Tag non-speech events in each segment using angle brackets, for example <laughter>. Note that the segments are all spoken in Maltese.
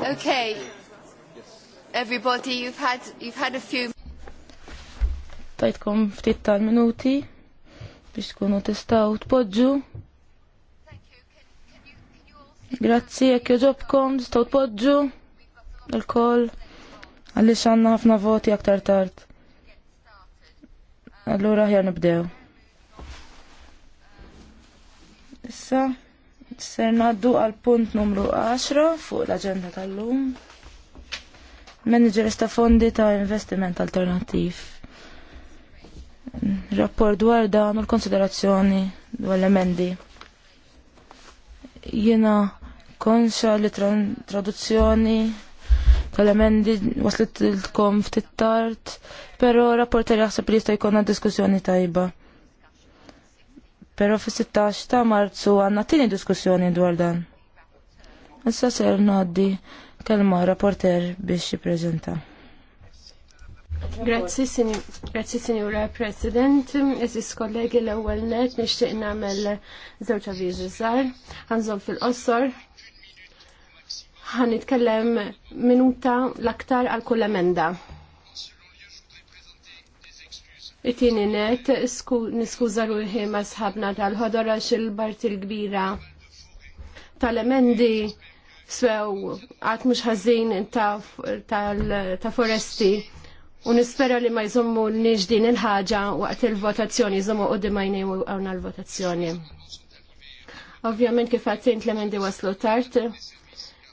Okay. Everybody, you've had, you've had a few... Tajtkom ftit tal-minuti biex tkunu tistaw tpoġġu. Grazzi, jekk joġobkom, tistaw tpoġġu. L-koll. Għalix ħafna voti aktar tard. Allura ħjar nibdew. Issa. Ser naddu għal punt numru 10 fuq l-agenda tal-lum. Managers ta' fondi ta' investiment alternativ. Rapport dwar dan u l-konsiderazzjoni dwar l-emendi. Jena konxa li traduzzjoni tal-emendi waslet il kom ftit tard, pero rapporter jaħseb li jista' jkollna diskussjoni tajba. Pero fi 16 ta' Marzu għandna tini diskussjoni dwar dan. Issa ser noddi kelma rapporter biex jippreżenta. Grazzi, Signora President. esis kollegi l-ewwel net nixtieq namel żewġ avviżi zar, Ħanżom fil għan itkellem minuta l-aktar għal kull emenda. It-tieni net niskuża ruħi ma' sħabna tal ħodora xil il-parti l-kbira tal-emendi sew għat mhux ħażin ta' foresti u nispera li ma jżommu nix din il-ħaġa waqt il-votazzjoni jżommu u dimajni u għawna l-votazzjoni. Ovvjament kif għattint l-emendi waslu tard,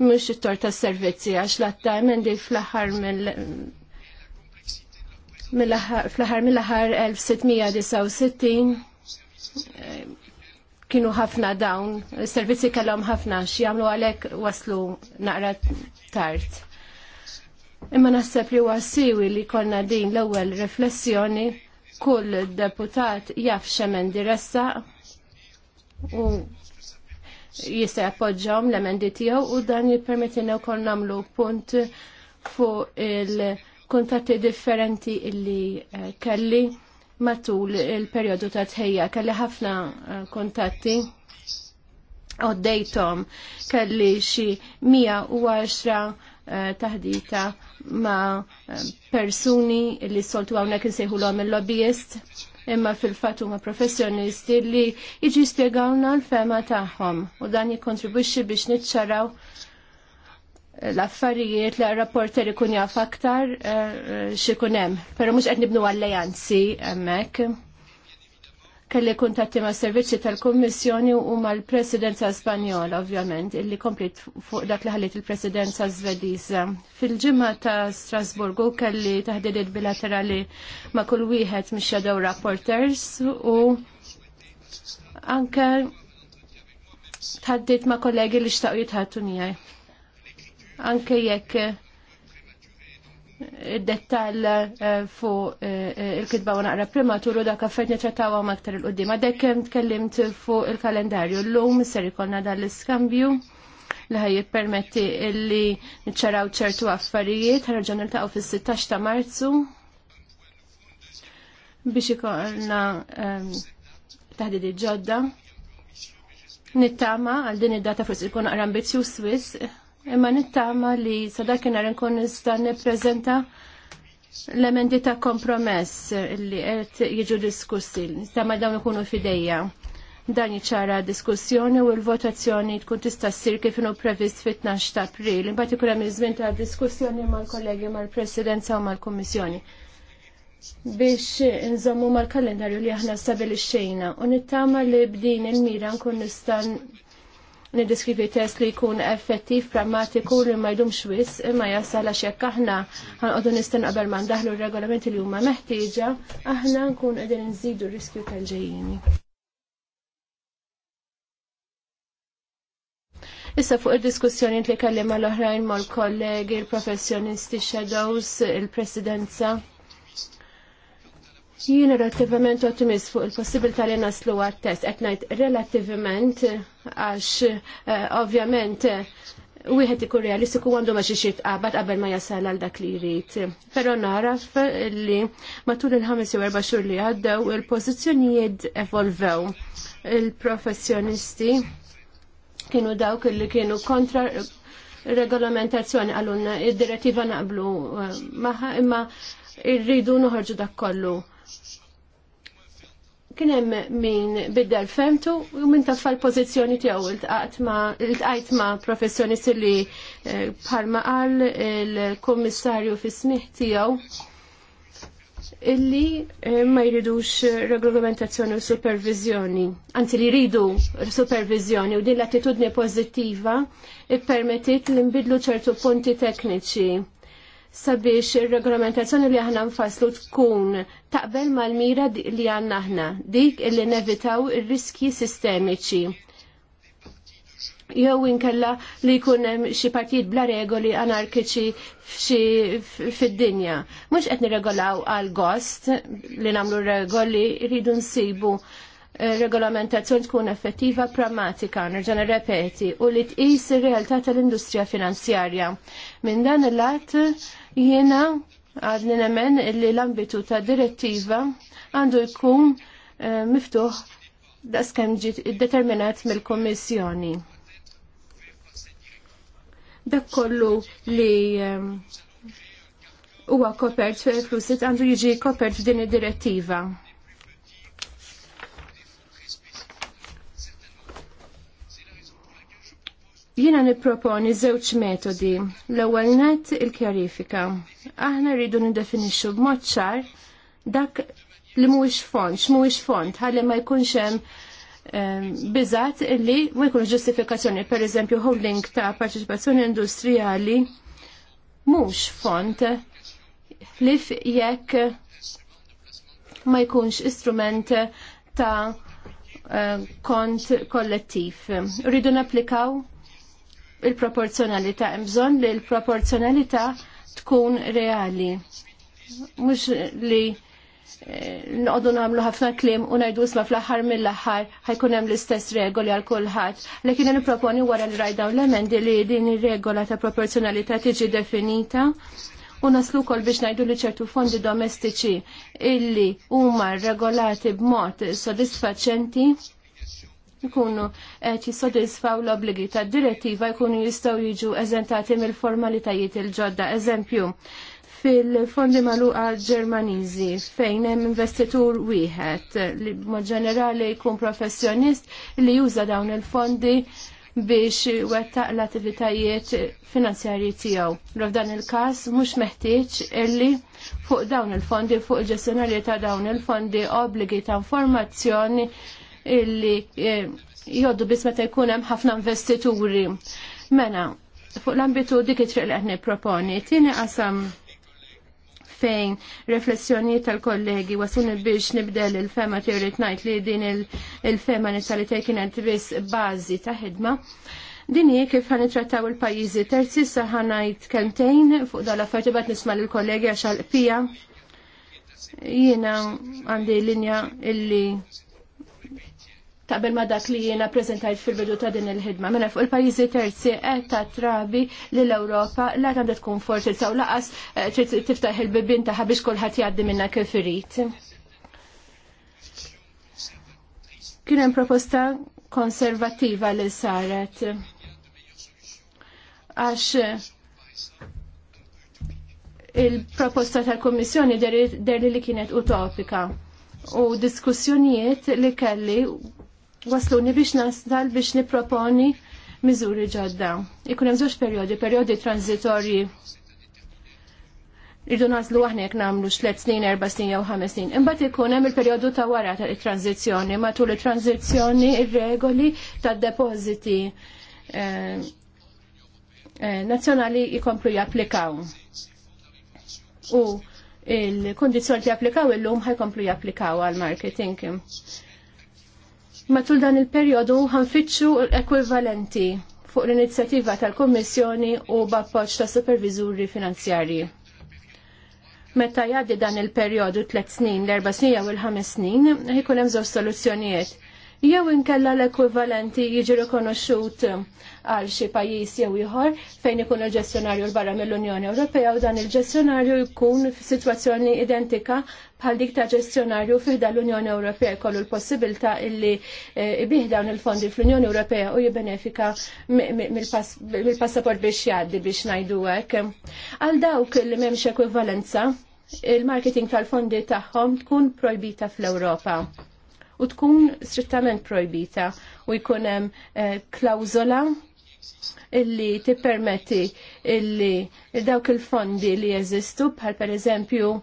mux it-tor ta' servizzi għax l-atta emendi fl-ħar fl-ħar mill-ħar 1669 kienu ħafna dawn, servizzi kellhom ħafna x'jagħmlu għalhekk waslu naqra tard. Imma naħseb li huwa siwi li konna din l-ewwel riflessjoni kull deputat jaf x'emen diressa u jista' jappoġġhom l-emendi tiegħu u dan jippermettilna wkoll nagħmlu punt fuq il- kuntatti differenti illi eh, kelli matul il-periodu ta' tħejja. Kelli ħafna eh, kuntatti għoddejtom kelli xi 110 eh, taħdita ma' persuni li soltu għawnek nsejħu l-għom il-lobbyist imma fil fatu huma professjonisti li jiġi spiegawna l-fema tagħhom u dan jikkontribwixxi biex niċċaraw l-affarijiet li rapporter ikun jaf aktar eh, eh, xikun hemm. Però mhux qed nibnu alleanzi hemmhekk. Kelli kuntatti ma' servizzi tal-Kummissjoni u mal-Presidenza Spanjola, ovvjament, illi komplit fuq dak li ħallit il-Presidenza Svediża. Fil-ġimgħa ta' Strasburgu kelli taħdidiet bilaterali ma' kull wieħed mix-shadow rapporters u anke tħaddit ma' kollegi li xtaq jitħattu miegħi anke jekk eh, id-dettall eh, fuq eh, il-kitba u naqra primaturu dak affert nitrattaw għam aktar il-qoddim. Għadek tkellimt fuq il-kalendarju l-lum ser ikolna dal-iskambju li ħaj jippermetti illi nċaraw ċertu affarijiet, ħarġan il-taqaw fil-16 ta' marzu biex ikolna ehm, taħdidi ġodda. Nittama għal din id-data forsi ikun naqra ambizzju Swiss imma nittama li sadakinar nkun nista' nippreżenta l-emendi ta' kompromess li qed jiġu diskussi, nittama dawn ikunu fidejja. Dan ċara diskussjoni u l-votazzjoni tkun tista' ssir kif inhu previst fit-12 ta' April. Imbagħad ikun hemm iż-żmien ta' diskussjoni mal-kollegi mal-Presidenza u mal-Kummissjoni biex nżommu mal-kalendarju li aħna stabilixxejna u nittama li b'din il-mira nkun nista' nidiskrivi test li jkun effettiv, pragmatiku, li ma jdumx wis, imma jasal għax jekk aħna ħanqodu nisten qabel ma ndaħlu r-regolamenti li huma meħtieġa, aħna nkun qegħdin nżidu r-riskju tal-ġejjini. Issa fuq il-diskussjoni li kellim mal oħrajn mal-kollegi, il-professjonisti, shadows, il-presidenza. il presidenza Jiena relativament ottimist fuq il-possibilità li naslu għat-test, qed ngħid relativament għax eh, ovvjament wieħed ikun realistiku għandu ma xi xi qabad qabel ma jasal għal dak li jrid. Però naraf li matul il-ħames jew erba' xhur li għaddew il-pożizzjonijiet evolvew. Il-professjonisti kienu dawk li kienu kontra regolamentazzjoni għallun id-direttiva naqblu eh, maħa imma irridu noħorġu dak kollu kien hemm min biddel femtu u min taf l-pożizzjoni tiegħu iltqajt ma' professjonisti li eh, bħalma qal il-kummissarju fi smih tiegħu illi eh, ma jridux regolamentazzjoni u supervizjoni, anzi li jridu supervizjoni u din l-attitudni pożittiva ippermettit li nbidlu ċertu punti tekniċi sabiex il-regolamentazzjoni li aħna nfasslu tkun taqbel mal-mira li għanna aħna, dik li nevitaw il-riski sistemiċi. Jew inkella li jkun hemm xi partijiet bla regoli anarkiċi fid-dinja. Mhux qed nirregolaw għal gost li nagħmlu regoli rridu nsibu eh, regolamentazzjoni tkun effettiva pragmatika, nerġa' nirrepeti, u li tqis ir-realtà tal-industrija finanzjarja. Minn dan il-lat Jiena għadni nemmen li l-ambitu ta' direttiva għandu jkun eh, miftuħ daskem ġiet determinat mill komissjoni Dak kollu li eh, huwa kopert fil-flusit għandu jiġi kopert f'din id-direttiva. Jiena nipproponi żewġ metodi. L-ewwel net il-kjarifika. Aħna rridu nindefinixxu b'mod ċar dak li mhuwiex font, x'mhuwiex font, ħalli ma jkunx hemm ehm, biżgħat illi ma jkunx ġustifikazzjoni, pereżempju holding ta' parteċipazzjoni industrijali mhux font li jekk ma jkunx istrument ta' ehm, kont kollettiv. Rridu napplikaw il-proporzjonalità, imżon li l-proporzjonalità tkun reali. Mux li eh, noqogħdu namlu ħafna klim u najdu sma fl-aħħar mill-aħħar ħajkun hemm l-istess regoli għal kulħadd. Lekin kien proponi wara li rajdaw l-emendi li din ir-regola ta' proporzjonalità tiġi definita u naslu kol biex najdu li ċertu fondi domestiċi illi huma regolati b'mod sodisfaċenti jikunu qed jissodisfaw l-obbligi tad-direttiva jkunu jistgħu jiġu eżentati mill-formalitajiet il-ġodda. Eżempju, fil-fondi magħluqa Ġermaniżi fejn hemm investitur wieħed li b'mod ġenerali jkun professjonist li juża dawn il-fondi biex wettaq l-attivitajiet finanzjarji tiegħu. F'dan il-każ mhux meħtieġ illi fuq dawn il-fondi, fuq il-ġestjonarji ta' dawn il-fondi obbligi ta' informazzjoni illi eh, jgħoddu bis meta jkun hemm ħafna investituri. Mena, fuq l-ambitu dik it-triq li għedni nipproponi. Tieni qasam fejn riflessjoni tal-kollegi wasun biex nibdel il-fema tjorrit najt li din il-fema nitalitej kienet biss bazi ta' ħidma. Din hi kif ħan trattaw il-pajjiżi terzi sa ħanajt kentejn fuq dal affarijiet bad nisma' lill-kollegi għax pija Jiena għandi linja illi taqbel ma dak li jiena prezentajt fil-bidu ta' din il-ħidma. Mela fuq il-pajjiżi terzi qed eh, ta' trabi l ewropa la għandha tkun forsi u laqas eh, trid tiftaħ il-bibin taħħa biex kulħadd jgħaddi minnha kif irid. Kien hemm proposta konservattiva li saret. Għax eh, il-proposta tal-Kommissjoni derli li kienet utopika u diskussjonijiet li kelli wasluni biex nasdal biex niproponi miżuri ġodda. Ikun hemm żewġ perjodi, perjodi tranzitorji irdu naslu aħna jekk nagħmlu tliet snin, erba' snin jew ħames snin. Imbagħad ikun hemm il-perjodu ta' wara ta' tranzizzjoni, matul it-tranzizzjoni ir-regoli tad-depożiti eh, eh, nazzjonali jkomplu japplikaw. U il-kondizjoni li applikaw illum ħajkomplu japplikaw għal marketing. Matul dan il-perjodu ħanfittxu l-ekwivalenti fuq l-inizjattiva tal-Kommissjoni u b'appoġġ ta' superviżuri finanzjarji. Meta jgħaddi dan il-perjodu tliet snin, l-erba' snin jew il-ħames snin, ħikun hemm żewġ soluzzjonijiet jew inkella l-ekwivalenti jiġi rikonoxxut għal xi pajjiż jew ieħor fejn ikun il-ġestjonarju l barra mill-Unjoni Ewropea u dan il-ġestjonarju jkun f'sitwazzjoni identika bħal dik ta' ġestjonarju fiħda l-Unjoni Ewropea kollu l-possibilità illi eh, bih dawn il-fondi fl-Unjoni Ewropea u jibbenefika mill-passaport biex jgħaddi biex ngħidu hekk. Għal dawk li m'hemmx ekvivalenza, il-marketing tal-fondi tagħhom tkun projbita fl-Ewropa u tkun strittament projbita u jkun hemm eh, klawzola illi tippermetti illi dawk il-fondi li jeżistu bħal pereżempju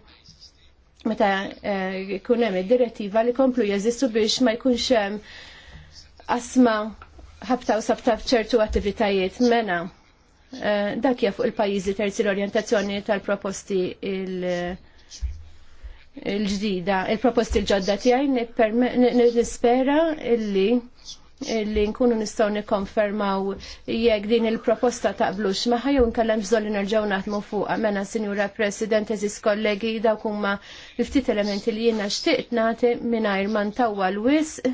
meta eh, jkun hemm id-direttiva li komplu jeżistu biex ma jkunx hemm asma ħabta u sabta ċertu attivitajiet mena. Eh, dak kif fuq il-pajjiżi terzi l-orjentazzjoni tal-proposti il-ġdida, il-proposti l-ġodda tiegħi nispera illi li nkunu nistgħu nikkonfermaw jekk din il-proposta taqblux maħa jew nkellem bżonn nerġgħu naħdmu fuqha mena Sinjura President eżis kollegi dawk huma l-ftit elementi li jiena xtieq nagħti mingħajr ma ntawwa l-wisq.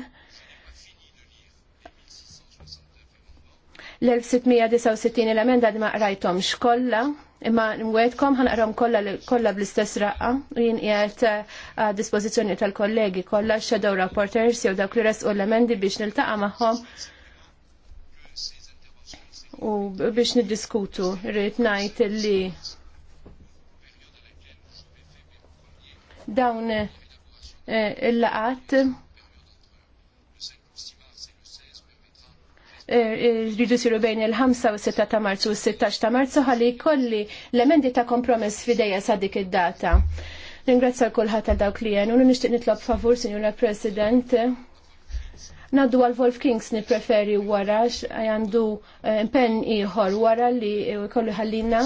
L-1669 l-emenda ma qrajthomx kollha imma nwedkom ħanqrom kollha bl-istess raqqa u jien qiegħed eh, dispożizzjoni tal-kollegi kollha shadow rapporters jew dawk li resqu l-emendi biex niltaqa' magħhom u biex niddiskutu rrid ngħid li dawn eh, il-laqat rridu siru bejn il-5 u 6 ta' marzu u 16 ta' marzu ħalli kolli l-emendi ta' kompromess fideja sa' dik id-data. Ringrazzja kulħadd ta dawk li jenu, nixtieq nitlob favur, signora President. Naddu għal Wolf Kings preferi wara, għandu eh, impenn ieħor wara li kollu ħallina.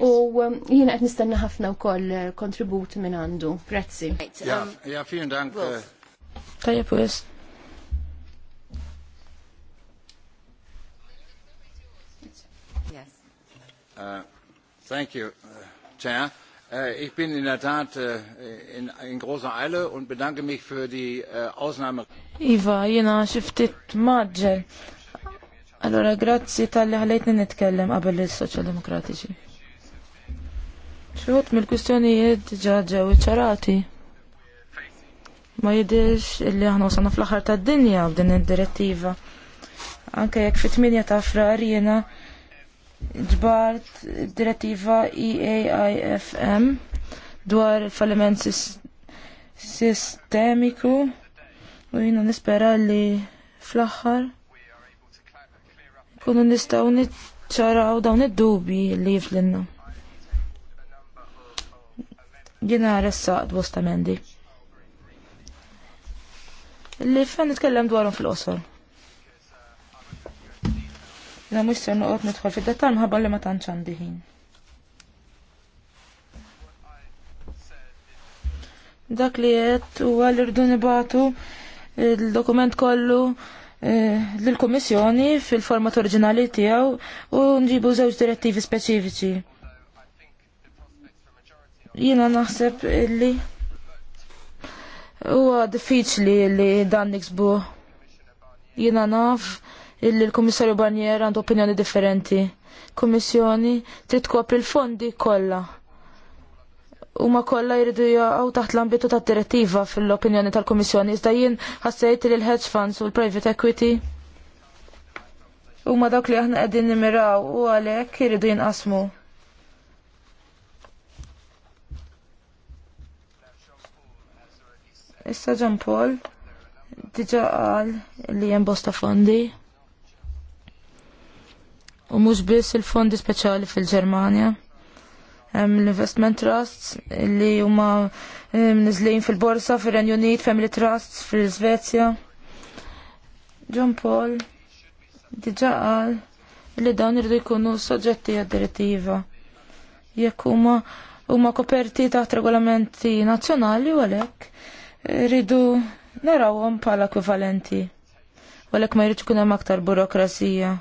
U eh, jiena qed nistenna ħafna wkoll eh, kontribut minn għandu. Grazzi. Ja, um, ja, Tajja, pues. Uh, thank you, uh, Chair. Uh, ich bin in der Tat in, in großer Eile und bedanke mich für die Ausnahme. Iva, jena xiftit maġġel. Allora, grazzi tal-li ħalejtni nitkellem qabel il-Soċjaldemokratiċi. Xħut mill-kustjonijiet ġaġew iċċarati. Ma jidirx illi aħna wasalna fl-aħħar tad-dinja b'din id-direttiva. Anke jekk fit-8 ta' frar jiena ġbart direttiva EAIFM dwar falliment sistemiku u jina nispera li fl-axħar kunu nistaw nitċaraw dawn id-dubi li jiflinna. Jina ressaqt bosta mendi. Li fan nitkellem dwarhom fil-qosor. Jena mux ser nuqot nidħol fi dettal mħabba li ma tantx għandi ħin. Dak li jett huwa li rridu nibatu il-dokument kollu lill-Kummissjoni eh, fil-format oriġinali tiegħu u nġibu żewġ direttivi speċifiċi. Jiena naħseb li huwa diffiċli li dan niksbuh. Jiena naf illi l-Kummissarju Barnier għandu opinjoni differenti. Kummissjoni trid tkopri l-fondi kollha. Huma kollha jridu jaqgħu taħt l-ambitu tad direttiva fil-opinjoni tal-Kummissjoni iżda jien ħassejt li l-hedge funds u l-private equity huma dawk li aħna qegħdin nimiraw u għalhekk jridu jinqasmu. Issa John Paul diġa qal li hemm bosta fondi u mhux biss il-fondi speċjali fil-Ġermanja. Hemm l-investment trusts li huma nizlin fil-borsa fir-Renju Unit, family trusts fil-Svezja. John Paul diġa qal li dawn irdu jkunu soġġetti għad-direttiva. Jekk huma huma koperti taħt regolamenti nazzjonali u għalhekk rridu narawhom bħala ekwivalenti. U għalhekk ma jridx ikun hemm aktar burokrazija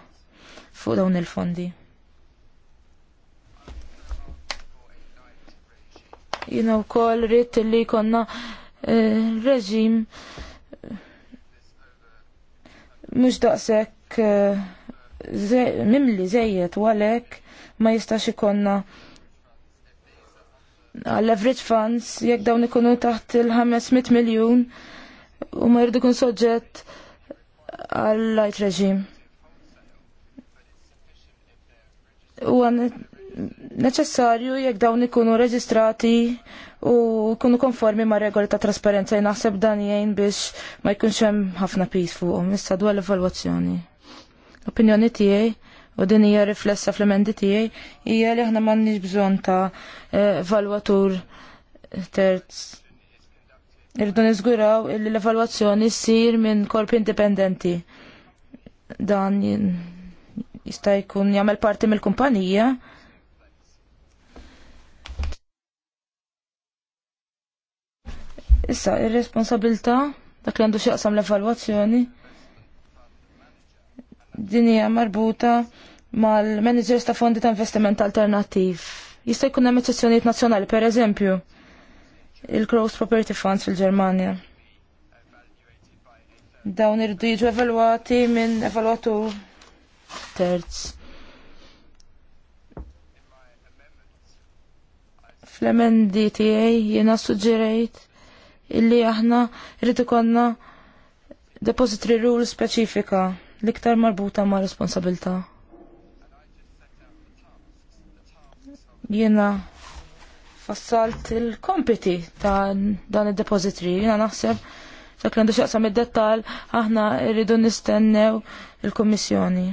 fuq dawn il-fondi. Jina u koll rrit li konna eh, reġim eh, mux daqsek eh, mimli zejiet u għalek ma jistax ikonna leverage funds jekk dawn ikunu taħt il-500 miljon u ma jirdu kun soġġett għal light regime. huwa neċessarju jekk dawn ikunu reġistrati u jkunu konformi ma' regoli ta' trasparenza naħseb dan jgħin biex ma jkunx hemm ħafna pis fuqhom issa dwar l-evalwazzjoni. opinjoni tiegħi u din hija riflessa fl-emendi tiegħi hija li aħna m'għandniex bżonn ta' evalwatur terz. irdu niżguraw li l-evalwazzjoni ssir minn korp indipendenti. Dan jista' jkun jagħmel parti mill-kumpanija. Issa, ir-responsabilità dak li għandu xaqsam l-evalwazzjoni din hija marbuta mal-managers ta' fondi ta' investiment alternattiv. Jista' jkun hemm eċċezzjonijiet nazzjonali, pereżempju il-Cross Property Funds fil-Ġermanja. Dawn irdu jiġu evalwati minn evalwatur terz. fl tijaj jena jiena illi aħna rritu konna depository rule speċifika l-iktar marbuta ma' responsabilta. Jiena fassalt il-kompiti ta' dan il-depository. jena naħseb ta' klandu għandu xaqsam id-dettal aħna rridu nistennew il-kommissjoni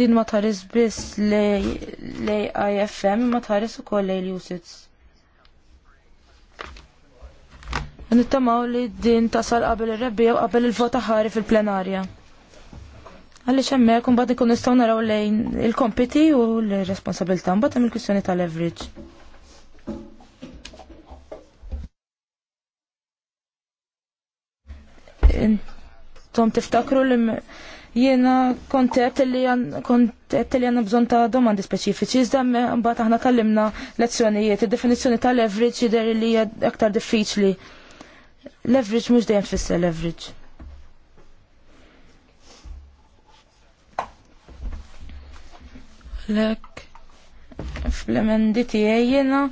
din ma taris biss lej IFM ma taris u koll lej l-usits. Nittamaw li din tasal qabel ir rebbi u qabel il-vota ħari fil-plenarja. Għalli xemmek, un bad ikun nistaw naraw lejn il-kompiti u l-responsabilta, un bad il-kwistjoni tal-leverage. Tom tiftakru li Jiena kontet li kontet li bżon ta' domandi speċifiċi, iżda mbagħad aħna kallimna lezzjonijiet, id-definizzjoni ta' leverage jidher li hija aktar diffiċli. Leverage mhux dejjem tfisser leverage. Lek, fl-emendi tiegħi jiena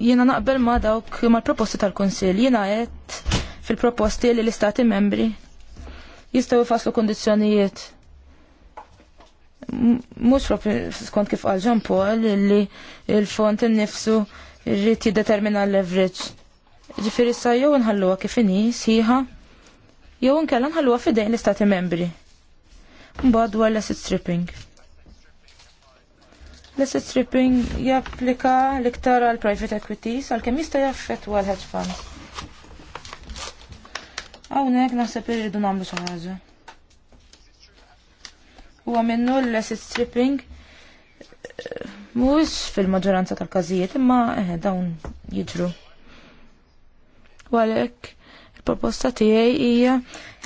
jiena naqbel ma dawk mal proposti tal-Konsil, jiena qed fil-proposti li l-istati membri jistaw jifaslu kondizjonijiet. Mux skont kif għal Jean Paul li il-font nifsu rrit jiddetermina l-leverage. Ġifiri sa jew nħalluha kif inhi sħiħa jew nkella nħalluha fidejn l-istati membri. Mbad dwar l-asset stripping. L-asset stripping japplika l-iktar għal private equities għal kemm jista' jaffettwa l-hedge funds Hawnhekk naħseb irridu nagħmlu xi ħaġa. Huwa l-asset stripping mhux fil-maġġoranza tal-każijiet imma eħe, eh, dawn jiġru. U għalhekk il-proposta tiegħi hija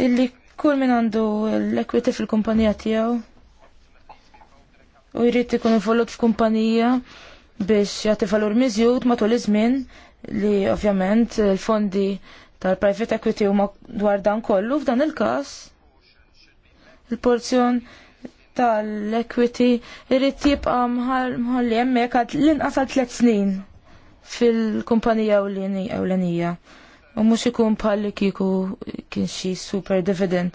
illi kull min għandu l-equity fil-kumpanija tiegħu u jrid ikun involut f'kumpanija biex jagħti valur miżjud matul iż-żmien li ovvjament il-fondi tal-private equity huma dwar dan kollu f'dan il-każ il-porzjon tal-equity irrit jibqa' mħalli hemmhekk għad l-inqas għal tliet snin fil-kumpanija ewlenija. U mhux ikun bħalli kieku kien xi super dividend.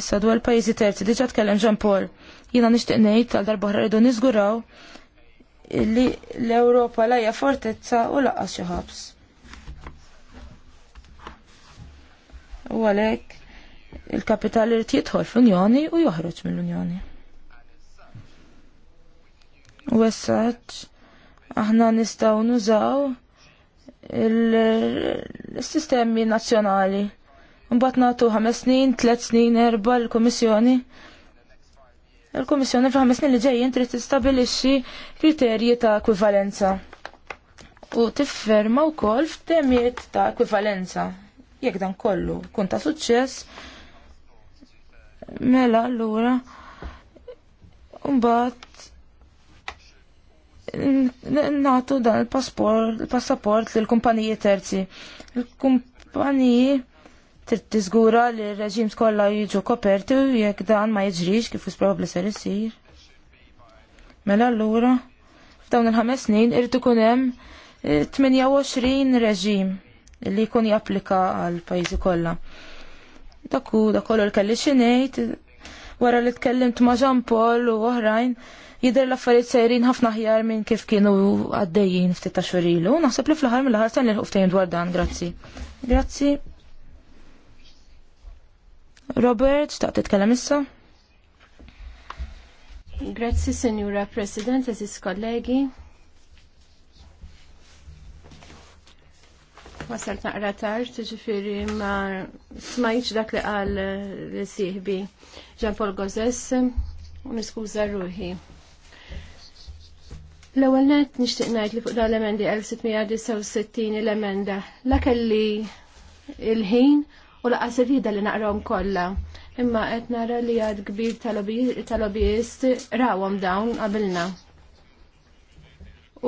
Issa dwar pajjiżi terzi diġa' tkellem ġan Paul. Jiena nixtieq ngħid għal darba rridu niżguraw li l-Ewropa lajja fortezza u laqqas xi ħabs. U għalhekk il-kapital irid jidħol fl-Unjoni u joħroġ mill-Unjoni. U essaċ aħna nistgħu nużaw il-sistemi nazzjonali. Mbagħad nagħtu ħames snin, tliet snin, erba' l-Kummissjoni il-Komissjoni fl snin li ġejjin trid tistabilixxi kriterji ta' ekwivalenza u tifferma wkoll f'temiet ta' ekwivalenza Jekk dan kollu kun ta' suċċess, mela allura mbagħad nagħtu dan il-passaport il-passaport lil kumpaniji terzi. Il-kumpaniji trid tiżgura li r-reġim skolla jiġu koperti u jekk dan ma jiġrix kif probabbli ser isir. Mela allura f'dawn il-ħames snin irid ikun hemm 28 reġim li jkun japplika għal pajjiżi kollha. Daku da kollu l-kelli xinejt, wara li tkellimt ma' Jean Paul u oħrajn, jidher l-affarijiet sejrin ħafna ħjar minn kif kienu għaddejjin ftit ta' xurilu. Naħseb li fl-aħħar mill-aħħar tan l-ħuftejn dwar dan, grazzi. Grazzi. Robert, taqt titkellem issa? Grazzi, Signora President, eżis kollegi. Ma wasalt naqra tard, ġifiri ma smajċ dak li qal eh, li siħbi Ġan Gozess u niskuża ruħi. L-ewwel net nixtieq ngħid li fuq dawn l-emendi 1669 l-emenda la kelli il-ħin u la irrida li naqrom kollha. Imma qed nara li għad kbir tal-lobbyist rawhom dawn qabilna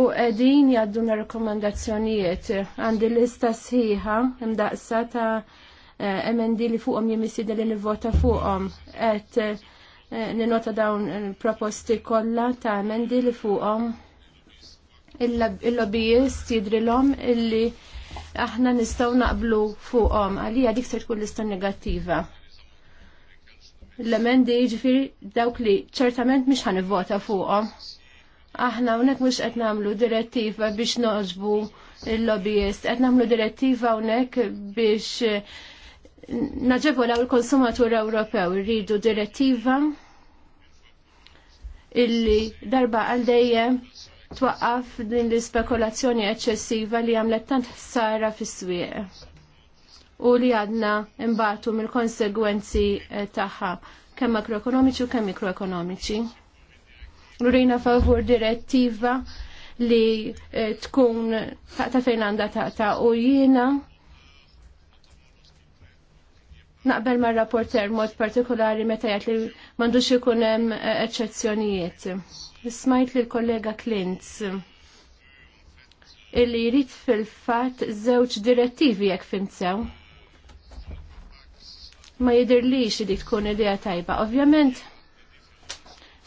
u qegħdin jgħaddu na rekomendazzjonijiet għandi lista sħiħa imdaqsa ta' emendi eh, li fuqhom jimissida li nivvota fuqhom qed eh, ninota dawn il-proposti eh, kollha ta' emendi li fuqhom il-lobbyist jidrilhom illi aħna nistgħu naqblu fuqhom għalija dik se tkun lista negattiva. L-emendi ġifiri dawk li ċertament mhix ħanivvota fuqhom Aħna unek mux qed namlu direttiva biex noġbu il-lobbyist, qed namlu direttiva unek biex naġebu law il-konsumatur Ewropew rridu direttiva illi darba għal dejjem twaqqaf din l-spekulazzjoni eċċessiva li għamlet tant ħsara fis-swieq u li għadna imbatu mill-konsegwenzi tagħha kemm makroekonomiċi u kemm mikroekonomiċi rina favur direttiva li eh, tkun ta' fejn għandha taqta u jiena naqbel ma' rapporter mod partikolari meta jgħid li m'għandux ikun hemm eh, eċċezzjonijiet. Smajt li l-kollega Klintz illi jrid fil-fatt żewġ direttivi jekk fimsew. Ma jidirlix li tkun idea tajba. Ovvjament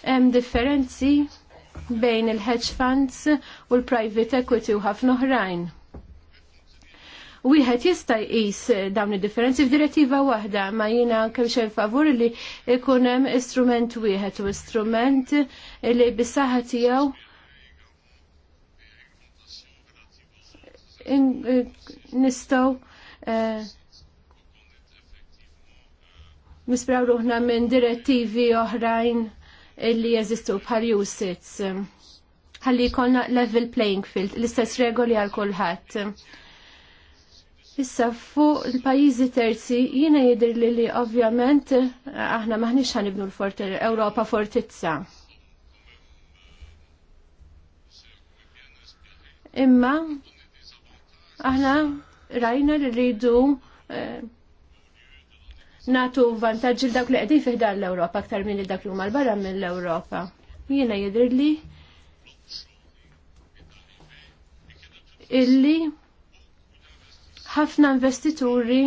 Hemm differenzi bejn il-hedge funds u l-private equity u ħafna oħrajn. Wieħed jista' jqis dawn id-differenzi f'direttiva waħda, ma jiena kemm xejn favur li jkun hemm istrument wieħed u istrument li bis-saħħa tiegħu eh, nistgħu eh, nispraw ruħna minn direttivi oħrajn Illi jeżistu bħal usits. Għalli jkollna level playing field, l-istess regoli għal kulħadd. Issa fuq il-pajjiżi terzi jiena jidher li li ovvjament aħna maħniex ħanibnu l-Ewropa fortizza. Imma aħna rajna li rridu eh, natu vantaġġ l-dak li qegħdin fih dan l-Ewropa aktar minn dak li huma barra barra mill-Ewropa. Jiena jidher li illi ħafna investituri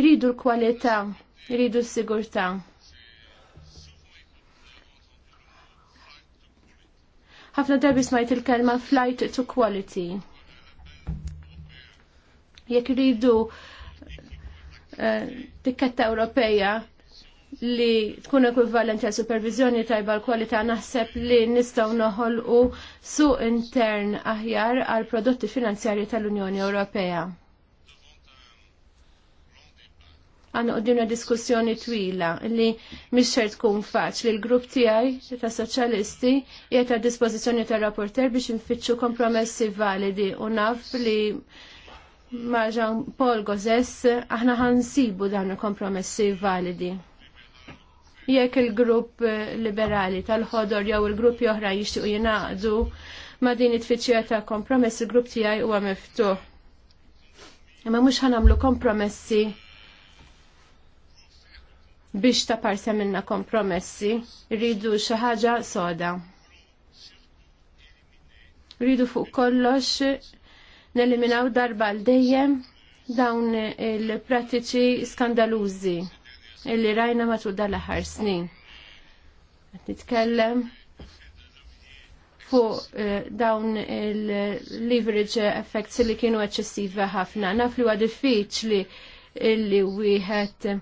rridu l-kwalità, rridu s-sigurtà. ħafna darbi smajt il-kelma flight to quality. Jekk rridu tikketta Ewropeja li tkun ekwivalenti għal supervizjoni tajba l-kwalità naħseb li nistgħu noħolqu su intern aħjar għal prodotti finanzjarji tal-Unjoni Ewropea. Għanna qoddimna diskussjoni twila li mixxer tkun faċ li l-grupp tiegħi ta' soċjalisti qiegħed għad dispożizzjoni tar-rapporter biex infittxu kompromessi validi u naf li Marġan Paul Gozes, aħna ħansibu dan kompromessi validi. Jekk il-grupp eh, liberali tal-ħodor jew il-grupp oħra jixtiequ jingħaqdu ma' din it-tfittxija ta' kompromess il-grupp tiegħi huwa miftuħ. Imma mhux ħanamlu kompromessi biex ta' parsa minna kompromessi, rridu xi ħaġa soda. Rridu fuq kollox neliminaw darba l dejjem dawn il-pratiċi skandalużi illi rajna matul dal-aħħar snin. Qed nitkellem fuq eh, dawn il-leverage effects li kienu eċessiva ħafna. Naf li huwa diffiċli illi wieħed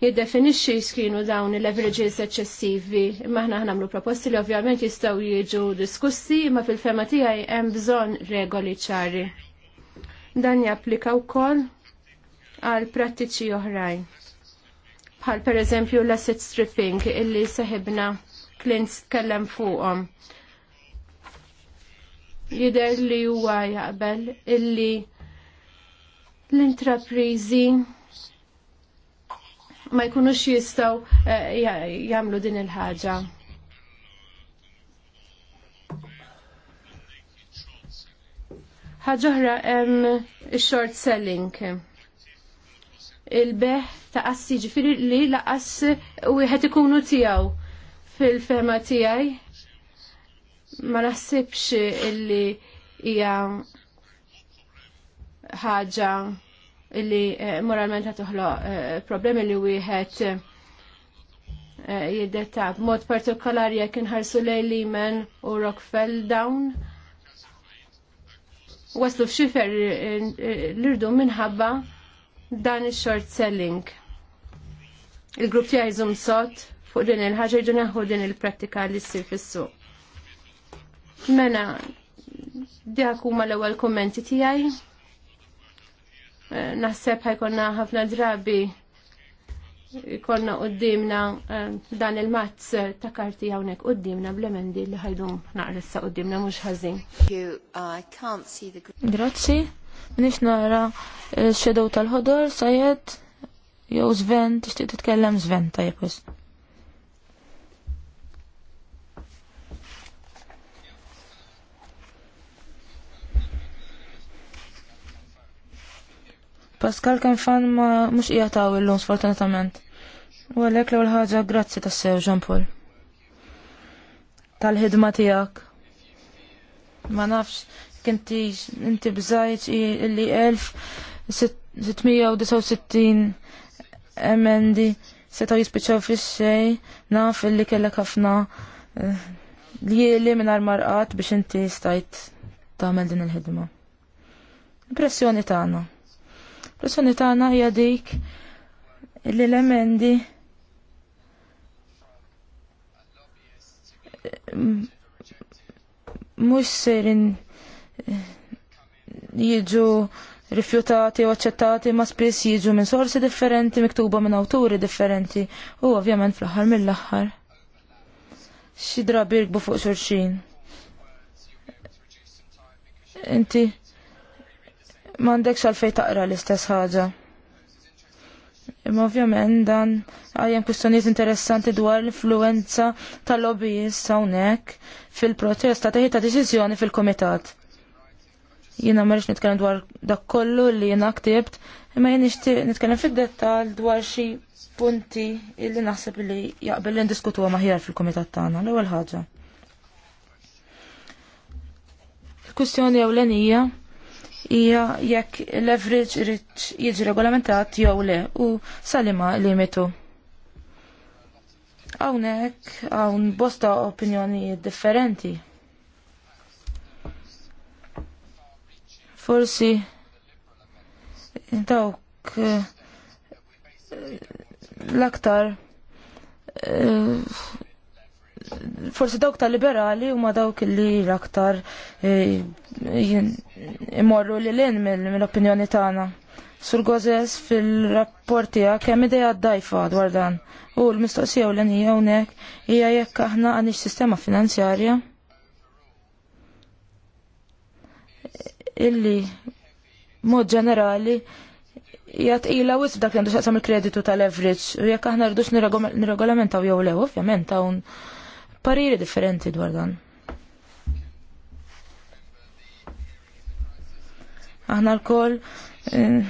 jiddefinixxi x'kienu dawn il-leverages eċċessivi. Imma aħna nagħmlu proposti li ovvjament jistgħu jiġu diskussi, imma fil-fema tiegħi hemm bżonn regoli ċari. Dan japplika wkoll għal prattiċi oħrajn. Bħal pereżempju l-asset stripping illi seħibna Klint tkellem fuqhom. Jidher li huwa jaqbel illi l-intraprizi ma jkunux jistaw eh, jamlu din il-ħaġa. ħagħuħra um, short selling. Il-beħ ta' assi ġifiri li ass u jħet ikunu tijaw fil-fema tijaj. Ma naħsibx illi hija ħaġa illi eh, moralment ħat toħloq eh, problemi li wieħed eh, jiddetta b'mod partikolari jekk inħarsu lej Lehman u Rockfell down. Waslu f'xifer l-irdu minħabba dan il-short selling. Il-grupp tiegħi jżum sot fuq din il-ħaġa jdu naħu din il-prattika li ssir fis-suq. Mena, dak huma l-ewwel kummenti tiegħi naħseb ħajkonna ħafna drabi konna qoddimna eh, dan il-mazz ta' karti hawnhekk qoddimna blemendi li ħajdu naqressa qoddimna mhux ħażin. Grazzi, nix nara x eh, tal-ħodor, sajed, jew Sven, tixtieq titkellem Sven tajjeb Pascal kien fan ma mhux qiegħed taw illum sfortunatament. U għalhekk l-ewwel ħaġa grazzi tassew Jean Paul. Tal-ħidma tiegħek. Ma nafx kinti inti bżajt illi 1669 emendi seta' jispiċaw fix-xej naf illi kellek ħafna eh, li jeli minn marqat biex inti stajt tagħmel din il-ħidma. Impressjoni tagħna. L-kwissjoni tagħna hija dik l-emendi mhux serin jiġu rifjutati u accettati ma spiss jiġu minn sorsi differenti, miktuba minn awturi differenti u ovvjament fl-aħħar mill-aħħar. Xi drabi fuq xulxin. Inti mandekx għalfej taqra l-istess ħaġa. Imma ovvjament dan għajjem kustonijiet interessanti dwar l-influenza tal-lobbyist hawnhekk fil-proċess ta' ta' deċiżjoni fil-komitat. Jiena marriċ nitkellem dwar dak kollu li jiena ktibt, imma jien nixtieq nitkellem fid-dettall dwar xi punti illi naħseb li jaqbel li ndiskutuha maħjar fil-komitat tagħna l-ewwel ħaġa. Il-kwistjoni ewlenija hija jekk leverage irid jiġi regolamentat jew le u salima limitu. Hawnhekk hawn bosta opinjonijiet differenti. Forsi dawk eh, l-aktar uh, forsi dawk ta' liberali huma dawk li l-aktar eh, imorru li l-in mill-opinjoni tagħna. Sur Gozes fil rapporti tiegħek kemm ideja dajfa dwar dan. U l-mistoqsija u l-għanija hawnhekk hija jekk aħna għandix sistema finanzjarja illi mod ġenerali jgħat ila wisf dak li għandu xaqsam il-kreditu tal-leverage, u jekk aħna rridux nirregolamentaw jew le, ovvjament hawn pariri differenti dwar dan. Aħna l kol eh,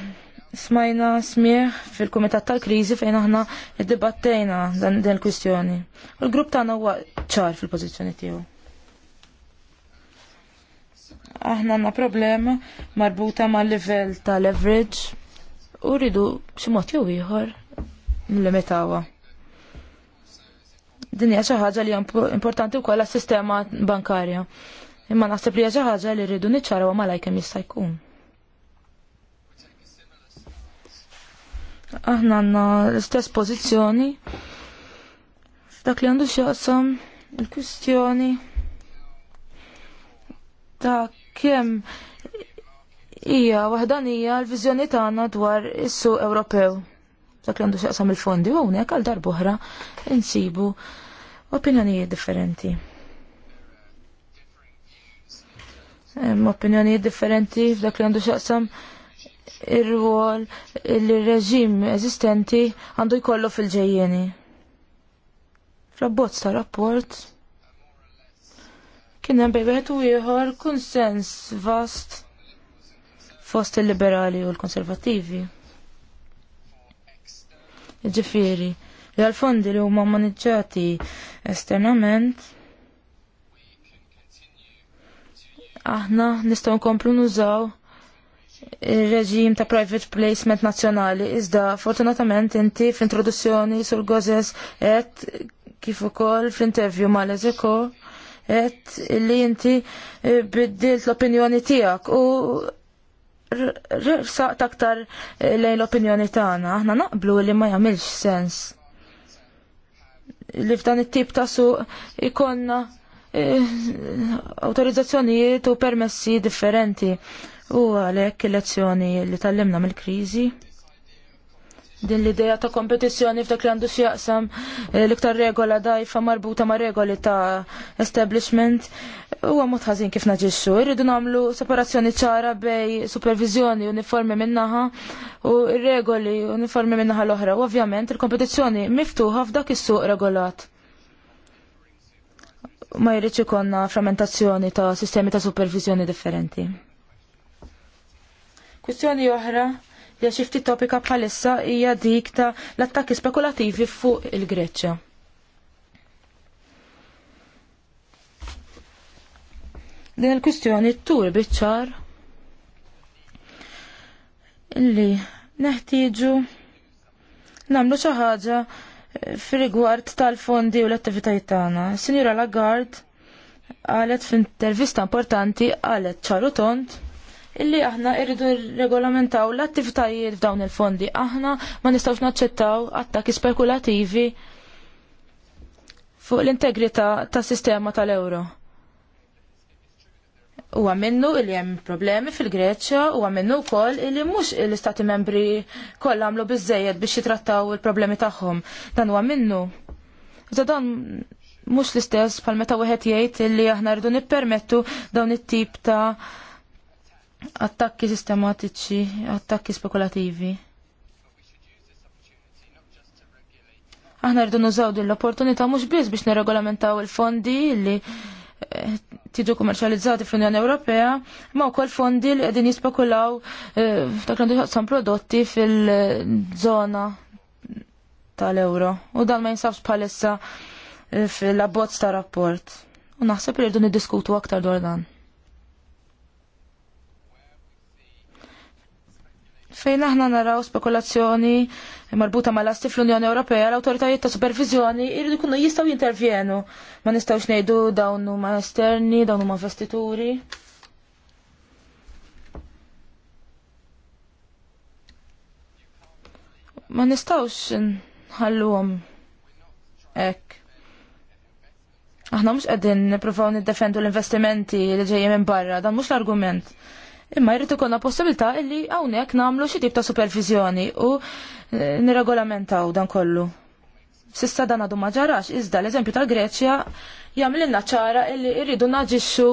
smajna smieħ fil-Kumitat tal-Kriżi fejn aħna iddibattejna dan din il-kwistjoni. U l-grupp tagħna huwa ċar fil-pożizzjoni tiegħu. Aħna għandna problema marbuta mal-livell ta' leverage u rridu ximot mod jew ieħor nlimitawha. Din hija xi ħaġa li importanti wkoll għas-sistema bankarja. Imma naħseb li hija xi ħaġa li rridu niċċaraw malaj kemm jista' jkun. Aħna għandna l-istess pożizzjoni dak li għandu x'jaqsam il-kwistjoni ta' kemm hija waħdanija l-viżjoni tagħna dwar is-suq Ewropew dak li għandu x'jaqsam il-fondi, u għal għal oħra insibu opinjonijiet differenti. Hemm opinjonijiet differenti f'dak li għandu xaqsam ir-rwol li reġim eżistenti għandu jkollu fil-ġejjeni. fl ta' rapport kien hemm bejbet u ieħor kunsens vast fost il-liberali u l-konservativi. Ġifieri, għal-fondi li huma maniġġati esternament aħna nistgħu nkomplu nużaw ir-reġim ta' private placement nazzjonali iżda fortunatament inti fl-introduzzjoni sul gozes qed kif ukoll fl-intervju mal-eżeko et li inti eh, biddilt l-opinjoni tiegħek u saqt aktar eh, lejn l-opinjoni tagħna. Aħna naqblu li ma jagħmilx sens li f'dan it-tip ta' suq ikonna eh, autorizzazzjonijiet u permessi differenti. U għalhekk il-lezzjoni li tallimna mill-kriżi din l-ideja ta' kompetizzjoni f'dak li għandu x'jaqsam eh, l-iktar regola dajfa marbuta ma' regoli ta' establishment huwa mod ħażin kif naġixxu. Irridu nagħmlu separazzjoni ċara bej supervizjoni uniformi minnaħa u regoli uniformi minnaħa l-oħra. U ovvjament il-kompetizzjoni miftuħa f'dak is-suq regolat. Ma jridx ikonna frammentazzjoni ta' sistemi ta' supervizjoni differenti. Kwistjoni oħra Ja xifti topika bħalissa hija dik ta' l-attakki spekulativi fuq il-Greċċa. Din il-kwistjoni t-tur ċar illi neħtieġu namlu xi ħaġa eh, fir-rigward tal-fondi u l-attivitajiet tagħna. Sinjura Lagarde qalet f'intervista importanti qalet ċaru tont illi aħna irridu regolamentaw l-attivitajiet f'dawn il-fondi. Aħna ma nistawx naċċettaw attakki spekulativi fuq l-integrità tas sistema tal-euro. U għamennu illi hemm problemi fil-Greċja u għamennu kol illi mux l-istati membri koll għamlu bizzejed biex jitrattaw il-problemi tagħhom. Dan u għamennu. Iżda dan mux l-istess pal meta wieħed jgħid illi aħna rridu nippermettu dawn it-tip ta' attakki sistematiċi, attakki spekulativi. Aħna rridu nużaw din l-opportunità mhux biss biex nirregolamentaw il-fondi li eh, tiġu kummerċjalizzati fl-Unjoni Ewropea, ma wkoll fondi li qegħdin jispekulaw f'dak eh, li ħadsam prodotti fil-żona tal-euro. U dan ma jinsabx bħalissa eh, fil-abbozz ta' rapport. U naħseb li rridu niddiskutu aktar dwar dan. fejn aħna naraw spekulazzjoni marbuta mal lasti fl-Unjoni Ewropea, l-autoritajiet ta' supervizjoni irridu kunu jistaw jintervjenu. Ma nistawx nejdu dawn huma esterni, dawn huma investituri. Ma nistawx nħalluhom hekk. Aħna mhux qegħdin nippruvaw niddefendu l-investimenti li ġejjin minn barra, dan mhux l-argument imma jrid ikolna possibilità illi hawnhekk nagħmlu xi tip ta' supervizjoni u eh, nirregolamentaw dan kollu. Sissa dan għadu ma ġarax, iżda l-eżempju tal-Greċja jagħmel lilna ċara illi rridu naġixxu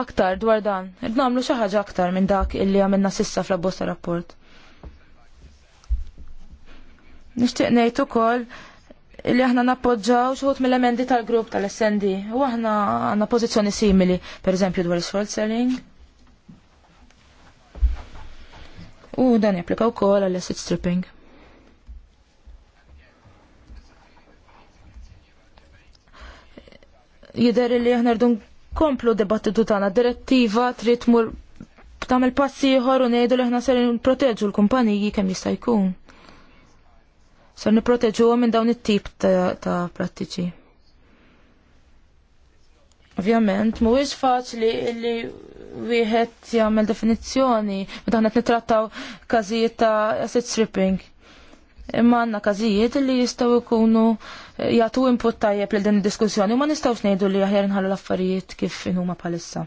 aktar dwar dan. Irridu nagħmlu xi ħaġa aktar minn dak illi għamilna sissa fl-abbosta rapport. Nixtieq ngħid ukoll li aħna nappoġġaw xuħut mill-emendi tal-grupp tal-SND u aħna għandna pożizzjoni simili, pereżempju dwar is-short selling u dan japplika wkoll għall asset stripping. Jider li aħna rdu nkomplu debattitu tagħna direttiva trid tmur tagħmel passi ieħor u ngħidu li aħna ser nipproteġu l-kumpaniji kemm jista' jkun. Ser nipproteġuhom minn dawn it-tip ta', ta prattiċi. Ovvjament, mhuwiex faċli li wieħed jagħmel definizzjoni meta aħna nitrattaw każijiet ta' asset stripping. Imma għandna każijiet li jistgħu jkunu eh, jagħtu input tajjeb lil din id-diskussjoni u ma nistgħux ngħidu li aħjar nħallu l-affarijiet kif inhuma bħalissa.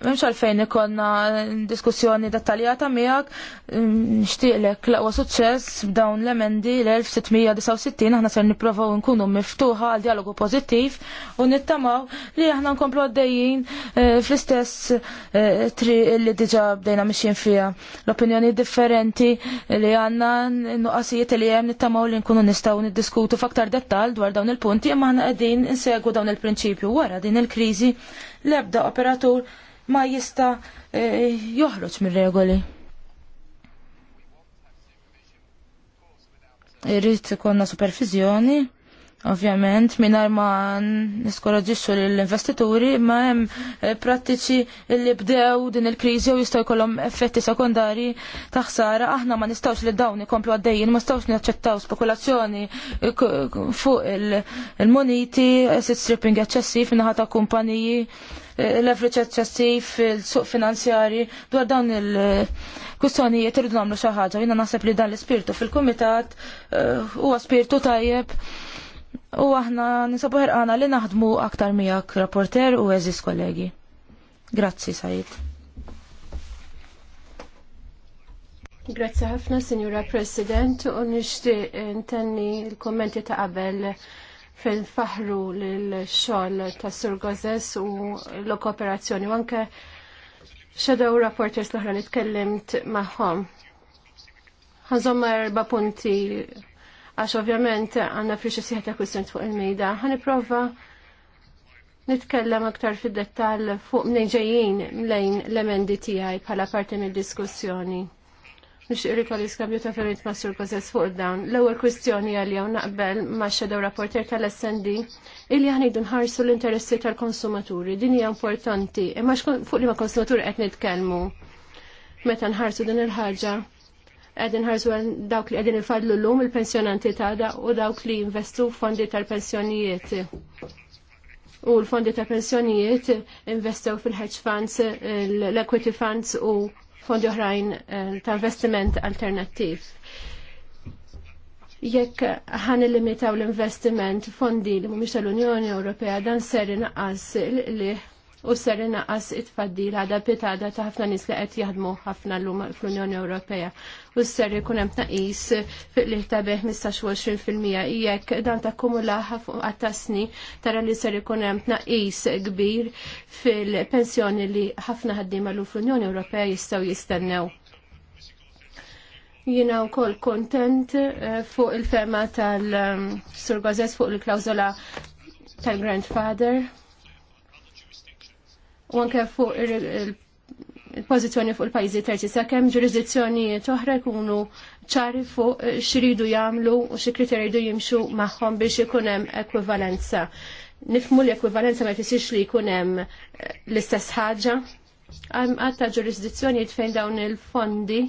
Memx għalfejn ikonna diskussjoni dettaljata miegħek, mm, nixtieqlek laqwa suċċess b'dawn l-emendi l-1669 aħna ser nipprovaw nkunu miftuħa għal dialogu pożittiv u nittamaw li aħna nkomplu għaddejjin eh, fl-istess eh, tri li diġà bdejna mixjin fiha. L-opinjoni differenti li għandna nuqqasijiet li hemm nittamaw li nkunu nistgħu niddiskutu f'aktar dettall dwar dawn il-punti imma aħna qegħdin insegwu dawn il-prinċipju wara din il-kriżi l-ebda operatur ma jista eh, joħroġ mir-regoli. Irrid konna supervizjoni Ovvjament, minar ma niskoraġiċu l-investituri, ma jem eh, prattiċi li bdew din il-krizi u jistaw kolom effetti sekundari taħsara, aħna ma nistawx li dawni komplu għaddejjin, ma nistawx naċċettaw spekulazzjoni fuq il-moniti, asset stripping eccessiv, naħata kumpaniji, eh, leverage eccessiv, il-suq finanzjari, dwar dawn il-kustjonijiet irridu namlu xaħġa, jina naħseb li dan l-spirtu fil-komitat, eh, huwa spirtu tajjeb U aħna nisabu ħerqana li naħdmu aktar miegħek rapporter u eżis kollegi. Grazzi, Sajid. Grazzi ħafna, Signora President, u nixtieq intenni l-kommenti ta' qabel fil-faħru l-xogħol ta' Sur Gozes u l-kooperazzjoni u anke Shadow Rapporters l-oħra li tkellimt magħhom. Ħanżomma erba' punti għax ovvjament għanna friċi siħet ta' fuq il-mejda. prova nitkellem aktar fid dettal fuq minn ġejjin lejn l-emendi tiegħi bħala parti mid-diskussjoni. Nix irrika li skambju ta' ferrit ma' sur kozess fuq dawn. L-ewwel kwistjoni jaw naqbel ma' xedew rapporter tal-SND illi ħanidu nħarsu l-interessi tal-konsumaturi. Din hija importanti, imma fuq li ma' konsumaturi qed nitkellmu meta nħarsu din il ħagġa għedin ħarżu dawk li għedin il-fadlu l-lum il-pensjonanti da u dawk li investu fondi tal-pensjonijiet. U l-fondi tal-pensjonijiet investew fil-hedge funds, l-equity funds u fondi oħrajn eh, ta' investiment alternattiv. Jekk ħan limitaw l-investiment fondi li mhumiex tal-Unjoni Ewropea dan ser inqas li u ser inaqas it-faddil għada pitada ta' ħafna nis li qed jaħdmu ħafna l-lum fl-Unjoni Ewropea u ser ikun hemm taqis fiq li tabeħ 15-20% jekk dan ta' takkumulaħ għat-tasni tara li ser ikun hemm tnaqis kbir fil-pensjoni li ħafna ħaddiema l fl-Unjoni Ewropea jistgħu jistennew jina u kol kontent eh, fuq il-fema tal-surgazes um, fuq il-klawzola tal-grandfather u anke fuq il-pożizzjoni fuq il pajzi terzi sakemm ġurisdizzjoni oħra jkunu ċari fuq x'iridu jagħmlu u xi kriterji jridu jimxu magħhom biex ikun hemm ekwivalenza. Nifmu l-ekwivalenza ma jfisix li jkun hemm eh, l-istess ħaġa. Għatta ġurisdizzjonijiet fejn dawn il-fondi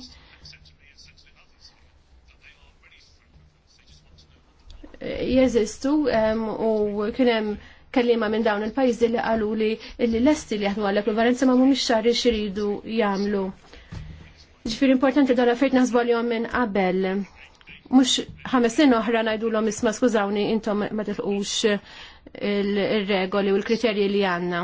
jeżistu u kienem kellima minn dawn il-pajjiżi li qalu li l-lesti li jaħdmu għal ekwivalenza ma mumiex xarri xiridu jagħmlu. Ġifir importanti dawn affarijiet naħsbu minn qabel. Mhux ħames najdu oħra ngħidulhom isma' skużawni intom ma tilqux il-regoli u l-kriterji li għandna.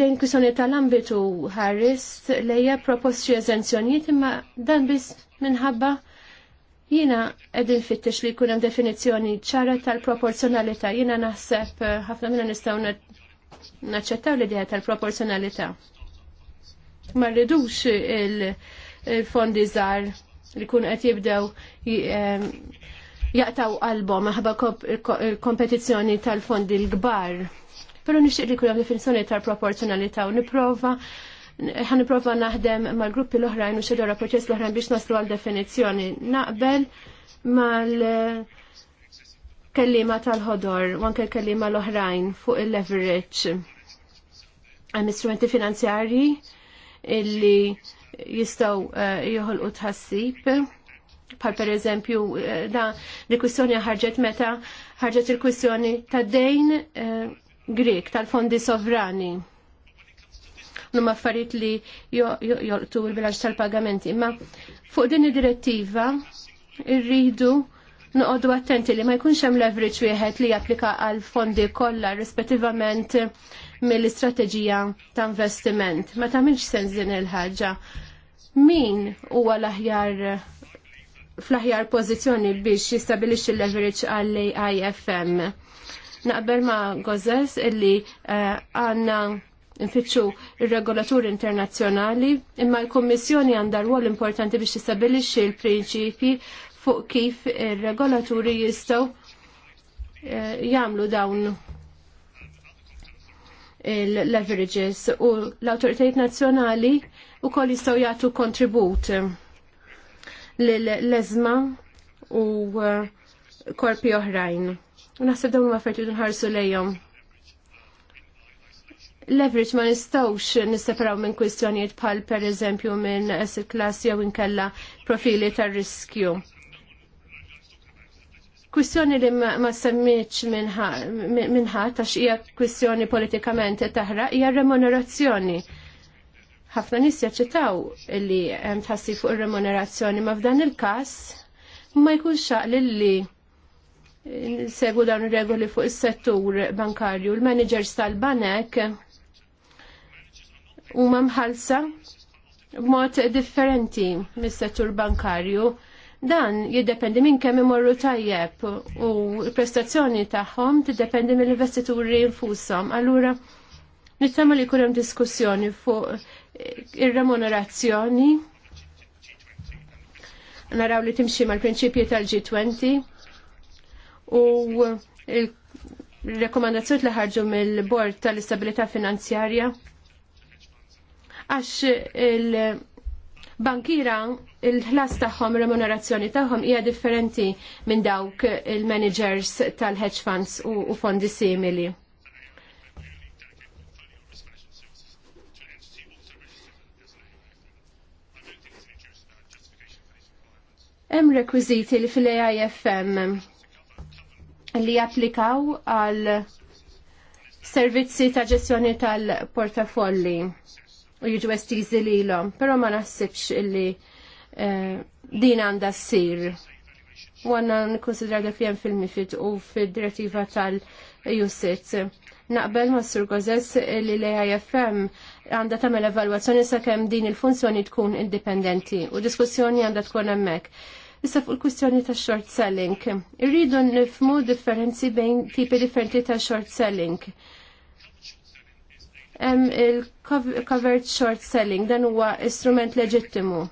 Lejn kwissjoni tal-ambitu ħarrist lejja propost eżenzjonijiet imma dan biss minħabba Jina edin fittix li kunem definizjoni ċara tal-proporzjonalità. Jina naħseb eh, ħafna minna nistaw naċċettaw l-idea tal-proporzjonalità. Ma rridux il-fondi żgħar li kun qed jibdew jaqtaw qalbhom maħba kompetizzjoni tal-fondi l-kbar. Però nixtieq li kunem definizjoni tal-proporzjonalità u nipprova ħan niprofa naħdem mal-gruppi l-oħrajn u xedora proċess l-oħrajn biex naslu għal definizzjoni. Naqbel mal- eh, kellima tal-ħodor, u anke kellima l-oħrajn fuq il-leverage. Għam istrumenti finanzjari illi jistaw uh, joħolqu tħassib. Par per eżempju, eh, da li kwistjoni ħarġet meta ħarġet il-kwistjoni tad dejn Grek, tal-fondi sovrani huma affarijiet li joqtu il bilanċ tal-pagamenti. Ma fuq din id-direttiva irridu noqogħdu attenti li ma jkunx hemm leverage wieħed li japplika għal fondi kollha rispettivament mill-istrateġija ta' investiment. Ma tagħmilx sens din il-ħaġa. Min huwa l-aħjar fl-aħjar pożizzjoni biex jistabilixxi l-leverage għall IFM. Naqbel ma' Gozes illi eh, għandna uh, nfittxu ir-regolatur internazzjonali, imma l-Kommissjoni għandha rwol importanti biex tistabilixxi l-prinċipji fuq kif ir-regolaturi jistgħu eh, jagħmlu dawn il-leverages u l-autoritajiet nazzjonali u koll jistaw jgħatu kontribut l-lezma u korpi oħrajn. U naħseb dawn ma fertu nħarsu lejhom leverage ma nistawx nisseparaw minn kwistjonijiet bħal per eżempju minn asset class jew inkella profili tar riskju. Kwistjoni li ma semmiċ minnħat tax hija kwistjoni politikament taħraq hija remunerazzjoni. Ħafna nies jaċċitaw li hemm tħassib fuq ir-remunerazzjoni ma f'dan il-każ ma jkunx xaq li segu dawn ir regoli fuq is-settur bankarju. l managers tal-banek huma mħalsa b'mod differenti mis-settur bankarju. Dan jiddependi minn kemm imorru tajjeb u l-prestazzjoni tagħhom tiddependi mill-investituri infushom. Allura nittama li jkun hemm diskussjoni fuq ir-remunerazzjoni naraw li timxi mal-prinċipji tal-G20 u il-rekomandazzjoni li ħarġu mill-Bord tal-Istabilità Finanzjarja għax il-bankira il-ħlas tagħhom remunerazzjoni tagħhom hija differenti minn dawk il-managers tal-hedge funds u fondi simili. Hemm rekwiżiti li fil-AIFM li japplikaw għal servizzi ta' ġestjoni tal-portafolli u jiġu l lilhom, però ma naħsibx illi eh, din għandha ssir. U għanna nikkonsidra dak li hemm fil-mifid u fid-direttiva tal jussit Naqbel ma' Sur illi li l-AIFM għandha tagħmel evalwazzjoni sakemm din il-funzjoni tkun indipendenti u diskussjoni għandha tkun hemmhekk. Issa fuq il-kwistjoni ta' short selling, irridu nifmu differenzi bejn tipi differenti ta' short selling hemm il-covered short selling dan huwa istrument leġittimu.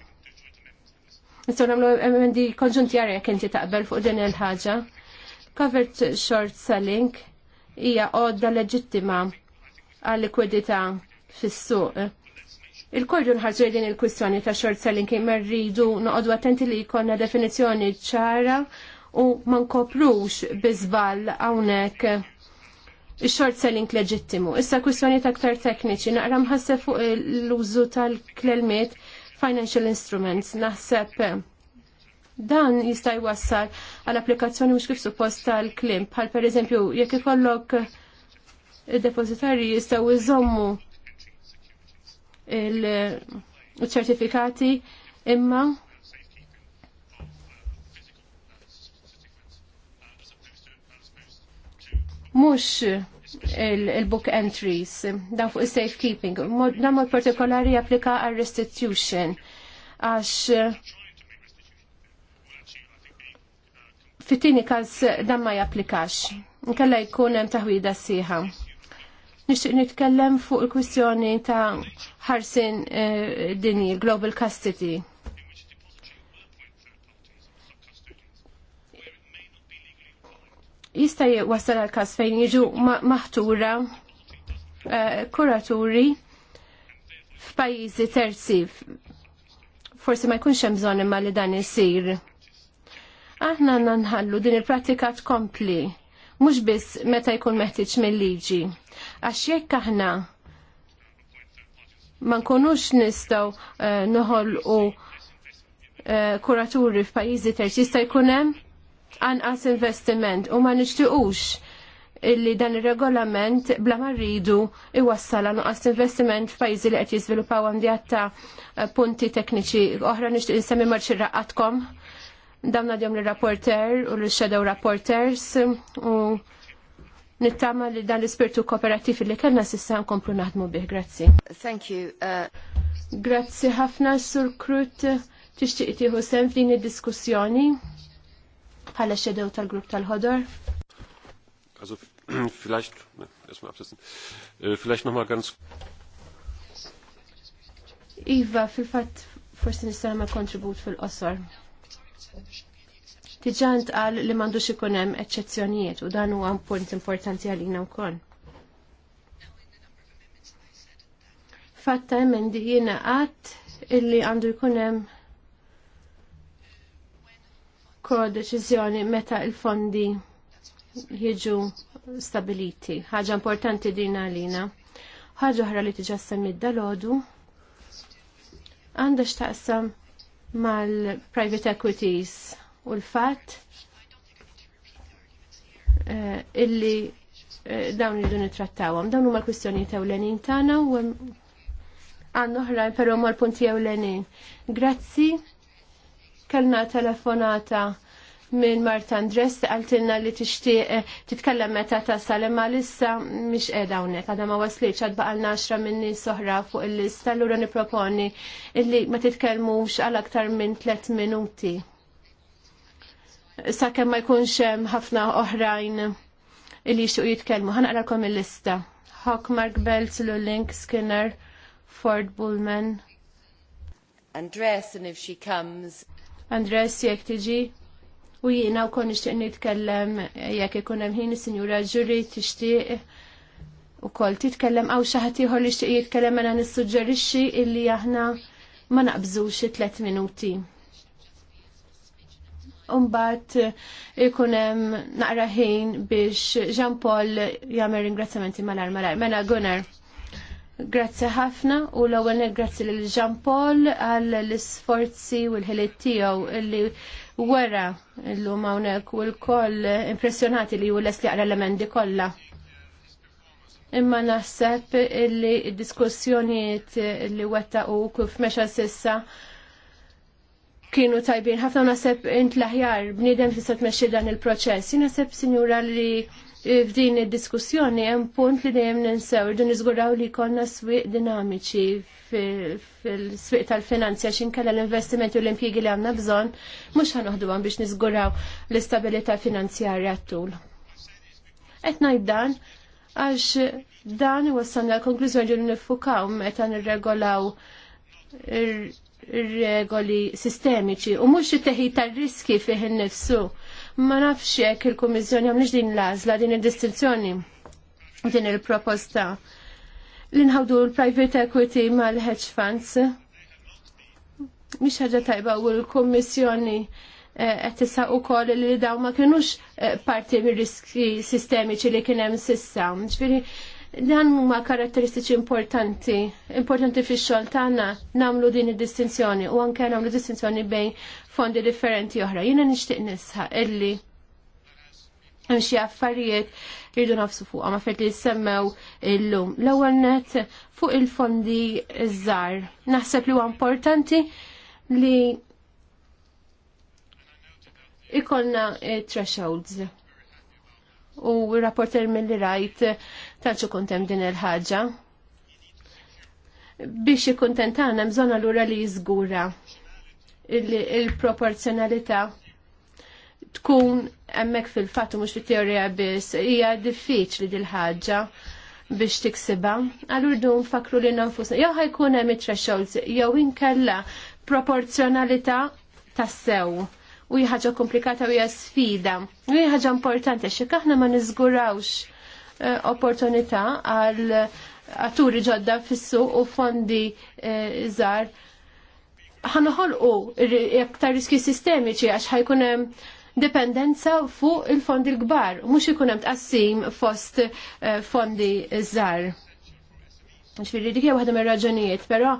Nistgħu nagħmlu emendi konġunti għar jekk inti taqbel fuq din il-ħaġa. Covered short selling hija għodda leġittima għal likwidità fis-suq. Il-kordu nħarġu din il-kwistjoni ta' short selling kien rridu noqogħdu attenti li jkollna definizzjoni ċara u ma nkoprux biżball hawnhekk short selling leġittimu. Issa kwistjoni ta' ktar tekniċi, naqra mħasseb fuq l-użu tal-klelmiet financial instruments, naħseb eh, dan jista' jwassal għal applikazzjoni mhux kif suppost tal-klim, bħal pereżempju jekk ikollok id-depozitarji eh, jistgħu jżommu il-ċertifikati imma mhux il-book entries dan fuq is-safekeeping. Dan mod partikolari japplika għal restitution għax fit-tieni każ dan ma japplikax. Nkella jkun hemm taħwida siħa. Nixtieq nitkellem fuq il-kwistjoni ta' ħarsin eh, dinji, global custody jista' jwassal għal każ fejn jiġu maħtura eh, kuraturi f'pajjiżi terzi. Forsi ma jkunx hemm bżonn imma li dan isir. Aħna nħallu din il-prattika tkompli, mhux biss meta jkun meħtieġ mill-liġi. Għax jekk aħna ma nkunux nistgħu uh, noħolqu uh, kuraturi f'pajjiżi terzi jista' jkun hemm anqas investiment u ma nixtiequx illi dan il-regolament bla rridu iwassal għal investiment f'pajjiżi li qed jiżviluppaw għandjatta eh, punti tekniċi oħra nixtieq insemmi marċi raqqatkom dawn għadhom l-rapporter u l-shadow rapporters eh, u nittama li dan l-ispirtu kooperativ li kellna sissa nkomplu naħdmu bih. Grazzi. Thank you. Uh... Grazzi ħafna Sur Krut tixtieq tieħu sem f'din id-diskussjoni bħala xedew tal-grupp tal-ħodor. Also <clears throat> vielleicht erstmal absetzen. Äh, vielleicht noch ganz Iva, fil fat forse nistana ma kontribut fil-qosor. Tiġant għal li mandu xikunem eccezzjonijiet u dan huwa punt importanti għalina kon. Fatta emendi jina għat illi għandu jkunem kodeċiżjoni meta il-fondi jiġu stabiliti. ħaġa importanti din għalina. ħaġa ħra li tiġa semmi dal-ħodu x'taqsam mal-private equities u l-fatt eh, illi eh, dawn li dun it-trattawam. Dawn huma l-kwistjonijiet ewlenin tagħna u għannu oħra, pero mal punti ewlenin. Grazzi kellna telefonata minn Marta Andres għaltilna li tixtieq eh, titkellem meta tasal imma lissa mhix qiegħda hawnhekk għadha ma waslitx għad baqalna 10 minni soħra fuq il-lista allura nipproponi illi ma titkellmux għal aktar minn tlet minuti. Sakemm ma jkunx hemm ħafna oħrajn illi jixtuq jitkellmu. Ħanqralkom il-lista. Hawk Mark Belt, Lulink, Skinner, Ford Bullman. Andres, and if she comes, Andres jekk tiġi u jiena kon ixtiq nitkellem jekk ikun hemm ħin is-Sinjura Ġuri tixtieq ukoll titkellem għaw xi ħadd ieħor li jitkellem mela nissuġġerixxi illi aħna ma naqbżux tliet minuti. Umbat ikun hemm naqra ħin biex Jean Paul jagħmel ringrazzjamenti mal-ar mal-ar. Mela Gunnar. Grazzi ħafna u l-ewwel grazzi lil Jean Paul għal l-isforzi u l-ħiliet tiegħu li wara llum hawnhekk u l-koll impressjonati li hu les li għal elementi kollha. Imma naħseb li d-diskussjonijiet li u kif mexa sissa kienu tajbin ħafna naħseb int l-aħjar bniedem tista' tmexxi dan il-proċess. Jien naħseb sinjura li f'din id-diskussjoni hemm punt li dejjem ninsew irdu niżguraw li jkollna swieq dinamiċi fil-swieq tal-finanzja xinkella l-investimenti u l-impjiegi li għandna bżonn mhux ħanoħduhom biex niżguraw l-istabilità finanzjarja għat-tul. Qed ngħid dan għax dan wassalna l-konklużjoni li nifukaw meta nirregolaw regoli sistemiċi u mhux it-teħid tal riski fih innifsu. nifsu Ma nafx jekk il-Kummissjoni għamlix din l-għażla din id-distinzjoni din il-proposta li nħawdu l-private equity mal-hedge funds. Mhix ħaġa tajba u l-Kummissjoni eh, qed tisa' ukoll li daw ma kinux eh, parti mir-riski sistemiċi li kien hemm sissa. Ġifieri dan huma karatteristiċi importanti, importanti fix xogħol tagħna nagħmlu din id-distinzjoni u anke nagħmlu distinzjoni bejn fondi differenti oħra. Jiena nixtieq nisħa illi hemm xi affarijiet li jridu nafsu fuqha ma fejn li jsemmew illum. L-ewwel net fuq il-fondi żgħar. Naħseb li huwa importanti li ikonna eh, thresholds. U rapporter mill-li rajt tantxu kontem din il-ħaġa. Biex ikun tentana mżonna l-ura li jizgura il-proporzjonalità tkun hemmhekk fil fatu mhux fit-teorija biss hija diffiċli dil ħaġa biex tiksiba. Allura du fakru li nfusna jew ħajkun hemm it-thresholds jew inkella proporzjonalità tas-sew u hija ħaġa komplikata u hija sfida. U hija importanti għax aħna ma niżgurawx eh, opportunità għal atturi ġodda fissu u fondi eh, żgħar ħanħolqu jaktar riski sistemiċi għax ħajkunem hemm dipendenza fuq il-fondi l-kbar, mhux ikun hemm tqassim fost eh, fondi żgħar. Ġifieri dik hija waħda il raġunijiet però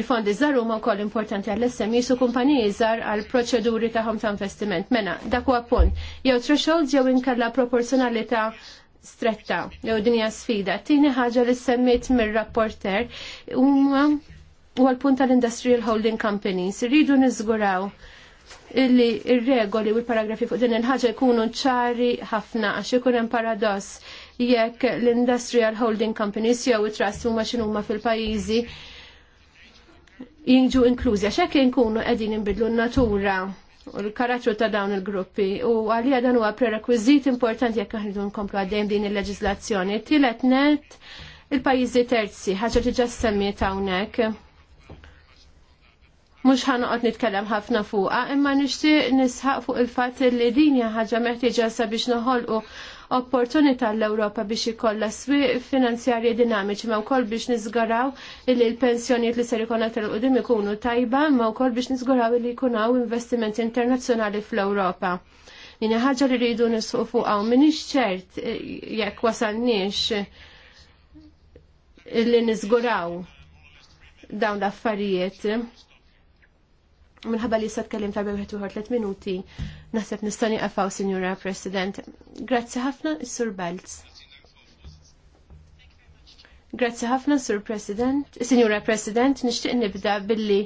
il-fondi żgħar huma wkoll importanti għall smis jisu kumpaniji żgħar għal proċeduri tagħhom ta' investiment. Mena, dak huwa punt. Jew threshold jew inkalla proporzjonalità stretta jew dinja sfida. Tieni ħaġa li semmit mir-rapporter huma um, u għal-punt tal-Industrial Holding Companies. Rridu nizguraw illi il regoli u l-paragrafi fuq din il-ħaġa jkunu ċari ħafna għax ikun hemm paradoss jekk l-Industrial Holding Companies jew it-trust huma x'inhuma fil-pajjiżi jinġu inklużi għax hekk jkunu qegħdin inbidlu n-natura u l-karattru ta' dawn il-gruppi u għalija dan huwa prerekwiżit importanti jekk aħna nkomplu għaddejjem din il-leġiżlazzjoni. Tielet net il-pajjiżi terzi ħaġa diġà semmiet hawnhekk mhux ħanoqgħod nitkellem ħafna fuqa, imma nixtieq nisħaq fuq il-fatt li din hija ħaġa meħtieġa sabiex noħolqu opportunità l-Ewropa biex ikollha swieq finanzjarji dinamiċi ma wkoll biex nizgaraw li l-pensjonijiet li ser ikollna tal ikunu tajba ma wkoll biex nizgaraw li jkun hawn investimenti internazzjonali fl-Ewropa. Jina ħaġa li rridu nisqu fuq u minix ċert eh, jekk wasalniex li niżguraw dawn l-affarijiet minħabba li jissa tkellim ta' bejħet uħor 3 minuti, naħseb nistani għafaw, Signora President. Grazzi ħafna, Sur Belz. Grazzi ħafna, Sur President, Signora President, nishtiq nibda billi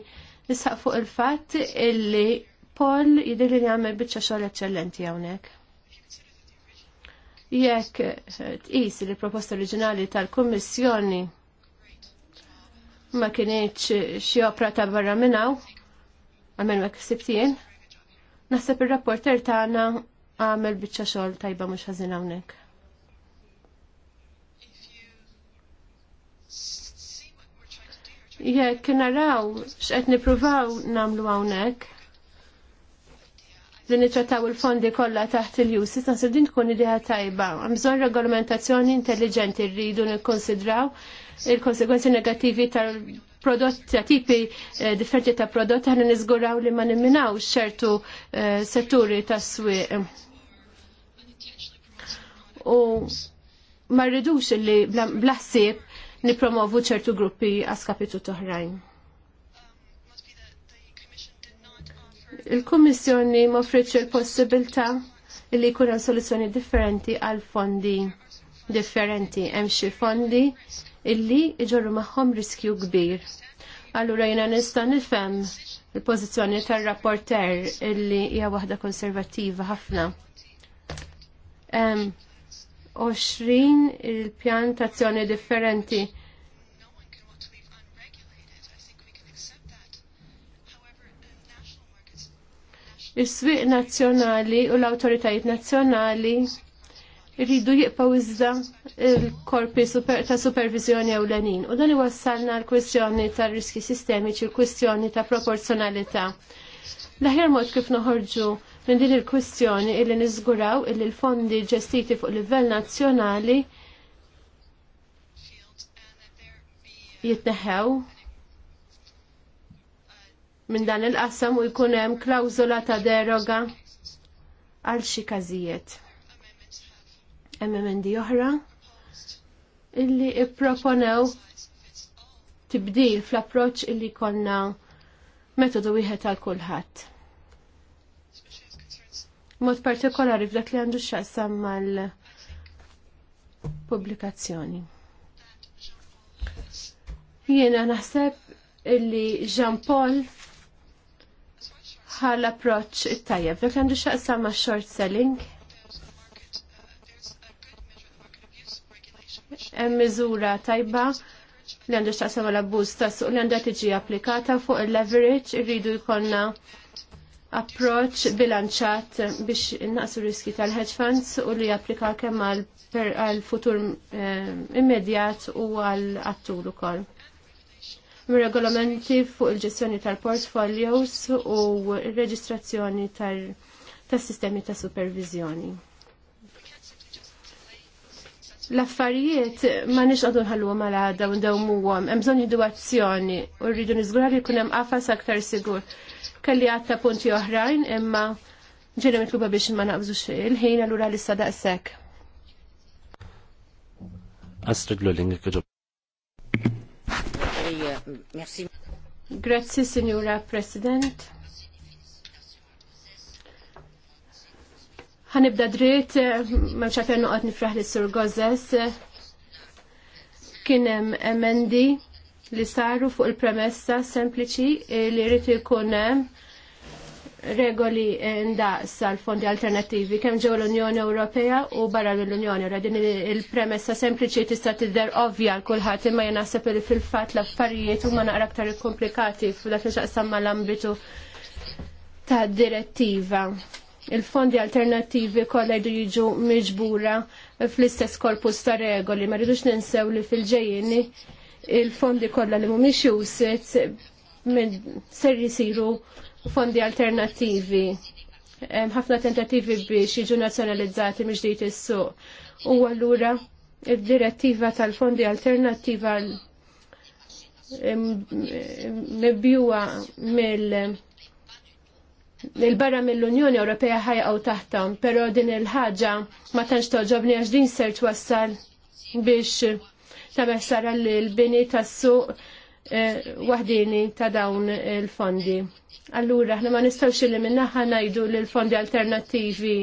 nisħaq fuq il-fat illi Paul jidir li għamil bieċa xogħol eccellenti hawnhekk. Jekk tqis li proposta oriġinali tal-Kummissjoni ma kienieċ xi opra ta' barra minnaw, għamel mek sibtien. Naħseb il-rapporter tagħna għamel biċċa xogħol tajba mhux ħażin hawnhekk. Jekk naraw x'qed nippruvaw nagħmlu hawnhekk li nitrattaw il-fondi kollha taħt il-jusis, naħseb din tkun idea tajba. Għamżon regolamentazzjoni intelligenti rridu nikkonsidraw il-konsegwenzi negattivi tal prodotti, ta' tipi eh, differenti ta' prodotti ħana nizguraw li ma' nimminaw xertu eh, setturi ta' swieq. U ma' rridux li blassib nipromovu ċertu gruppi għaskapitu toħrajn. Il-Kommissjoni ma' friċ il-possibilta li jkun soluzjoni soluzzjoni differenti għal fondi differenti. Hemm xi fondi illi iġorru magħhom riskju kbir. Allura jiena nista' nifhem il-pożizzjoni tar-rapporter illi hija waħda konservattiva ħafna. 20 il-pjan tazzjoni differenti. Is-swieq nazzjonali u l-awtoritajiet nazzjonali rridu jibqaw iżda il-korpi ta' supervizjoni ewlenin. U dan iwassalna l kwestjoni ta' riski sistemiċi, l kwestjoni ta' proporzjonalità. L-aħjar mod kif noħorġu minn din il kwestjoni illi niżguraw illi l-fondi ġestiti fuq livell nazzjonali jitneħew minn dan il-qasam u jkun hemm ta' deroga għal xi każijiet. MMND oħra illi ipproponew tibdil fl-approċ illi konna metodu wieħed għal kulħadd. Mod partikolari f'dak li għandu x'aqsam mal-pubblikazzjoni. Jiena naħseb illi Jean Paul ħal approċ it-tajjeb. Dak għandu x'aqsam ma' short selling hemm miżura tajba li għandu xtaqsam l-abbuż ta' suq li għandha tiġi applikata fuq il-leverage irridu jkollna approach bilanċat biex innaqsu riski tal-hedge funds u li japplika kemm għal-futur eh, immedjat u għal-attur ukoll. Regolamenti fuq il-ġestjoni tal-portfolios u reġistrazzjoni tal-sistemi ta' supervizjoni. L-affarijiet ma nix għadu nħallu għom għal-għada u mu għom, emżon jiddu għazzjoni u rridu nizgurar li kunem għafas aktar sigur. Kalli għatta punti oħrajn imma ġena mitluba biex ma naqbżux il-ħin għallura li sadaq sek Astrid Lulling, kħġob. Eh, Grazie, Signora President. ħanibda dritt, eh, ma mxafer noqot nifraħ li sur Gozes, kienem emendi li saru fuq il-premessa sempliċi li rritu jkunem regoli ndaqs għal fondi alternativi kemm ġew l-Unjoni Ewropea u barra l-Unjoni Ewropea. Din il-premessa sempliċi tista' tidher ovvja għal kulħadd imma jien naħseb li fil-fatt l-affarijiet huma naqra aktar komplikati f'dak li xaqsam mal-ambitu ta' direttiva il-fondi alternativi kollha jdu jiġu miġbura fl-istess korpus ta' regoli. Ma rridux ninsew li fil-ġejjini il-fondi kollha li mhumiex jusit ser jisiru fondi alternativi. Ħafna tentativi biex jiġu nazzjonalizzati miġdijt is-suq. U allura id-direttiva tal-fondi alternativa mibjuwa mill- il-barra mill-Unjoni Ewropea ħajqaw taħtam, pero din il-ħaġa ma tantx toġobni għax din ser twassal biex tagħmel sara l-bini tas-suq eh, waħdini ta' dawn il-fondi. Allura, aħna ma nistgħux illi minnaħħa ngħidu li l-fondi alternattivi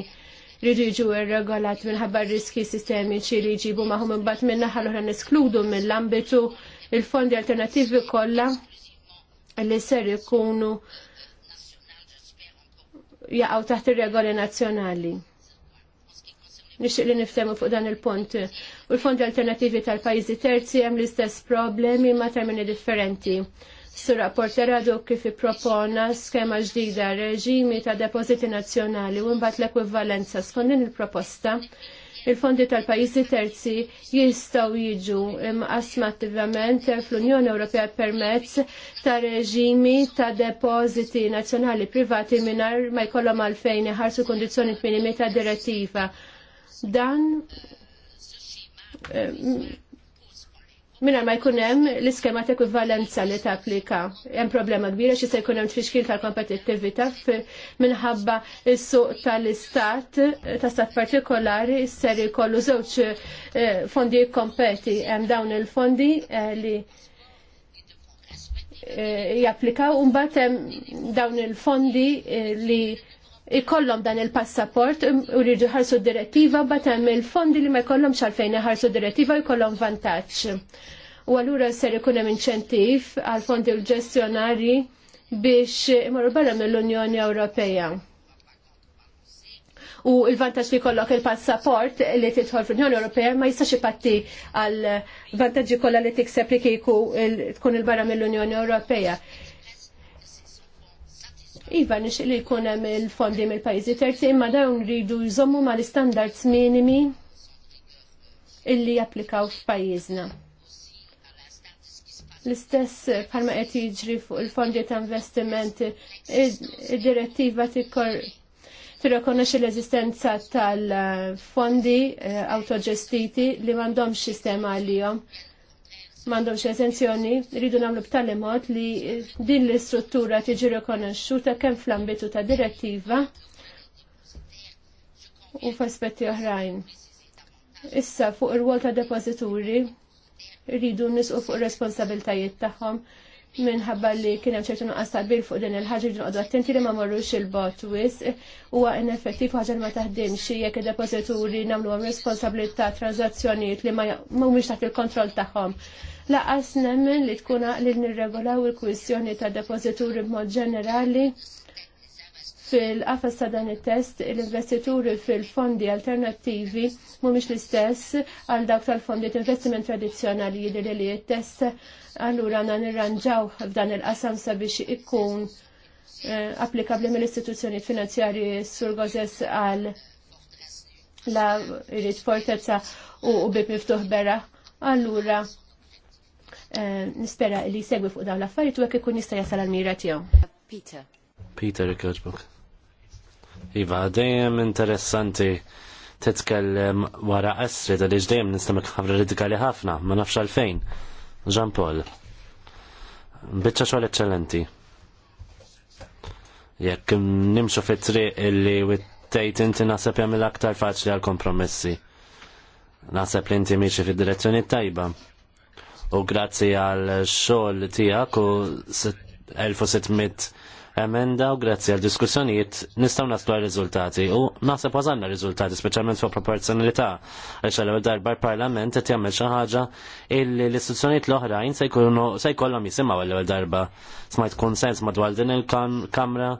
rridu jiġu irregolat minħabba riski sistemiċi li jġibu maħum imbagħad minnaħħa l-oħra neskludu mill-ambitu il-fondi alternattivi kollha li ser ikunu jaqgħu taħt ir-regoli nazzjonali. Nixtieq li niftemu fuq dan il-punt. U l-fondi alternativi tal-pajjiżi terzi hemm l-istess problemi ma' termini differenti. Sur rapporter għadu kif ippropona skema ġdida reġimi ta' depoziti nazzjonali u mbagħad l-ekwivalenza skont din il-proposta il-fondi tal-pajjiżi terzi jistgħu jiġu imqasma attivament fl-Unjoni Ewropea permezz ta' reġimi ta' depożiti nazzjonali privati mingħajr ma jkollhom għalfejn iħarsu kondizzjoni minimi ta' direttiva. Dan eh, minna ma jkunem l-iskema ta' ekvivalenza li ta' applika. Hemm problema kbira xi se jkun hemm tfixkil tal-kompetittività minħabba s-suq tal-istat ta' stat partikolari ser jkollu żewġ eh, fondi kompeti. Hemm dawn il-fondi eh, li eh, japplikaw un batem hemm dawn il-fondi li ikollhom dan il-passaport u rridu ħarsu direttiva batem hemm il-fondi li ma jkollhom xalfejn ħarsu direttiva jkollhom vantaġġ. U allura ser ikun hemm inċentiv għal fondi u l-ġestjonari biex imorru barra mill-Unjoni Ewropea. U il-vantaġġ li kollok il-passaport li tidħol fl-Unjoni Ewropea ma jistax ipatti għal vantaġġi kollha li tikseb li kieku tkun il-barra mill-Unjoni Ewropea. Iva, nix li jkunem il-fondi mill-pajzi terzi, imma dawn rridu jżommu ma l-standards minimi illi japplikaw f'pajjiżna. L-istess bħalma qed jiġri fuq il-fondi ta' investiment, id-direttiva tikkor tirrekonoxxi l-eżistenza tal-fondi eh, autogestiti li m'għandhomx sistema għalihom m'għandhomx eżenzjoni, rridu nagħmlu b'tali mod li din l-istruttura tiġi rikonoxxuta kemm fl-ambitu ta' direttiva u f'aspetti oħrajn. Issa fuq ir-wol ta' depożituri rridu nisqu fuq responsabiltajiet tagħhom minħabba li kien hemm ċertu nuqqas bil fuq din il-ħaġa li noqgħdu attenti li ma marrux il-bot wisq huwa ineffettiv ħaġa li ma taħdimx jekk id-depożituri nagħmluhom responsabilta' tranzazzjonijiet li ma mhumiex taħt il-kontroll tagħhom laqas nemmen li tkun li nirregolaw il-kwistjoni ta' depozituri b'mod ġenerali fil-qafas ta' dan it-test l-investituri fil-fondi alternattivi mhumiex l-istess għal dawk tal-fondi investiment tradizzjonali jidri li il test allura għana nirranġaw f'dan il-qasam sabiex ikun eh, applikabli mill-istituzzjoni finanzjarji sur gozess għal la irrit fortezza u bib miftuħ bera. Allura, Eh, nispera li segwi fuq dawn l-affarijiet u hekk ikun jista' jasal għall-mira tiegħu. Peter. Peter Kirchbrook. Iva, dejjem interessanti titkellem wara qasri li ġdejjem nistamek ħafna radikali ħafna, ma nafx għalfejn. Jean Paul. Biċċa xogħol eċċellenti. Jekk nimxu fit-triq illi wittejt inti naħseb jagħmel aktar faċli għal kompromessi. Naħseb li inti miexi fid-direzzjoni tajba u grazzi għal xogħol tiegħek u 1600 emenda u grazzi għal diskussjonijiet nistgħu naslu għal riżultati u naħseb għażanna riżultati speċjalment fuq proporzjonalità għax għal darba l-Parlament qed jagħmel xi ħaġa illi l-istituzzjonijiet l-oħrajn se jkollhom jisimgħu għal darba smajt konsens madwar din il-Kamra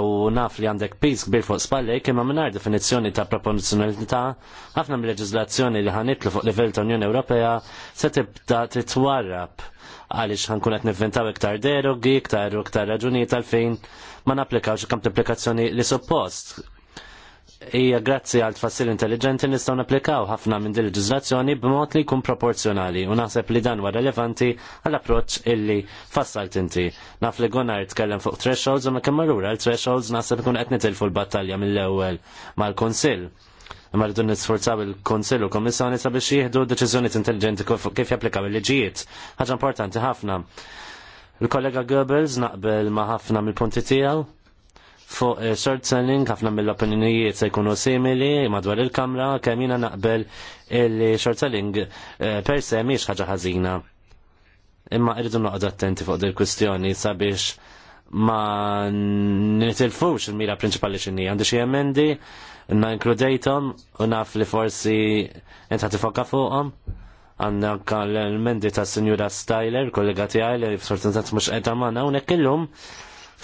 u naf li għandek pis kbir fuq spallej imma mingħajr definizzjoni ta' proporzjonalità ħafna mill-leġiżlazzjoni li ħanitlu fuq livell ta' Unjoni Ewropea se tibda titwarrab għaliex ħankun qed nivventaw iktar derogi, iktar u iktar raġunijiet għalfejn ma napplikawx kamp applikazzjoni li suppost hija grazzi għal tfassil intelligenti nistgħu napplikaw ħafna minn din il il-ġiżlazzjoni b'mod li jkun proporzjonali u naħseb li dan huwa relevanti għall approċċ illi fassalt inti. Naf li Gonar tkellem fuq thresholds u ma kemm marura l-thresholds naħseb ikun qed nitilfu l-battalja mill-ewwel mal-Kunsill. Imma rridu nisforzaw il-Kunsill u l-Kommissjoni sabiex jieħdu deċiżjonijiet intelligenti kif japplikaw il-liġijiet. Ħaġa importanti ħafna. Il-kollega Goebbels naqbel ma' ħafna mill-punti tiegħu fuq eh, short selling ħafna mill-opinjonijiet se jkunu simili madwar il-kamra kemm jiena naqbel il-short selling eh, per se mhix ħaġa ħażina. Imma irridu noqgħod attenti fuq dil kwistjoni sabiex ma nitilfux il-mira prinċipali x'inhi għandi xi emendi na inkludejtom u naf li forsi inta tifoka fuqhom għanna l-mendi ta' Sinjura Styler, kollega għaj li f-sortentat mux għedha manna, unek illum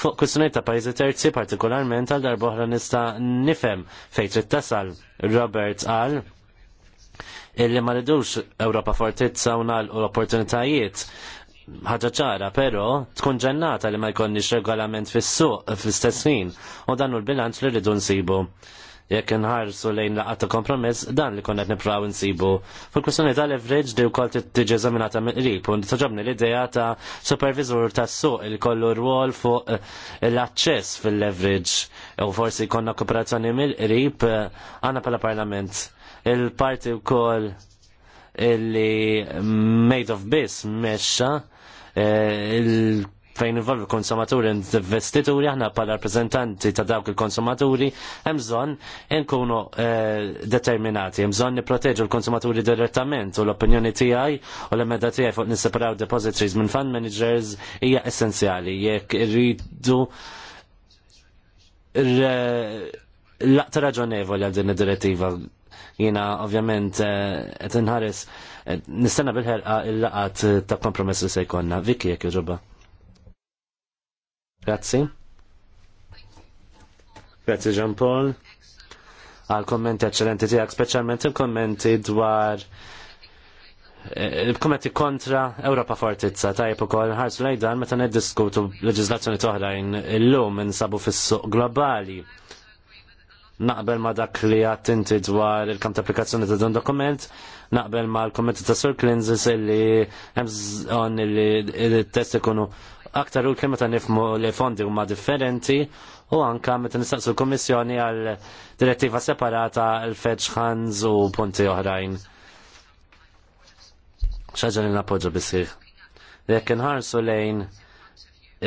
Fuq kwistjoniet ta' pajjiżi terzi partikolarment għal darbohra nista' nifhem fejn trid tasal. Robert qal illi ma ridux Ewropa fortizza u nagħlqu l-opportunitajiet ħaġa ċara, pero tkun ġennata li ma jkollniex regolament fis-suq fl-istess ħin u dan hu l-bilanċ li rridu nsibu jekk inħarsu lejn laqgħa kompromess dan li konna qed nippraw insibu. Fuq kwistjoni tal-leverage di wkoll tiġi eżaminata mill-qrib u toġobni l-idea ta' supervisor tas-suq il kollu rwol fuq eh, l-aċċess fil-leverage u forsi konna kooperazzjoni mill-qrib eh, għandna bħala parlament. Il-parti wkoll li made of biss mexxa eh, il fejn involvi konsumaturi investituri aħna pala rappresentanti ta' dawk il-konsumaturi hemm bżonn nkunu eh, determinati, hemm bżonn nipproteġu l-konsumaturi direttament u l-opinjoni tiegħi u l-emenda tiegħi fuq nisseparaw depositories minn fund managers hija essenzjali jekk irridu laqta raġonevoli għal din id-direttiva jina ovvjament eh, qed inħares eh, nistenna bil-ħerqa il-laqat ta' kompromess li se jkollna. Viki jekk joġobba. Grazzi. Grazzi Jean Paul għal kommenti eccellenti tijak, specialment il-kommenti dwar eh, il-kommenti kontra Europa Fortizza tajb ukoll ħarsu lejdan meta niddiskutu leġiżlazzjoni toħrajn illum insabu fis-suq globali. Naqbel ma dak li għattinti dwar il-kamp ta' applikazzjoni ta' dan dokument, naqbel ma l-kommenti ta' Sir Cleanses illi hemm li il-test ikunu aktar u kemm kemma nifmu li fondi huma differenti u anka meta nistaqsu l-Kommissjoni għal direttiva separata l-fetch Hans u punti oħrajn. ċaġa li napoġġa bisir. Jekk inħarsu lejn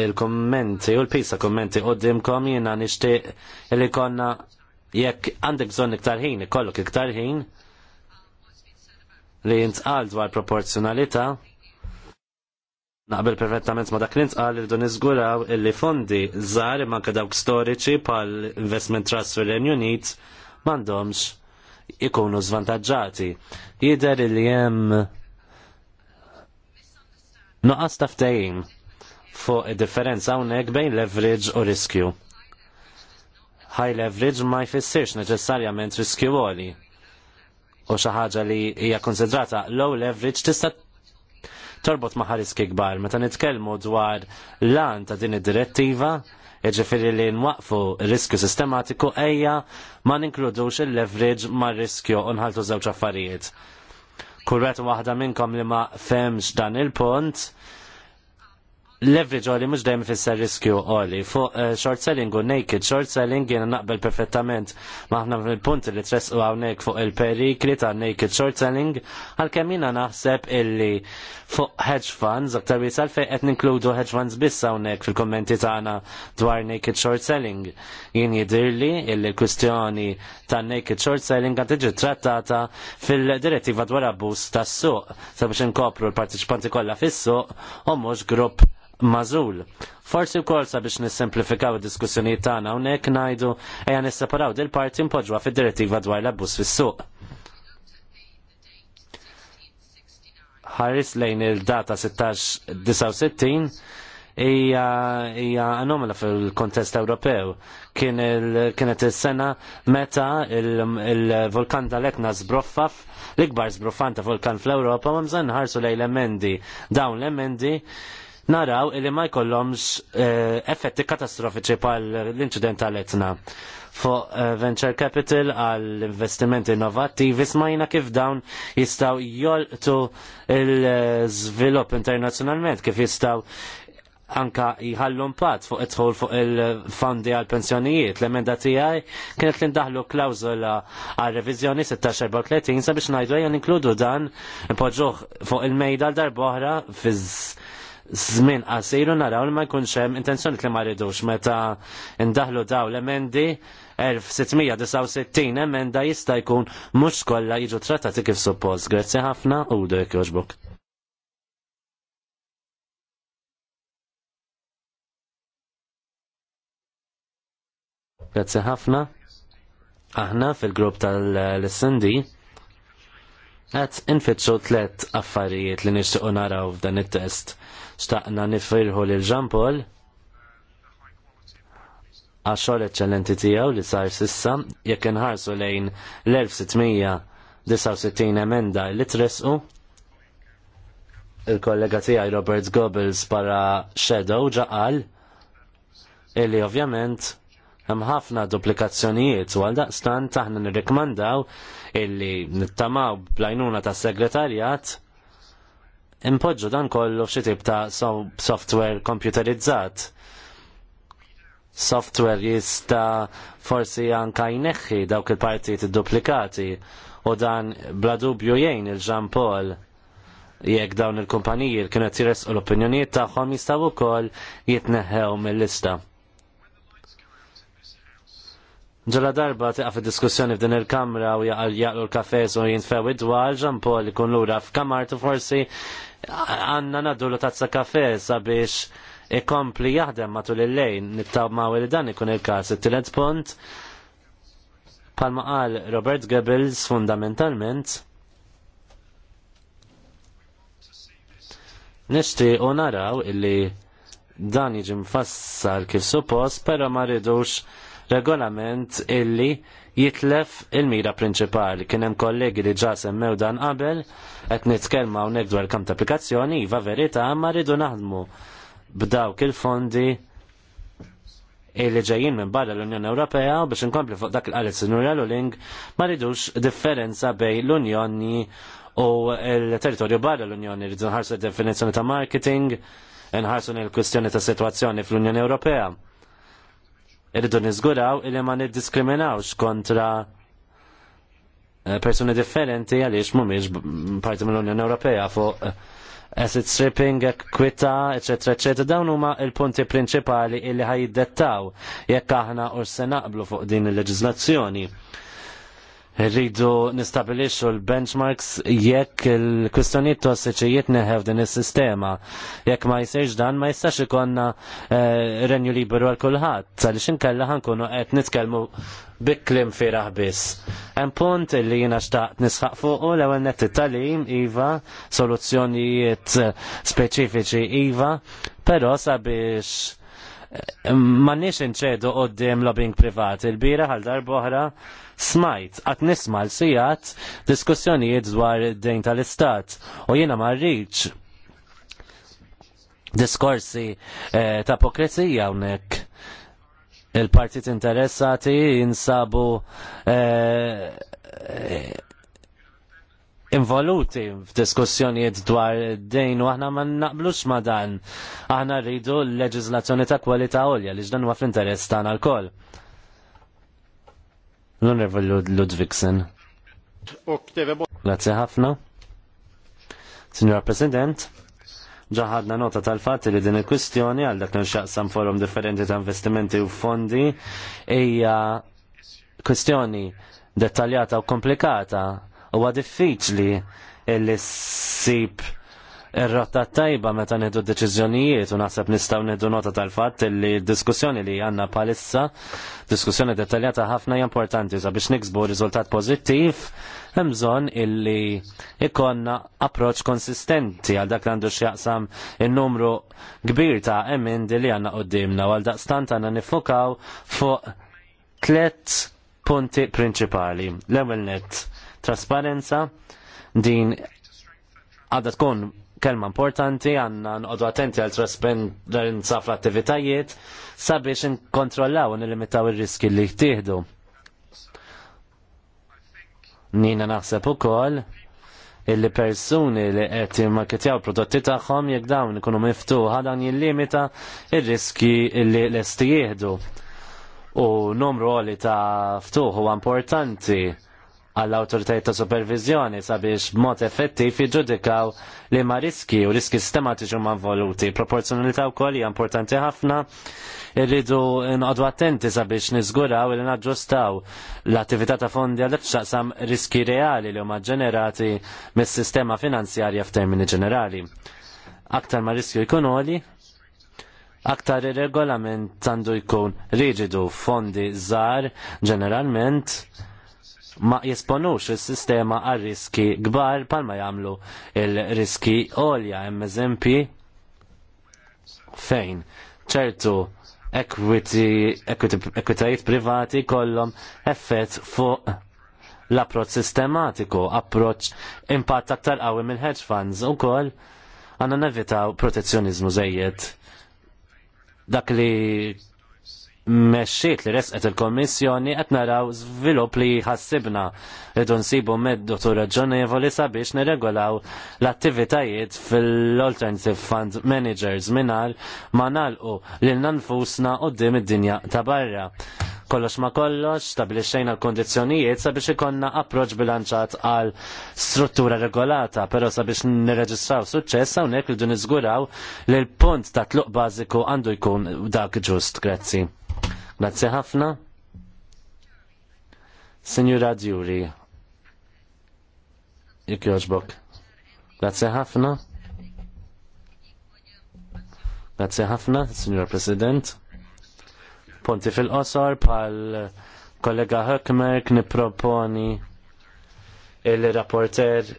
il-kommenti u l-pisa kommenti u dimkom jina nishtiq li konna jekk għandek bżonn iktar ħin, ikollok iktar ħin li jintqal dwar proporzjonalità Naqbel perfettament ma dak li ntqal irdu niżguraw illi fondi żgħar imma anke dawk storiċi bħal Investment Trust fir-Renju Unit m'għandhomx ikunu żvantaġġati. Jidher li hemm noqqas ta' ftehim fuq id-differenza hawnhekk bejn leverage u riskju. High leverage ma jfissirx neċessarjament riskju għoli. U xi ħaġa li hija konsidrata low leverage tista' torbot ma' kikbar, Meta nitkellmu dwar lan ta' din id-direttiva, ġifiri li nwaqfu riskju sistematiku ejja ma ninkludux il-leverage ma' riskju unħaltu żewġ affarijiet. Kurret waħda minnkom li ma' femx dan il-punt, leverage għali mux dajem fisser riskju għoli. Fuq eh, short selling u naked, short selling jena naqbel perfettament maħna fil-punt li tresqu għawnek fuq il-perikli ta' naked short selling, għal-kem naħseb illi fuq hedge funds, aktar bi fej qed ninkludu hedge funds biss għawnek fil-kommenti tagħna dwar naked short selling. Jien jidirli illi l-kustjoni ta' naked short selling għad tiġi trattata fil-direttiva dwar abbuż tas-suq sabiex inkopru l-partiċipanti kollha fis-suq u mhux grupp mażul. Forsi wkoll sabiex nissimplifikaw id-diskussjonijiet tagħna hawnhekk ngħidu ejja nisseparaw dil parti mpoġġwa fid-direttiva dwar l-abbuż fis-suq. Ħares lejn il-data 1669 hija hija anomala fil-kontest Ewropew. Kien kienet is-sena meta il-vulkan tal-Etna zbroffaf l-ikbar sbroffan ta' vulkan fl-Ewropa ma mżan ħarsu lejn l-emendi. Dawn l-emendi naraw illi ma jkollhomx eh, effetti katastrofiċi bħal l-inċident tal-etna fuq eh, venture capital għal investimenti innovattivi smajna kif dawn jistaw jolqtu il-żvilupp internazzjonalment kif jistaw anka jħallu mpat fuq idħol fuq il-fondi għal pensjonijiet. L-emenda tiegħi kienet li ndaħlu klawzola għal reviżjoni 16-30 sabiex najdu għajan ninkludu dan poġuħ fuq il-mejda l darboħra fiż żmien qasiru naraw li ma jkunx hemm intenzjoni li ma rridux meta ndaħlu daw l-emendi 1669 emenda jista' jkun mhux kollha jiġu trattati kif suppost. Grazzi ħafna u dek joġbok. Grazzi ħafna. Aħna fil-grupp tal-SND għat infittxu tlet affarijiet li nixtiequ naraw f'dan it-test Staqna nifirħu lil ġampol paul għaxol eċċellenti tiegħu li sar sissa jekk inħarsu lejn l-1669 emenda li tresqu il-kollega tiegħi Robert Goebbels para Shadow ġaqal illi ovvjament hemm ħafna duplikazzjonijiet u għal daqstan taħna nirrekmandaw illi nittamaw blajnuna tas segretarjat impoġġu dan kollu f'xi tip ta' software computerizzat. Software jista' forsi anka jneħħi dawk il-partijiet idduplikati u dan bla dubju jgħin il-Jean Paul jekk dawn il-kumpaniji kienu qed jiresqu l-opinjonijiet tagħhom jistgħu wkoll jitneħħew mill-lista. Ġala darba tiqaf id-diskussjoni f'din il-kamra u jaqal jaqlu l-kafes u jintfew id-dwar ġampol ikun lura f'kamartu forsi għanna naddu l tazza kafe sabiex ikompli jaħdem matul il-lejn nittamaw li dan ikun il-kas. Il-tilet punt, palma qal Robert Goebbels fundamentalment, nishti u naraw illi dan jiġi mfassar kif suppost, pero ma ridux regolament illi jitlef il-mira prinċipali. Kien hemm kollegi li ġa semmew dan qabel qed nitkellma hawnhekk dwar kam ta' applikazzjoni, iva verità, ma rridu naħdmu b'dawk il-fondi illi ġejjin minn barra l-Unjoni Ewropea u biex inkompli fuq dak l qalet sinura l-Uling ma ridux differenza bej l-Unjoni u l-territorju barra l-Unjoni rridu nħarsu definizzjoni ta' marketing, nħarsu il-kwistjoni ta' situazzjoni fl-Unjoni Ewropea irridu niżguraw illi ma niddiskriminawx kontra eh, persuni differenti għaliex mhumiex parti mill-Unjoni Ewropea fuq eh, asset stripping, ekwità, eċetera, eċetera. Dawn huma il-punti prinċipali illi ħajdettaw jekk aħna u se naqblu fuq din il-leġiżlazzjoni rridu nistabilixu l-benchmarks jekk il kwistjonijiet tossiċijiet neħew din is-sistema. Jekk ma jsirx dan ma jistax ikonna eh, renju liberu għal kulħadd, għaliex inkella ħankunu qed nitkellmu biklim firaħ biss. Hemm punt li jiena xtaqt nisħaq fuqu l-ewwel net it-talim iva, soluzzjonijiet speċifiċi iva, però sabiex eh, ma nix inċedu għoddim lobbying privat. Il-bira għal darboħra oħra smajt, għat nisma l-sijat diskussjonijiet dwar id-dejn tal-istat u jiena marriċ diskorsi eh, ta' pokrizija unek il-partit interessati jinsabu eh, involuti f'diskussjonijiet dwar dejn u aħna ma naqblux ma dan. Aħna rridu l-leġizlazzjoni ta' kwalità għolja li ġdan huwa fl-interess tagħna l-koll. L-Onorevoli Ludvigsen. Grazie ħafna. Signor President, ġaħadna nota tal-fat li din il-kwistjoni għal dak nxaqsam forum differenti ta' investimenti u fondi hija kwistjoni dettaljata u komplikata u diffiċli li ssib ir-rotta tajba meta nieħdu deċiżjonijiet u naħseb nistgħu nieħdu nota tal-fatt li d-diskussjoni li għandna palissa, diskussjoni dettaljata ħafna hija importanti sabiex niksbu riżultat pożittiv hemm bżonn illi ikonna approċċ konsistenti għal dak li għandu x'jaqsam in-numru kbir ta' emendi li għandna qudiemna għal daqstant għandna nifokaw fuq tliet punti prinċipali. L-ewwel nett trasparenza din għadha tkun kelma importanti għanna nqodu attenti għal trasparenza fl-attivitajiet sabiex nkontrollaw u nilimitaw ir-riski li jtieħdu. Nina naħseb ukoll illi persuni li qed jimmarketjaw prodotti tagħhom jekk dawn ikunu miftuħa dan jillimita ir-riski li lesti jieħdu. U numru għoli ta' ftuħ huwa importanti għall autoritajiet ta' supervizjoni sabiex mod effettiv jiġġudikaw li ma' riski u riski sistematiċi ma' voluti. Proporzjonalità wkoll hija importanti ħafna irridu nqogħdu attenti sabiex niżguraw li naġġustaw l-attività ta' fondi għal xaqsam riski reali li huma ġenerati mis-sistema finanzjarja f'termini ġenerali. Aktar ma' riskju jkun aktar ir-regolament għandu jkun riġidu fondi żgħar ġeneralment ma jesponux il-sistema għal riski gbar palma jamlu il-riski olja hemm eżempji fejn ċertu equity, equitajiet privati kollom effett fuq l-approċ sistematiku, approċ impatt aktar qawwi mill hedge funds u koll għanna nevitaw protezzjonizmu zejjed dak li mexxiet li resqet il komissjoni qed naraw żvilupp li ħassibna rridu nsibu meddu tu raġonevoli sabiex nirregolaw l-attivitajiet fil-Alternative Fund Managers mingħajr ma nalqu lil nanfusna qudiem id-dinja ta' barra. Kollox ma kollox stabilixxejna l kundizzjonijiet sabiex ikonna approċ bilanċat għal struttura regolata, però sabiex nirreġistraw suċċess hawnhekk rridu niżguraw li l-punt ta' tluq bażiku għandu jkun dak ġust. Grazzi. Grazie ħafna. Signora Giuri. jek joġbok. Grazie ħafna. Grazie ħafna, Signor President. Ponti fil-qosor pal kollega Hökmerk niproponi il-rapporter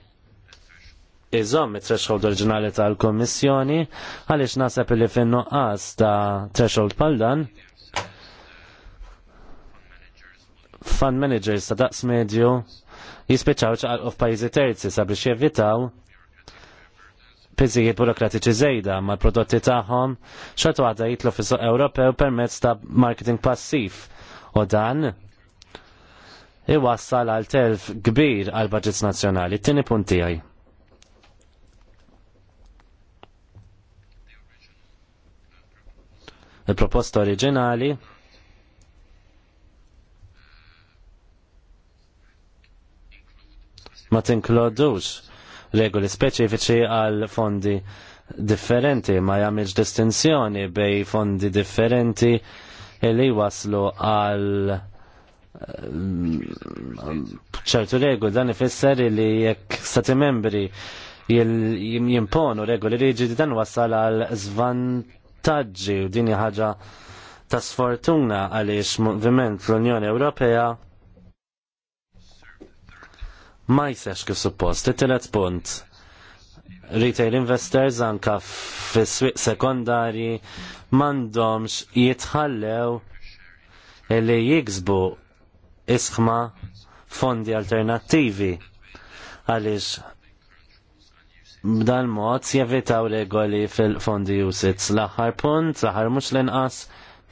iżom il-threshold oriġinali tal-Kommissjoni għaliex nasab li finnu qas ta' threshold pal dan fund managers ta' daqs medju jispiċċaw ċaqalqu f'pajjiżi terzi sabiex jevitaw piżijiet burokratiċi żejda ma' prodotti tagħhom xorta waħda jitlu fis Ewropew permezz ta' marketing passiv u dan iwassal għal telf kbir għal budgets nazzjonali. Tieni punt tiegħi. Il-proposta oriġinali ma tinklodux regoli speċifiċi għal fondi differenti, ma jagħmilx distinzjoni bej fondi differenti li waslu għal eh, ċertu regoli dan ifisser li jekk stati membri jimponu regoli riġidi dan wassal għal zvantaġġi u din ħaġa ta' sfortuna għaliex moviment l-Unjoni Ewropea ma jsex kif suppost. It-tielet punt retail investors anka fis-swieq sekondarji m'għandhomx jitħallew li jiksbu isħma fondi alternattivi għaliex b'dan mod jevitaw regoli fil-fondi usits. L-aħħar punt, l-aħħar mhux l-inqas,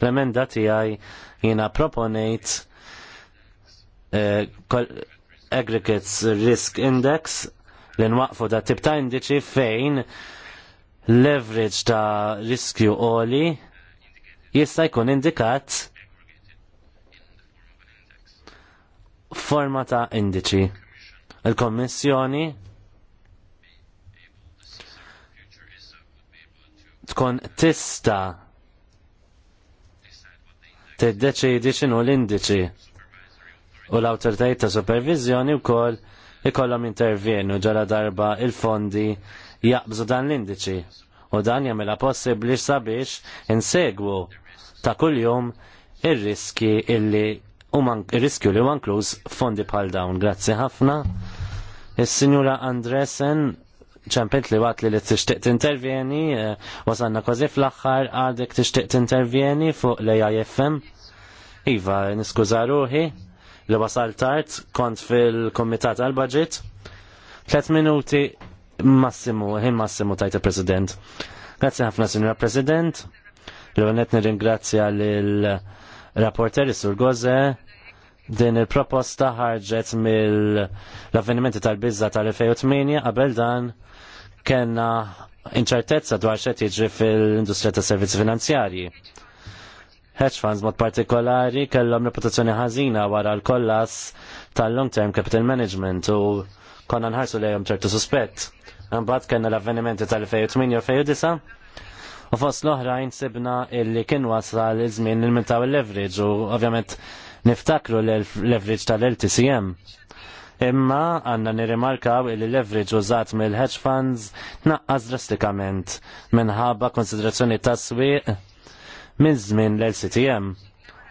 l-emenda tiegħi jiena proponejt eh, Aggregates Risk Index li nwaqfu da tibta' indiċi fejn leverage ta' riskju oli jista' jkun indikat forma ta' indiċi. Il-Kommissjoni tkun tista' tiddeċidi xinu l-indiċi u l-autoritajiet ta' supervizjoni wkoll ikollhom intervjenu ġala darba il-fondi jaqbżu dan l-indiċi u dan jagħmilha possibbli sabiex insegwu ta' kuljum ir-riski illi ir-riskju li huwa inkluż fondi bħal dawn. Grazzi ħafna. Is-Sinjura Andresen ċempet li waqt li li t-ixtiq intervjeni eh, wasanna kważi fl-axħar għadek t-ixtiq intervjeni fuq l-AIFM. Iva, niskuza ruħi, li wasal tard kont fil-komitat għal-budget. Tlet minuti massimu, ħin massimu tajt il-President. Grazie ħafna, Signora President. L-għonet nir-ingrazzja l-rapporteri sur Goze. Din il-proposta ħarġet mill-avvenimenti tal-bizza tal-2008 qabel dan kena inċertezza dwar xed jiġri fil-industrija ta' servizzi finanzjarji hedge funds mod partikolari kellhom reputazzjoni ħażina wara l-kollas tal-long term capital management u konna nħarsu lejhom ċertu suspett. Imbagħad kellna l-avvenimenti tal-2008 u 2009 u fost l-oħrajn sibna illi kien wasal iż-żmien il-mintaw il-leverage u ovvjament niftakru l-leverage tal-LTCM. Imma għanna nirimarkaw il leverage użat mill-hedge funds naqqas drastikament minħabba konsiderazzjoni ta' swieq minn żmien l-LCTM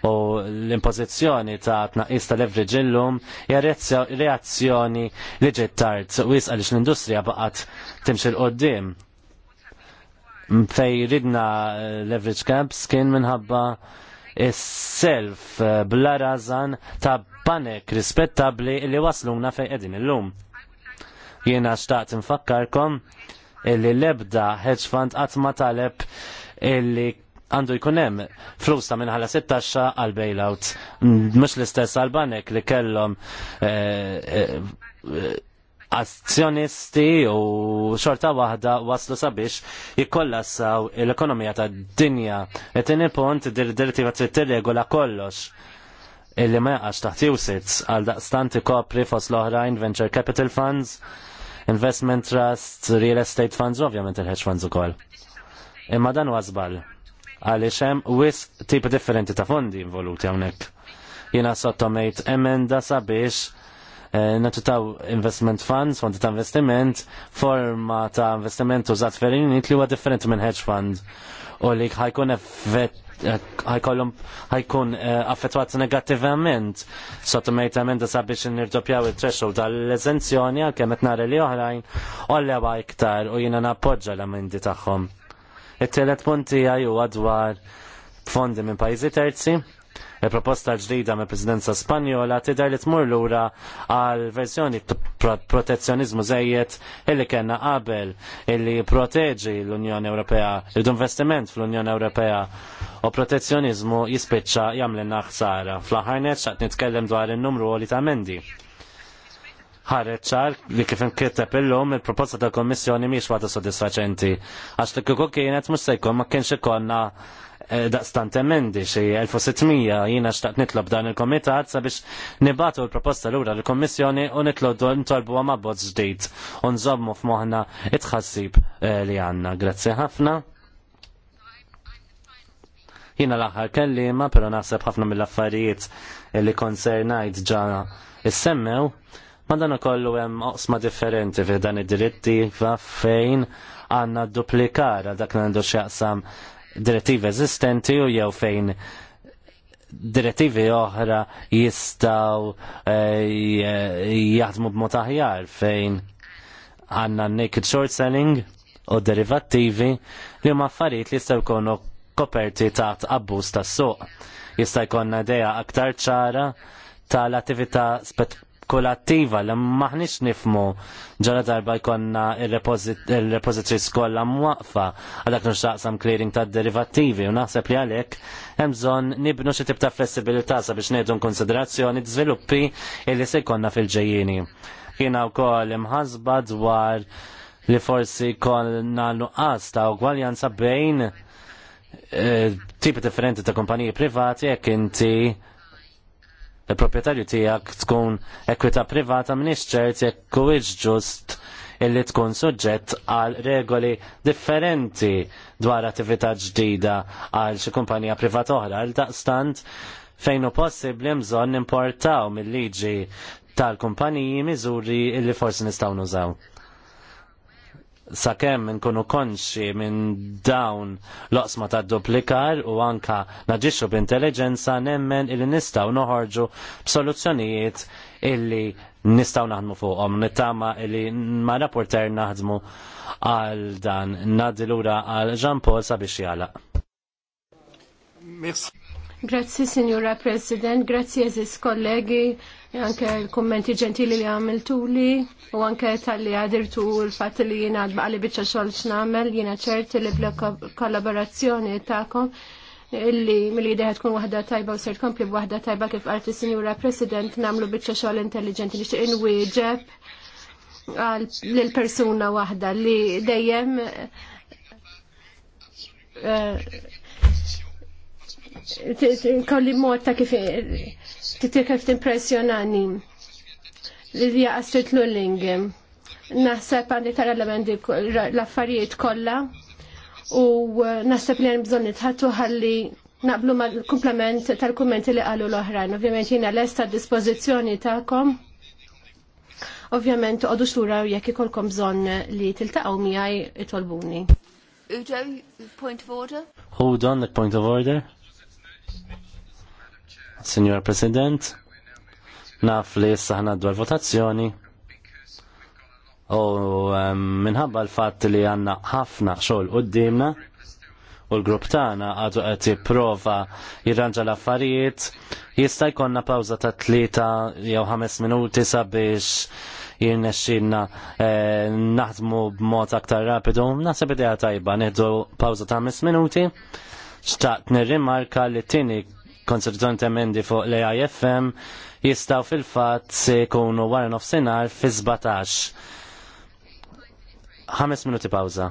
u l-impożizzjoni ta' tnaqqis tal-leverage illum hija reazzjoni li ġiet tard u jisqal l-industrija baqgħet timxil qoddim. Fej ridna eh, leverage caps kien minħabba is-self eh, bla razan ta' panek rispettabli li wasluna fej qegħdin illum. Jiena xtaqt infakkarkom illi l-ebda hedge fund qatt ma taleb illi għandu jkun hemm minn ta' 16 għal bailout. Mhux l-istess għal banek li kellhom eh, eh, azzjonisti u xorta waħda waslu sabiex jikkollassaw l-ekonomija tad dinja. Et tieni punt dir-direttiva trid tirregola kollox illi ma jaqax taħt usits għal daqstant ikopri fost l-oħrajn venture capital funds, investment trusts, real estate funds, ovvjament il-hedge funds ukoll. Imma dan għazbal għaliex hemm wisq tip differenti ta' fondi involuti hawnhekk. Jiena sottomejt emenda sabiex eh, natutaw investment funds, fondi ta' investiment, forma ta' investiment użat ferinit li huwa differenti minn hedge fund u li ħajkun effett ħajkollhom ħajkun eh, affettwat negattivament sottomejt emenda sabiex nirdoppjaw it-threshold tal-eżenzjoni għalkemm qed nara li oħrajn ollewa iktar u jiena nappoġġa l-emendi tagħhom. It-telet punti għaju għadwar fondi minn pajjiżi terzi. Il-proposta ġdida me presidenza Spanjola tidher li tmur lura għal verżjoni protezzjonizmu żejjed illi kellna qabel illi proteġi l-Unjoni Ewropea, l-investiment fl-Unjoni Ewropea u protezzjonizmu jispiċċa jagħmel ħsara. Fl-aħħar neċċaqt nitkellem dwar in-numru li ta' mendi ħarret ċar li kif imkiteb illum il-proposta tal kommissjoni miex waħda sodisfaċenti. Għax li kieku kienet mhux se jkun ma kienx ikonna eh, daqstant emendi xi 1600 jiena xtaqt nitlob dan il-komitat sabiex nibatu l-proposta lura l-Kommissjoni u nitlob ntolbu ma bozz ġdid u nżommu f'moħħna it-tħassib eh, li għandna. Grazzi ħafna. Jiena l-aħħar kellima, però naħseb ħafna mill-affarijiet li konsernajt ġana is semmew Ma dan ukollu hemm oqsma differenti fi dan id-direttiva fejn għandna duplikar għal dak għandu x'jaqsam direttivi eżistenti u jew fejn direttivi oħra jistaw eh, jaħdmu b'mod aħjar fejn għanna naked short selling u derivattivi li huma affarijiet li jistgħu jkunu koperti ta' abbuż tas-suq. Jista' jkollna idea aktar ċara tal-attività attiva li maħniex nifmu ġara darba jkonna il-repositories skolla mwaqfa għal dak nuxtaqsam clearing ta' derivattivi u naħseb li għalhekk hemm bżonn nibnu xi tibta' flessibilita flessibilità sabiex ngħidu konsiderazzjoni żviluppi illi se jkollna fil Jina Jiena wkoll imħazba dwar li forsi konna nuqqas ta' ugwaljanza bejn eh, tipi differenti ta' kumpaniji privati jekk inti il-proprietarju tiegħek tkun ekwita privata m'iniex ċert jekk huwiex ġust illi tkun suġġett għal regoli differenti dwar attività ġdida għal xi kumpanija privata oħra. Għal daqstant fejn hu possibbli bżonn importaw mill-liġi tal-kumpaniji miżuri illi forsi nistgħu nużaw sakemm nkunu konxi minn dawn loqsma ta' duplikar u anka naġixxu b'intelligenza nemmen illi nistgħu noħorġu b'soluzzjonijiet illi nistgħu naħdmu fuqhom nittama illi ma' rapporter naħdmu għal dan ngħaddi lura għal Jean Paul sabiex jagħlaq. Merci. Grazzi, Signora President, grazzi eżis kollegi anke l-kommenti ġentili li li u anke tal-li għadirtu l-fat li jina għadbaqli bieċa xol xnamel jina ċerti li bla kollaborazzjoni ta'kom illi mill-li deħed tkun wahda tajba u ser tkompli wahda tajba kif għarti sinjura president namlu bieċa xol intelligenti nixtieq inwieġeb l-persuna wahda li dejjem eh, kolli mod ta' kif titir kif timpressjonani Lidija għastit l-ulling. Naħseb għandi tara l-affarijiet kollha u eh, naħseb li għan bżonni nitħattu ħalli naqblu ma l-komplement tal-kummenti li qalu l-oħrajn. Ovvjament jina lesta dispożizzjoni ta'kom. Ovvjament għodu u jekk ikolkom bżon li tiltaqgħu miegħi itolbuni. Udo, point of order? Hold on, the point of order. Signor President, naf li issa ħna dwar votazzjoni u ehm, minħabba l fat li għanna ħafna xogħol dimna u l-grupp tagħna għadu qed jipprova jirranġa l-affarijiet, jista' jkollna pawza ta' tlieta jew ħames minuti sabiex jirnexxilna eh, naħdmu b'mod aktar rapidu. Naħseb idea tajba, nieħdu pawża ta' ħames minuti. Xtaqt nirrimarka li tini konsultant emendi fuq l-AIFM jistaw fil-fat kunu warren of sinar fi 17. 5 minuti pauza.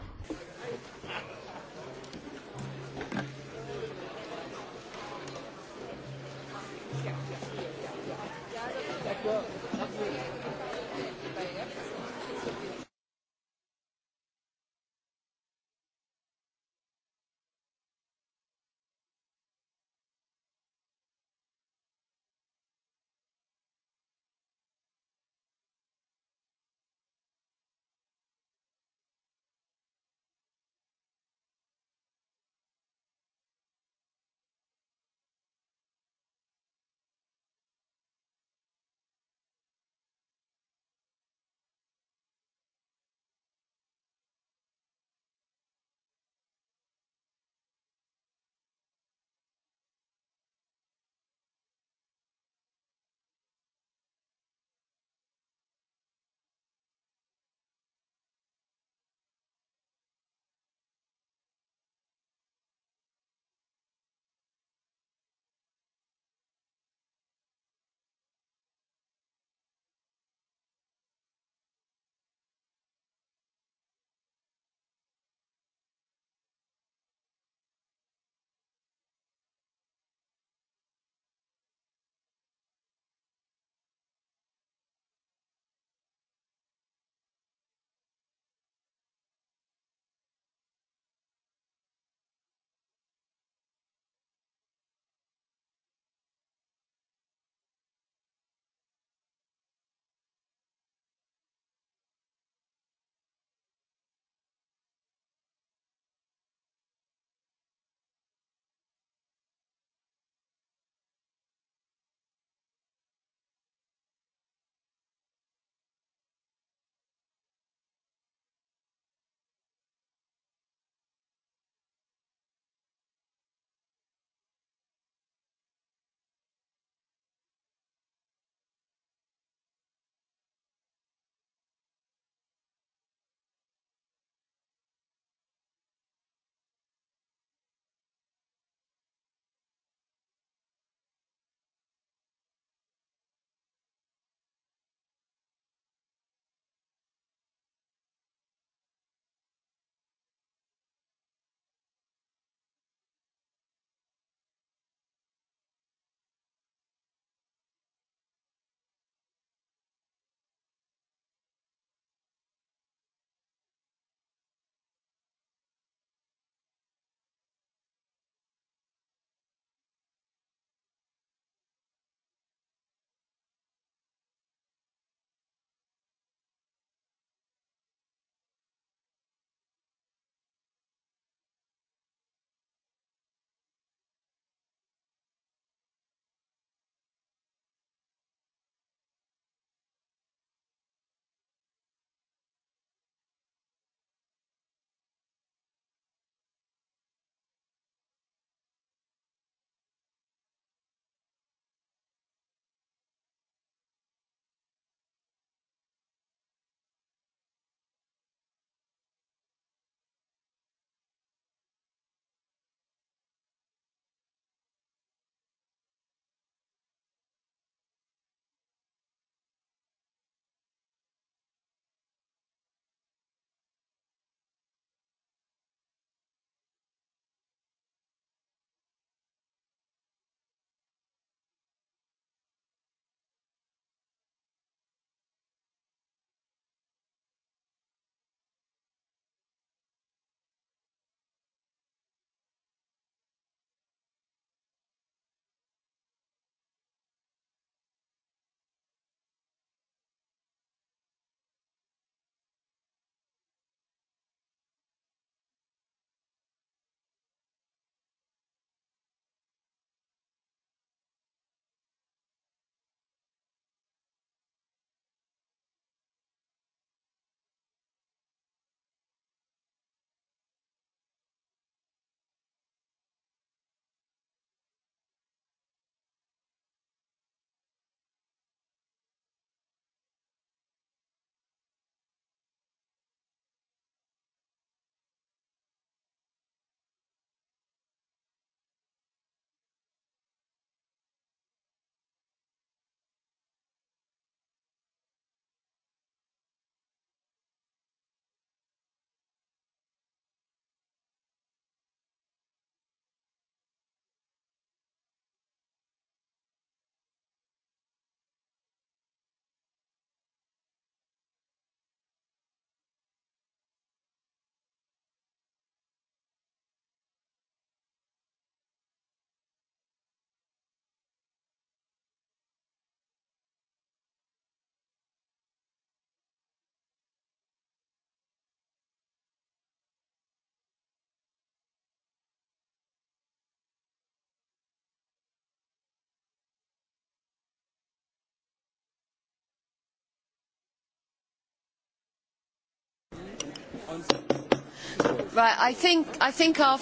Right, I think, I think our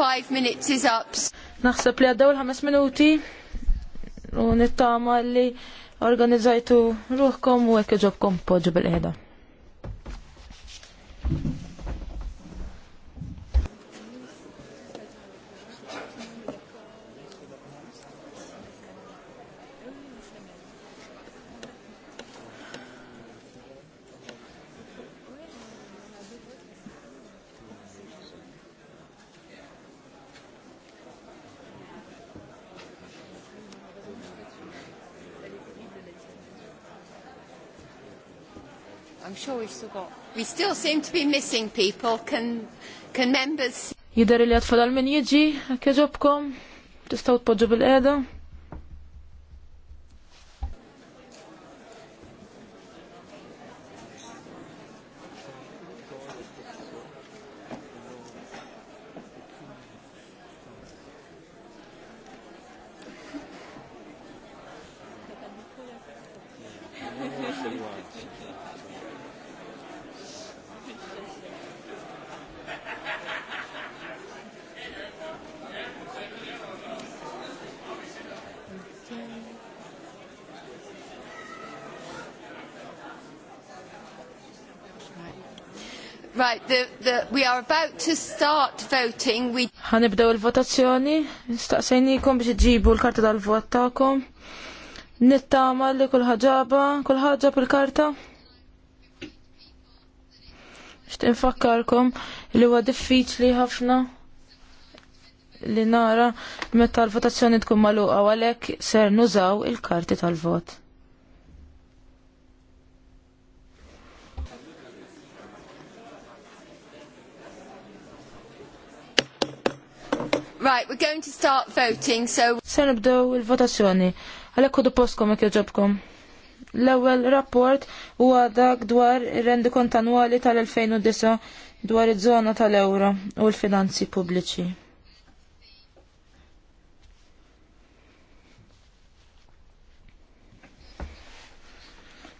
five minutes is up. Naħseb li għaddew il-ħames minuti u nittama li organizzajtu ruħkom u ekk ġobkom poġġu bil-qiegħda. We still seem to be missing people. Can, can members... Jidher li għatfadal min jiġi, kieġobkom, tistaw tpoġġu bil-qeda. Right, the, we are about to start voting. We... Ħanibdew il-votazzjoni, staqsejnikom biex iġibu l-karta tal-vot tagħkom. Nittama li kulħaġaba, kulħaġa bil-karta. Xtin fakkarkom li huwa diffiċli ħafna li nara meta l-votazzjoni tkun magħluqa għalhekk ser nużaw il-karti tal-vot. Right, we're going to start voting, so... Se nibdew il-votazzjoni. Għalekku du postkom ek joġobkom. L-ewel rapport huwa dak dwar ir-rendi kont annwali tal-2009 dwar iż-żona tal-euro u l-finanzi pubbliċi.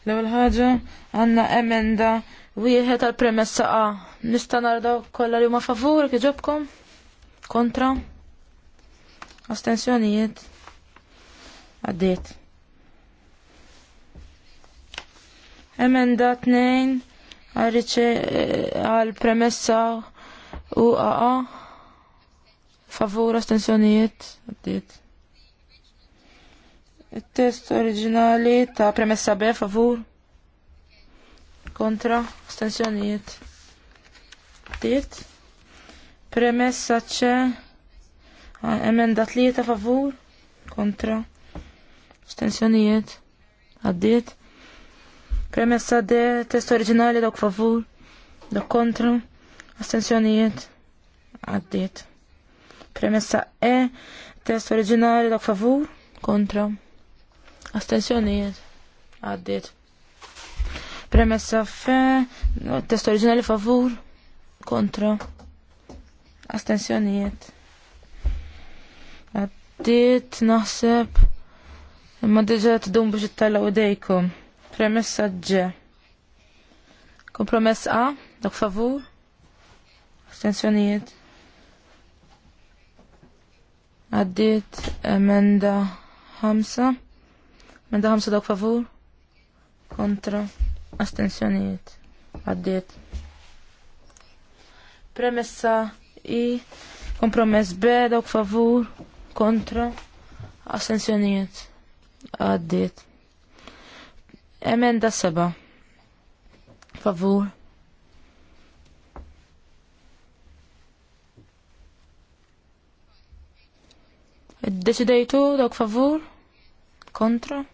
L-ewwel ħaġa għandna emenda wieħed tal premessa A. Nista' narda kollha li huma favur kif Kontra? Astensjonijiet għaddiet. Emenda 2 għal premessa u għaqa favur astensjonijiet għaddiet. Il-test oriġinali ta' premessa B favur kontra astensjonijiet għaddiet. Premessa C Emenda tliet a favur kontra astensjonijiet għaddiet. Premessa de, test oriġinali dok favur dok kontra astensjonijiet għaddiet. Premessa E test oriġinali dok favur kontra astensjonijiet għaddiet. Premessa F test oriġinali favur kontra astensjonijiet għaddiet naħseb imma diġa tdum biex ittalaw dejkom. Premessa ġe. Kompromess A, dak favur. Astenzjonijiet. Għaddiet emenda ħamsa. Emenda ħamsa dak favur. Kontra. Astenzjonijiet. Għaddiet. Premessa I, kompromess B, dok favur, kontra assenzjonijiet għaddiet. Emenda seba. Favur. Deċidejtu dawk favur? Kontra?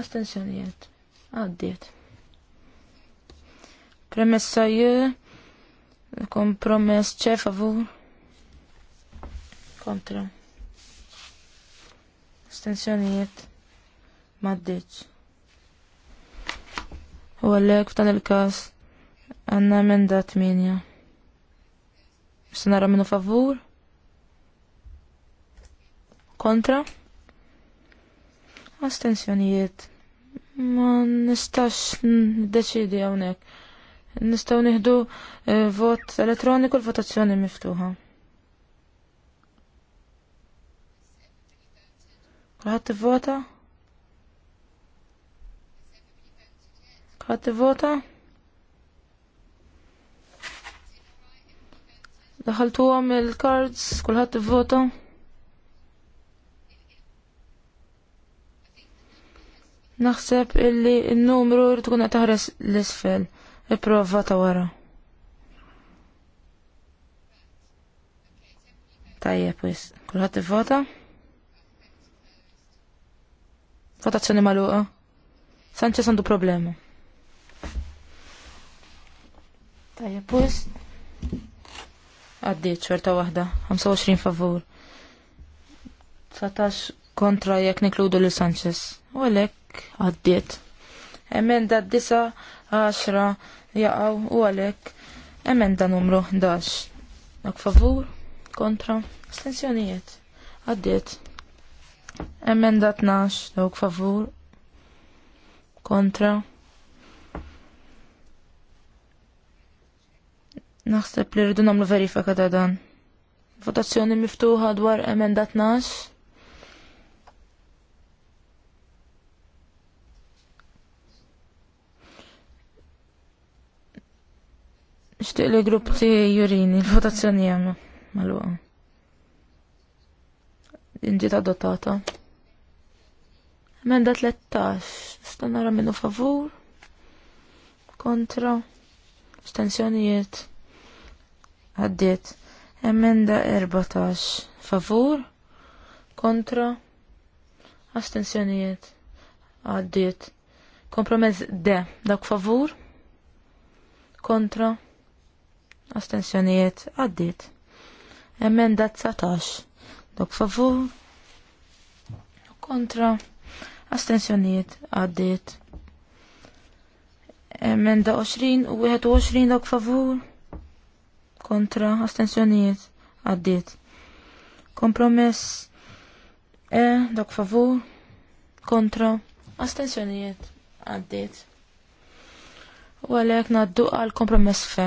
Astensjonijiet. Għaddiet. Premessa je. Kompromess ċe favur? kontra astensjonijiet maddiċ. U għallek f'dan il-kas għanna emenda minja. Sanara minu favur? Kontra? Astenzjonijiet. Ma nistax deċidi għonek. Nistaw nieħdu eh, vot elettroniku l-votazzjoni miftuħa. Kulħadd tivvota? Kulħadd tivvota? għam il-cards, t-vota? Naħseb illi n-numru rritu tkun taħres l-isfel. Ipprova ta' wara. Tajjeb, wis. Kulħadd vota Votazzjoni maluqa. Sanchez għandu problema. Tajja, pus. Għaddi, ċerta wahda. 25 favur. 19 kontra jekk nikludu li Sanchez. U għalek għaddiet. Emenda 9, 10, jaqaw u għalek. Emenda numru 11. Dak favur, kontra, astensjonijiet. Għaddiet. Emenda 12, dawk favur. Kontra. Naħseb li rridu nagħmlu verifika ta' dan. Votazzjoni miftuħa dwar emenda 12. Ixtiq li grupp ti jurini, votazzjoni jemma, mal ġiet adottata. Emenda 13, sta nara minnu favur, kontra, stenzjonijiet, għaddiet. Emenda 14, favur, kontra, astenzjonijiet, għaddiet. Kompromess D, dak favur, kontra, astenzjonijiet, għaddiet. Emenda 19, Dok favur. Kontra. Astensjoniet għaddiet. Emenda 20 u 21 dok favur. Kontra. Astensjoniet għaddiet. Kompromess. E, dok favur. Kontra. Astensjoniet għaddiet. U għalek naddu għal kompromess fe.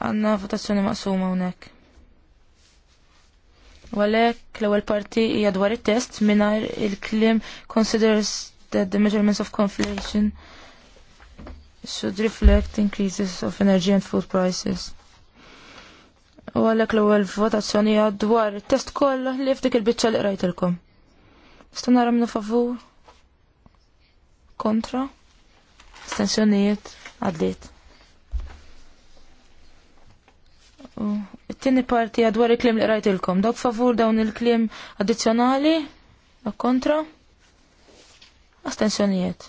Għanna votazzjoni maqsuma unek. Walek l-ewwel parti hija dwar it-test mingħajr il-kliem considers that the measurements of conflation should reflect increases of energy and food prices. U l-ewwel votazzjoni hija dwar it-test kollha li f'dik il-biċċa li rajtilkom. Sta nara minnu favur? Kontra? Stensjonijiet? Għaddiet. It-tieni parti għadwar il-klim li il-kom. Dawk favur dawn il-klim addizzjonali? Dak kontra? Astensjonijiet.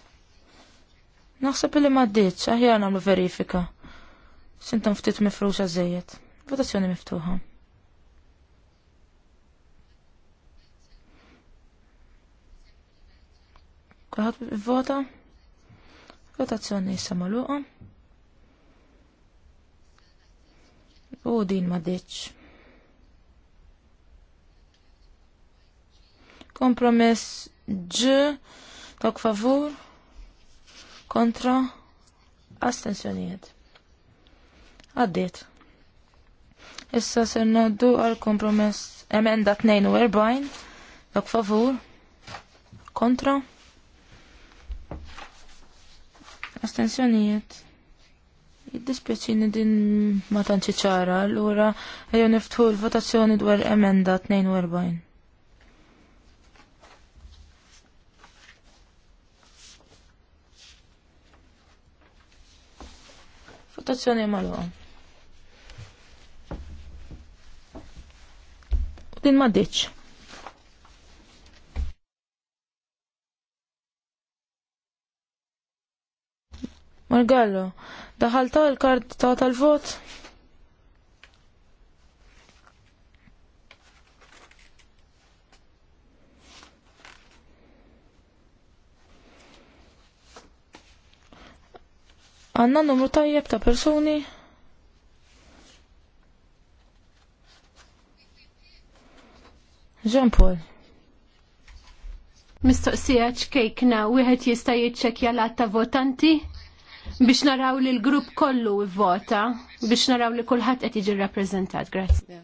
Naħseb li maddiċ, aħjar nagħmlu verifika. Sintom ftit mifruxa żejjed. Votazzjoni miftuħa. Kħad vota? Votazzjoni issa magħluqa. u din ma ditx. Kompromess G, tok favur kontra astensjoniet. Għaddiet. Issa ser noddu għal kompromess emenda 42 tok favur kontra Astensjoniet. Dispjaċini din ma tantxi ċara, allura ejja niftħu l-votazzjoni dwar emenda 42. Votazzjoni malwa. U din ma Margallo, daħalta l-kart ta' tal-vot? Għanna numru tajjeb ta' persuni? Jean Paul. Mistoqsijaċ kejkna wieħed jista' jiċċekkja l atta ta' votanti? biex naraw li l-grupp kollu vota biex naraw li kulħadd qed jiġi rappreżentat. Grazzi.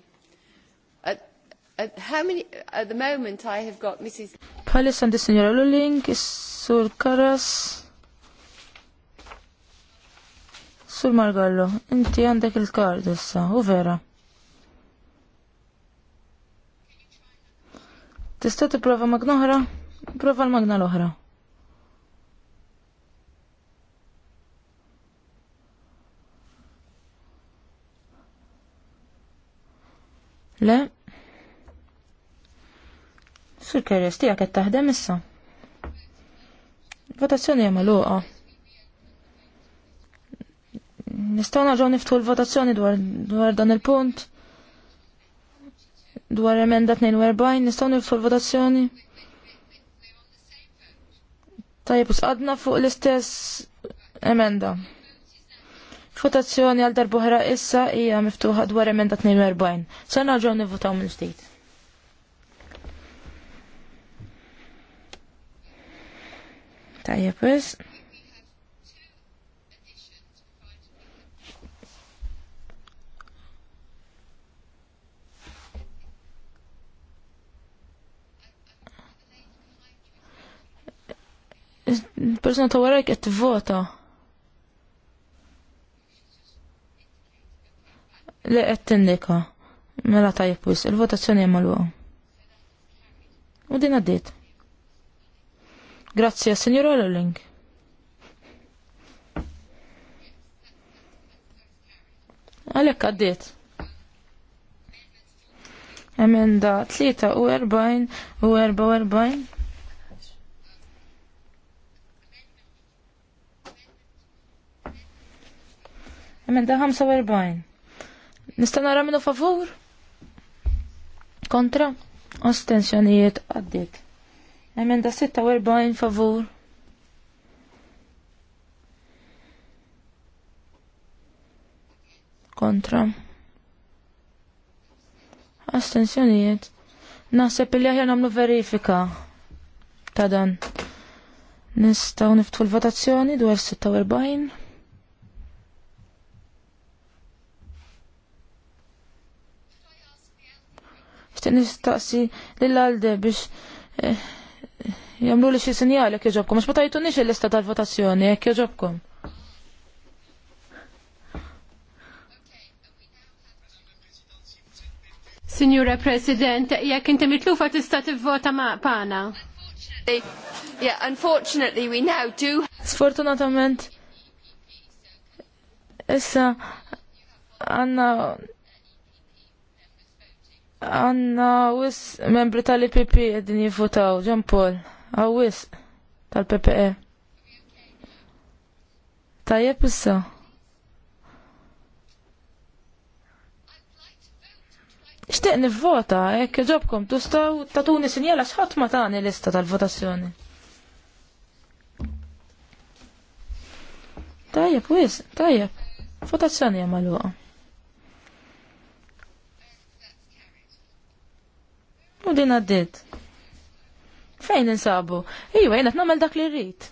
How many at the moment I have got Mrs. Palace and the Signora Luling, Sur Karas, Sur Margallo, inti għandek il-kard issa, u vera. Tista' tipprova magnoħra? Prova l-magna l-oħra. Le? Sur Keres, tijak qed taħdem issa. Votazzjoni hemm luqa. Nistgħu naġgħu niftħu l-votazzjoni dwar, dwar dan il-punt. Dwar emenda 42 nistgħu niftħu l-votazzjoni. Tajjeb, usqadna fuq l-istess emenda. Votazzjoni għal darbohra issa hija miftuħa dwar emenda 42. Se naġgħu nivvutaw minn ġdid. Tajjeb wis. Persona ta' wara qed tivvota. li qed tindika mela tajb wis il-votazzjoni hemm l U din għaddiet. Grazzi għas-Sinjura Lulling. Għalhekk għaddiet. Emenda 3 u 44 u 44. Emenda 45. Nista' nara minnu favur? Kontra? Ostensjonijiet għaddit. Emenda 46 favur. Kontra. Astensjonijiet. Naħseb li aħjar nagħmlu verifika ta' dan. Nistgħu l-votazzjoni dwar 46. Xtiq nistaqsi l għalde biex eh, jamlu li xie sinjali jek joġobkom. Mux batajtu nix l lista tal-votazzjoni jek joġobkom. Signora President, jek inti mitlufa tista' t-vota ma' pana. Yeah, unfortunately we now do. Sfortunatament. Issa għanna Għanna wis membri tal-IPP għedin jivvotaw, John Paul, għawis tal-PPE. Tajjeb issa. Ixteq nivvota, jekk ġobkom tustaw tatuni sinjela xħat ma tani lista tal-votazzjoni. Tajjeb, wis, tajjeb. Votazzjoni jamaluqa. U din għaddit. Fejn insabu? Iwa, t namel dak li rrit.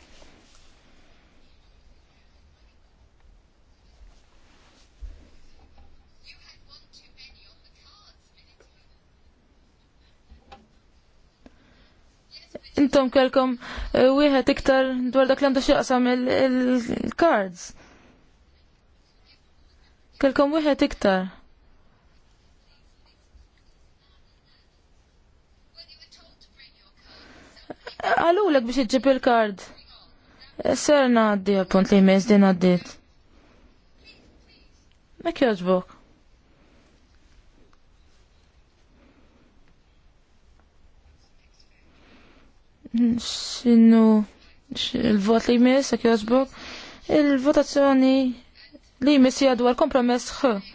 Intom kelkom e, wieħed iktar dwar dak li għandu xieqsam il-cards. Kelkom wieħed iktar. għalulek biex iġib il-kard. Ser naddi appunt li jmiss din għaddit. Mek joġbok. Xinu il-vot li jmiss, ek joġbok. Il-votazzjoni li jmiss jadwar kompromess x.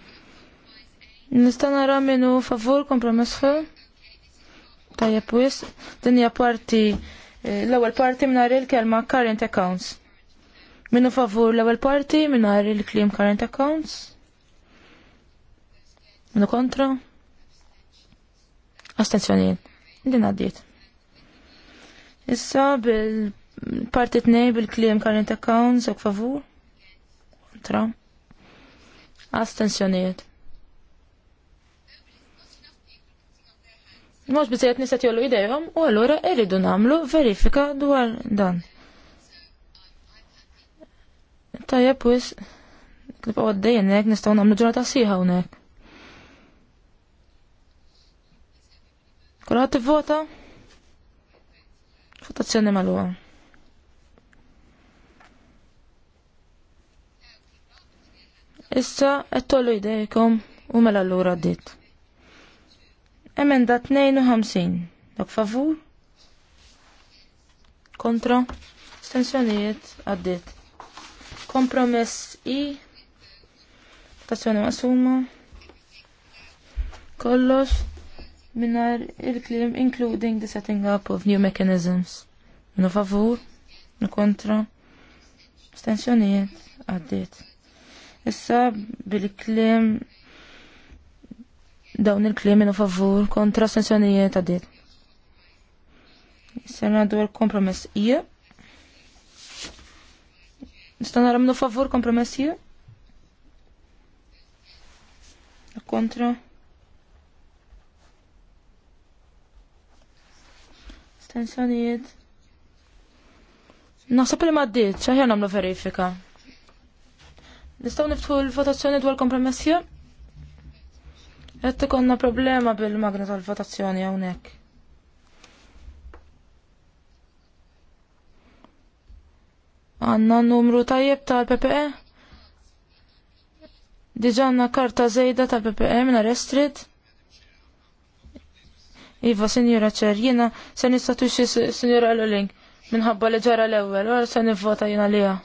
Nistana ra minu favur kompromess x. Tajja pwis, din hija parti eh, l-ewwel parti mingħajr il-kelma current accounts. Minnu favur l-ewwel parti mingħajr il-klim current accounts. Minnu kontra? Astenzjonijiet. Din għaddiet. Issa bil-parti tnej bil-klim current accounts u favur. Kontra. Astenzjonijiet. mhux biżejjed nisa jollu idejhom u allura irridu nagħmlu verifika dwar dan. Tajja pwis, kif għaddejjen hekk nistgħu nagħmlu ġurnata sieħa hawnhekk. Kulħadd tivvota? Votazzjoni magħluqa. Issa qed tollu idejkom u mela allura ddit. Emenda 52. Dak favur? Kontra? Stensjoniet għaddit. Kompromess i. Tazzjoni maqsuma. Kollox minar il-klim including the setting up of new mechanisms. Minu favur, minu kontra. Stenzjonijiet għaddit. Issa bil-klim dawn il-klim minu favur kontra sensjonijiet għaddit. Sena dwar kompromess ije. Nistan għaram minu favur kompromess ije. Kontra. Stensjonijiet. Naħseb li maddit, ċaħja namlu verifika. Nistaw niftħu l-votazzjoni dwar kompromess Qed ikonna problema bil-magna tal-votazzjoni hawnhekk. Għanna numru tajjeb tal-PPE? Diġanna karta zejda tal-PPE minn restrit. Iva, Sinjura ċer, jena se nistatuxi Sinjura Luling minħabba li ġara l-ewel, għar se nivvota jena liha.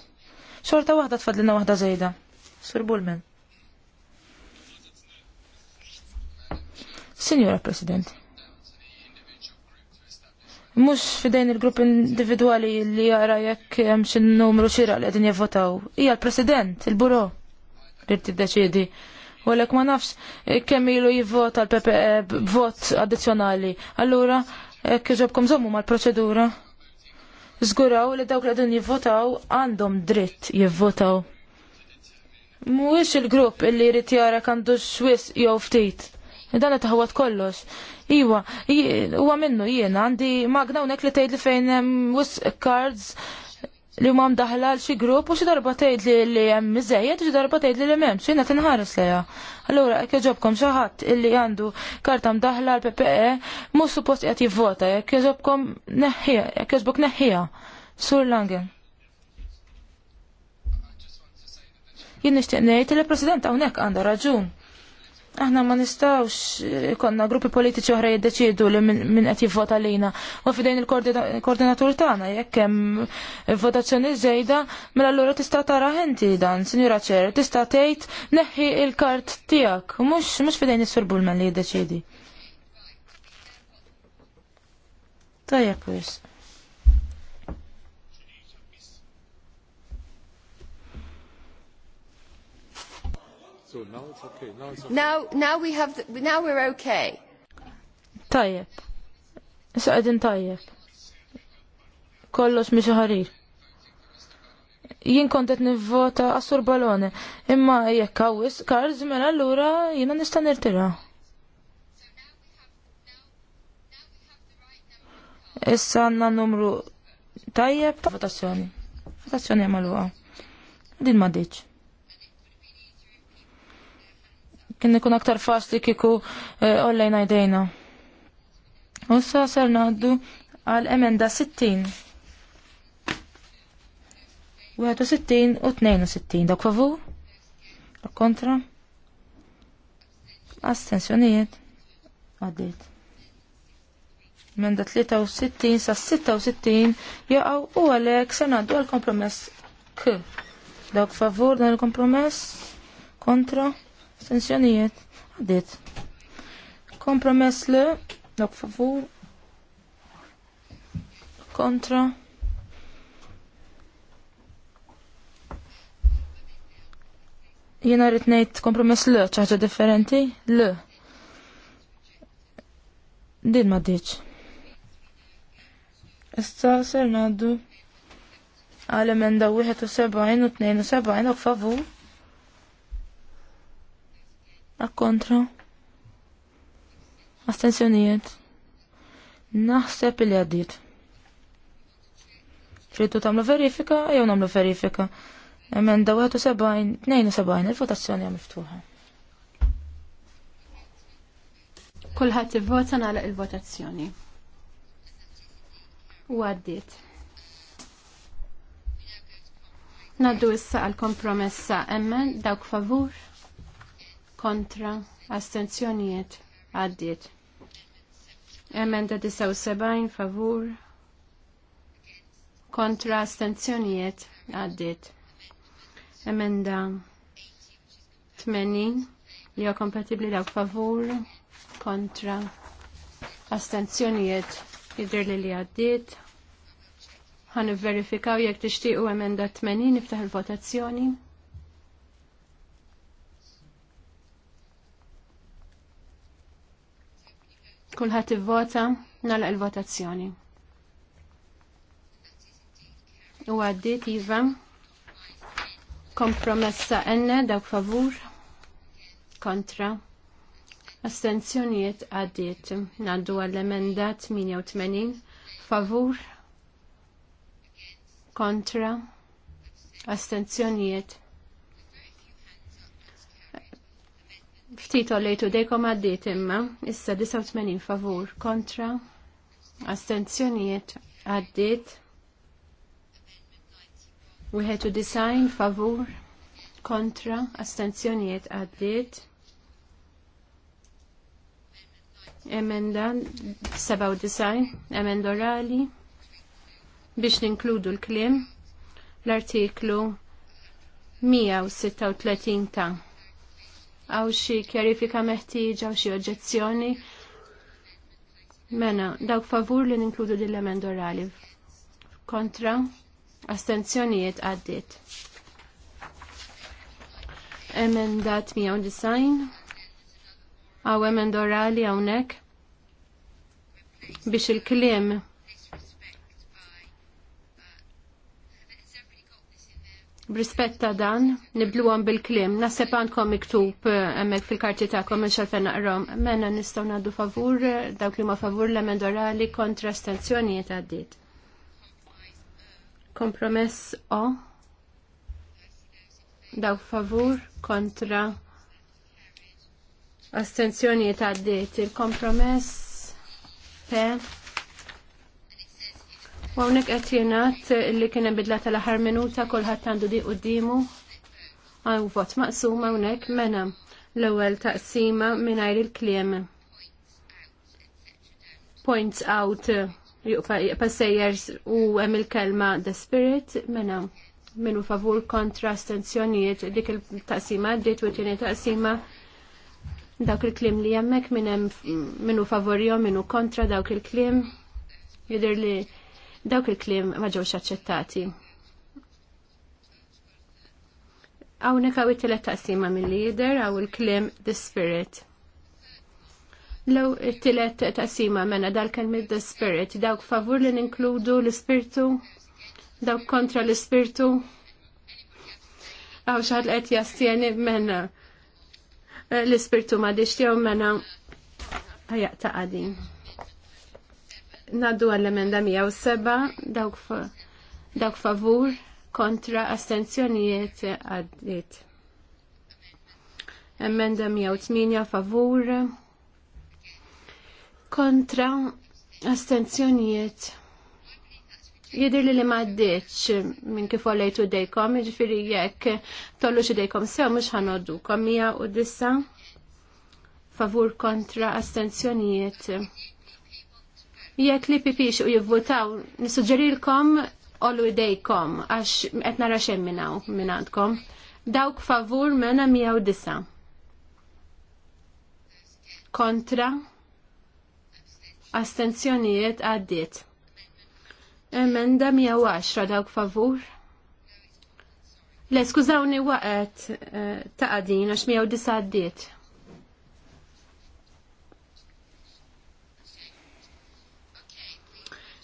Xorta waħda tfadlina waħda zejda. Sur Bullman. Signora President. Mux fidejn il-grupp individuali li jara jekk hemm xi numru xira li qegħdin jivvotaw. Hija l-President, il-Buro li tiddeċiedi. U għalhekk ma nafx kemm ilu jivvota l-PPE b'vot addizzjonali. Allura hekk iġobkom żommu mal-proċedura. Żguraw li dawk li qegħdin jivvotaw għandhom dritt jivvotaw. Mhuwiex il-grupp illi jrid jara kandux xwiss jew ftit Dan taħwat kollox. Iwa, huwa minnu jiena għandi magna unek li tgħid li fejn hemm cards li huma mdaħla l xi grupp u xi darba tgħid li li hemm miżejjed u xi darba tgħid li li m'hemmx, jiena tinħares lejha. Allura jekk iġobkom xi ħadd illi għandu karta mdaħla l PPE mhux suppost qed jivvota, jekk jogħġobkom neħħija, jekk jogħġbok neħħija. Sur Langen. Jien nixtieq ngħid li l-President hawnhekk għandha raġun. Aħna ma nistawx eh, konna gruppi politiċi oħra jiddeċidu li minn qed jivvota lina. U fidejn il-koordinatur tagħna jekk hemm votazzjoni żejda, mela allura tista' tara ħenti dan, Sinjura Ċer, tista' tgħid neħħi il-kart tiegħek, mhux mhux fidejn is-Sur li jiddeċidi. Tajjeb wisq. understood. Now it's okay. Now it's okay. Now, now we have, the, now we're okay. Tajjeb. Issa qegħdin tajjeb. Kollox mi ħarir. Jien kont qed nivvota għas-sur Balone, imma jekk hawnwis Karz mela allura jiena nista' nirtira. Issa għandna numru tajjeb ta' votazzjoni. Votazzjoni hemm Din ma' diċ kien ikun aktar faċli kieku eh, ollejna għajdejna. U sa ser naħdu għal emenda 60. 60 u 62, dak favu? Dak kontra? Astensjonijiet? Għaddit. Emenda 63 sa 66 jaqaw u għalek ser naħdu għal kompromess K. Dak favur dan il-kompromess? Kontra? Sensjonijiet, għaddit. Kompromess li, dok favur, kontra. Jena rrit nejt kompromess l, ċaħġa differenti, l. Din ma diċ. Issa ser naddu għal emenda 71 u 72 u favur Dak kontra. Astenzjonijiet. Naħseb li għaddiet. Tridu tamlu verifika, jew namlu verifika. Emenda 71, 72, il-votazzjoni għam miftuħa. Kulħadd ivvota nagħlaq il-votazzjoni. U għaddiet. Naddu issa għal kompromessa emmen dawk favur kontra astenzjonijiet għaddiet. Emenda 79 favur kontra astenzjonijiet għaddiet. Emenda 80 li kompatibli kompatibbli dawk favur kontra astenzjonijiet jidher li li għaddiet. Ħan verifikaw jekk tixtiequ emenda 80 niftaħ il-votazzjoni. Kulħadd ivvota nagħlaq il-votazzjoni. U għaddiet iva kompromessa enne dawk favur kontra astenzjonijiet għaddiet ngħaddu għall-emenda 88 favur kontra astenzjonijiet Ftit ollejtu dejkom għaddit imma, issa 89 favur kontra, astenzjonijiet għaddit, wieħed u favur kontra, astenzjonijiet għaddit. Emenda 97, emenda orali, biex ninkludu l-klim, l-artiklu 136 ta' għaw xi kjarifika meħtieġ għaw xi oġġezzjoni. Mena, dawk favur li ninkludu din l-emend orali. Kontra, astenzjonijiet għaddiet. Emendat 190 għaw emend orali hawnhekk biex il-kliem Brispetta dan, nibdlu għan bil-klim. Nasib għandkom miktub eh, emmek fil-karti ta' minn xalfen naqrom. Menna nistaw naddu favur, dawk li ma favur l emendorali orali kontra stenzjonijiet għaddit. Kompromess o. Dawk favur kontra astenzjonijiet għaddit. Il-kompromess P. U hawnhekk qed jingħad li kien hemm bidla tal-aħħar minuta kulħadd għandu di quddiemu għaw vot maqsuma hawnhekk mena l-ewwel taqsima mingħajr il-kliem. Points out juqfa sejjers u hemm il-kelma the spirit mena minu favur kontra stenzjonijiet dik il-taqsima, dit u tini taqsima dawk il-klim li jemmek minu favorjom minu kontra dawk il-klim jidir li Dawk il-klim ma ġewx aċċettati. Hawnhekk hawn it-tielet taqsima mill leader hawn il-klim the spirit. Law it-tielet taqsima mena dal kelmi the spirit, dawk favur li ninkludu l-ispirtu, dawk kontra l-ispirtu. Għaw xaħat l-għet jastjeni mena eh, l-ispirtu ma diċtjaw mena ħajaq ta' għadin. Naddu għall-emenda 107 dawk, dawk favur kontra astenzjonijiet għaddit. Emenda 108 favur kontra astenzjonijiet. Jidir li li maddeċ minn kif għolajtu dejkom, ġifiri jekk tollu xi dejkom sew mux ħanoddu kom u favur kontra astenzjonijiet Jekk li pipix u jivvotaw, nisuġġerilkom ollu idejkom għax qed nara minnaw minn għandkom. Dawk favur mena 109. Kontra. Astenzjonijiet għaddiet. Emenda 110 dawk favur. Le, skużawni waqet eh, ta' għadin għax 109 għaddiet.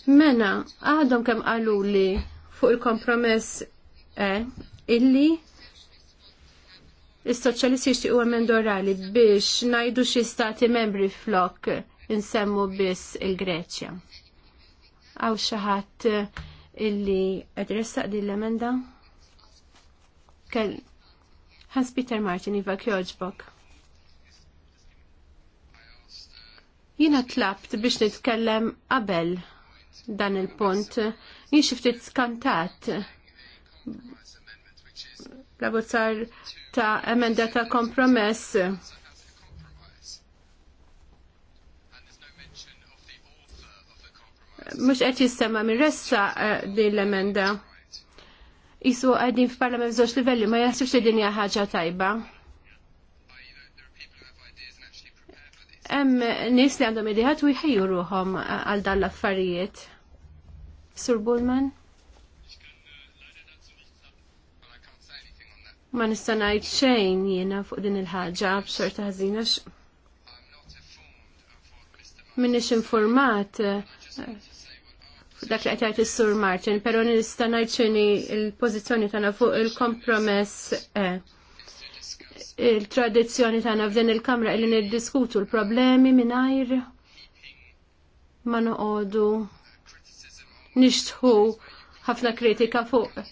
Mena, għadhom kem għallu li fuq il-kompromess e, illi Is-soċjalisti jixtiequ u orali biex ngħidu xi stati membri flok insemmu biss il-Greċja. Għaw xi ħadd eh, illi adressa di l-emenda? Kell Hans Peter Martin iva kjoġbok. Jiena tlabt biex nitkellem qabel dan il-punt. Jien xi ftit skantat la bozzar ta' emenda ta' kompromess. Mux qed jissema minn ressa eh, din l-emenda. Isu għadin f'parlament żewġ livelli ma jaħsibx li din hija ħaġa tajba. Hemm nies li għandhom idejat u jħejju ruhom għal dan l-affarijiet. Sir Bullman? Ma nista' ngħid xejn jiena fuq din il-ħaġa b'xorta ħażina M'inhiex infurmat eh, dak li qed is-Sur Martin, però nista' ngħid x'inhi l-pożizzjoni tagħna fuq il-kompromess E il-tradizzjoni tagħna f'din il-kamra li niddiskutu l-problemi mingħajr ma noqogħdu nixtħu ħafna kritika fuq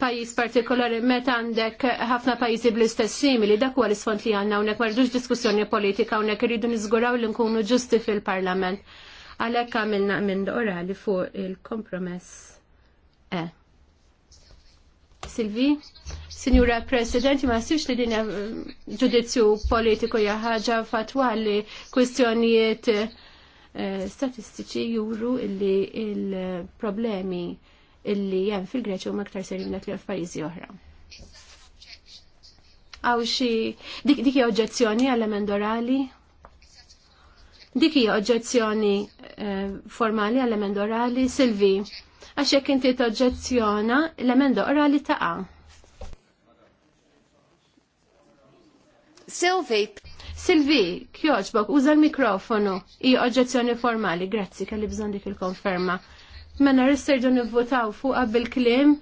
pajis partikolari meta għandek ħafna pajjiżi bl-istess simili, dak huwa l-isfond li għandna hawnhekk m'għandux diskussjoni politika hawnhekk iridu niżguraw li nkunu ġusti fil-Parlament. Għalhekk għamilna minn orali fuq il-kompromess E. Silvi, Signora President, ma sibx li din eh, ġudizzju politiku jaħħaġa fatwa li kwistjonijiet Eh, statistiċi juru illi il-problemi illi jem fil-Greċa huma aktar seri minnak li li f'pajjiżi oħra. Għaw xie, dik oġġezzjoni għall emendorali Dik hija oġġezzjoni eh, formali għall emendorali Silvi, għax kinti inti toġġezzjona l-emenda orali taqa'. Silvi, Silvi, kjoġbok, uża l-mikrofonu. I oġġezzjoni formali, grazzi, kelli bżon dik il-konferma. Mena risterġu nivvotaw fuq qabel klim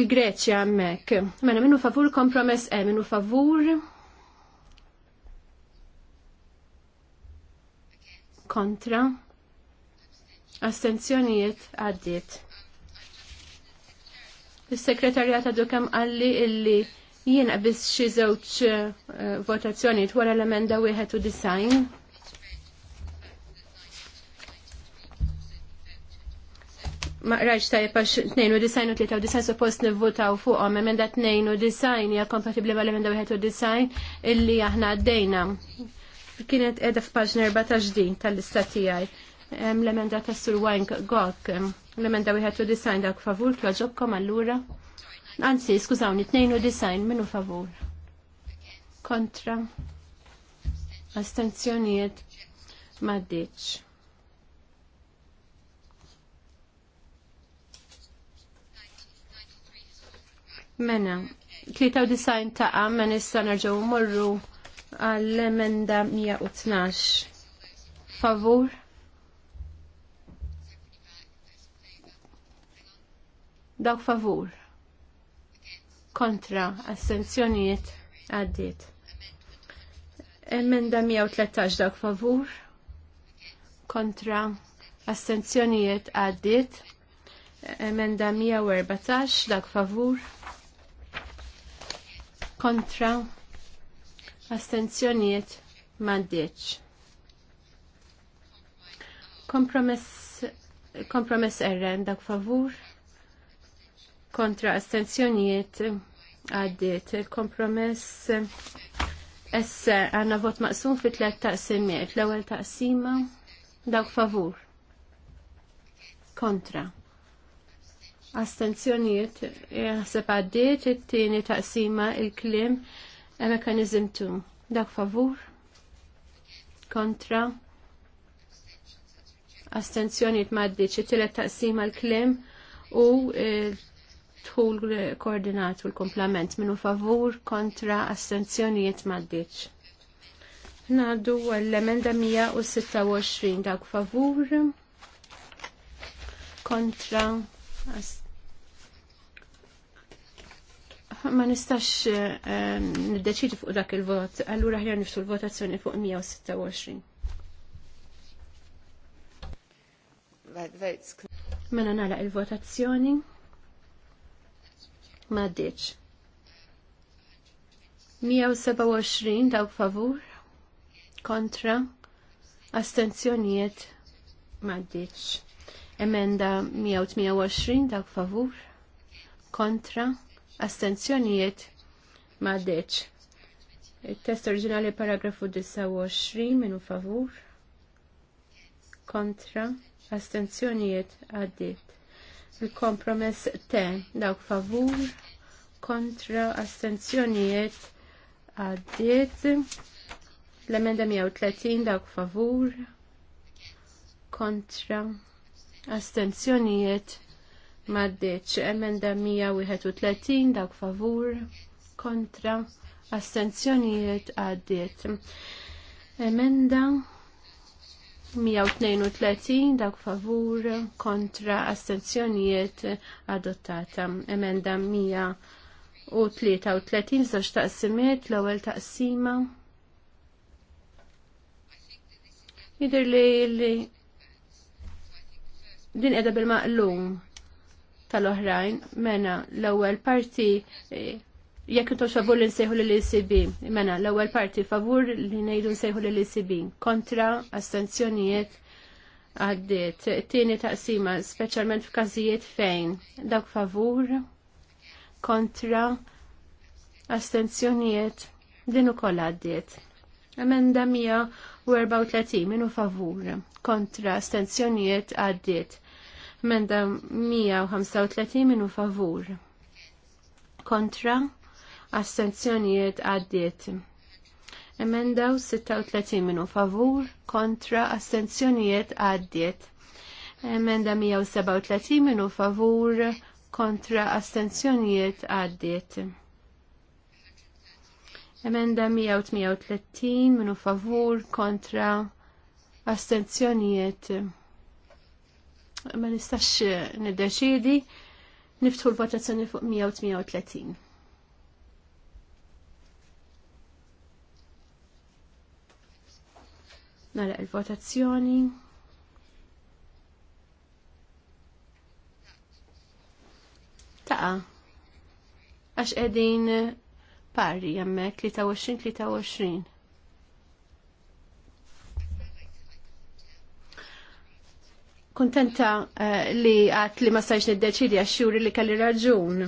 il-Greċja għammek. Mena minnu favur kompromess E, minnu favur kontra astenzjonijiet għaddiet. Il-sekretarjat għadu kem għalli illi Jien qabis xi żewġ eh, votazzjoni wara l-emenda wieħed u design. Ma rajx tajjeb għax 92 u 93 suppost nivvotaw fuqhom emenda 92 hija kompatibbli mal-emenda wieħed u design illi aħna għaddejna. Kienet qiegħda f'paġna 14 din tal-lista tiegħi. L-emenda tas-Sur Wine Gok, l-emenda wieħed u design dak favur twaġobkom allura. Anzi, skużawni, 92 minu favur. Kontra. Astenzjonijiet maddiċ. Mena, 93 ta' għamman issa nerġaw morru għall-emenda 112. Favur? Dawk favur kontra assenzjoniet għaddit. Emenda 113 dak favur kontra assenzjoniet għaddit. Emenda 114 dak favur kontra assenzjoniet maddiċ. Kompromess, kompromess erren dak favur kontra astenzjonijiet għaddiet. Il-kompromess esse għanna vot maqsum fit tlet taqsimiet. L-ewwel taqsima dawk favur. Kontra. Astenzjonijiet jaħseb għaddiet it-tieni taqsima il-klim mekanizm tu. Dawk favur. Kontra. Astenzjonijiet maddit it-tielet taqsima l-klim u il tħul koordinat u l-komplement minnu favur kontra astenzjonijiet maddiċ. Nadu l-emenda 126 dak favur kontra ma nistax ehm, niddeċidi fuq dak il-vot, allura ħjar nifsu l-votazzjoni fuq 126. Mela nalaq il-votazzjoni. Maddiċ. 127 dawk favur kontra astenzjonijiet maddiċ. Emenda 128 dawk favur kontra astenzjoniet maddiċ. Il-test oriġinali paragrafu 29 minu favur kontra astenzjonijiet għaddit. Il-kompromess te dawk favur kontra astenzjonijiet għaddiet. L-emenda 130 dawk favur kontra astenzjonijiet maddeċ. Emenda 131 dawk favur kontra astenzjonijiet għaddiet. Emenda 132 dak favur kontra astenzjonijiet adottata. Emenda 133 żewġ taqsimiet l-ewwel taqsima. Jidher li li din edha bil-maqlum tal-oħrajn mena l-ewwel parti eh, jekk intom favur li nsejħu l-ECB, mena l-ewwel parti favur li ngħidu nsejħu l-ECB, kontra astenzjonijiet għaddiet. Tieni taqsima, speċjalment f'każijiet fejn dawk favur kontra astenzjonijiet din ukoll għaddiet. Emenda 134 minu favur kontra astenzjonijiet għaddiet. Emenda 135 minu favur kontra Astenzjonijiet għaddiet. Emenda 36 minu favur kontra astenzjonijiet għaddiet. Emenda 137 minu favur kontra astenzjonijiet għaddiet. Emenda 138 minu favur kontra astenzjonijiet. Ma nistax niddeċidi niftħu l-votazzjoni fuq 138. Nara il-votazzjoni. Taqa. Għax edin pari jammek 23-23. Kontenta uh, li għat li ma sajx niddeċidi għax xuri li kalli raġun.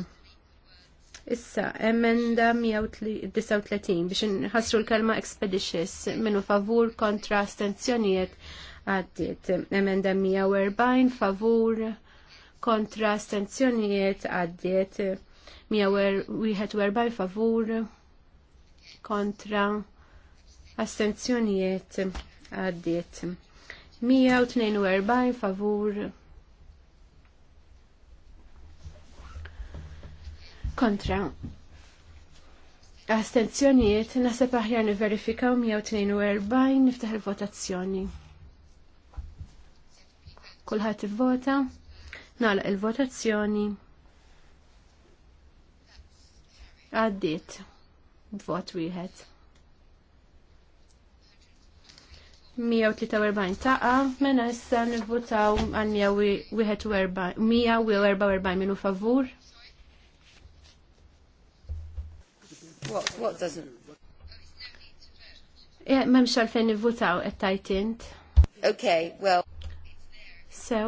Issa, emenda 139 biex nħasru l-kelma expeditious minnu favur kontra stenzjoniet għaddit. Emenda 140 favur kontra stenzjoniet għaddit. 141 favur kontra astenzjonijiet għaddit. 142 favur kontra astenzjonijiet nasab aħjar niverifikaw 142 niftaħ il-votazzjoni. Kulħadd ivvota, nagħlaq il-votazzjoni. Għaddit, b'vot wieħed. 143 taqa, mena issa nivvotaw għal 144 minu favur What, what doesn't? Yeah, memx għalfejn nivvutaw qed tajt int. Okay, well. So.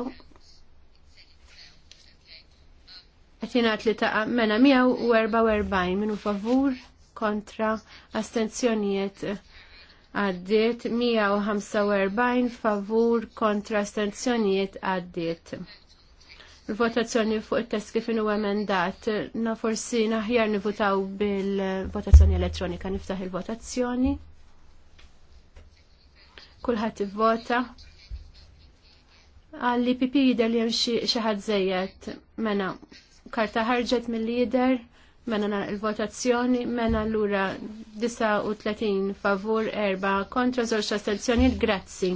Qed jingħad li taqa' mela 144 minu favur kontra astenzjonijiet għaddiet 145 favur kontra astenzjonijiet għaddiet votazzjoni fuq il-test kif inhu emendat, na forsi naħjar nivutaw bil-votazzjoni elettronika niftaħ il-votazzjoni. Kulħadd ivvota. Għalli ipp jidher li hemm xi ħadd żejjed mena karta ħarġet mill-lider mena il-votazzjoni mena lura 39 favur 4 kontra żewġ astenzjonijiet grazzi.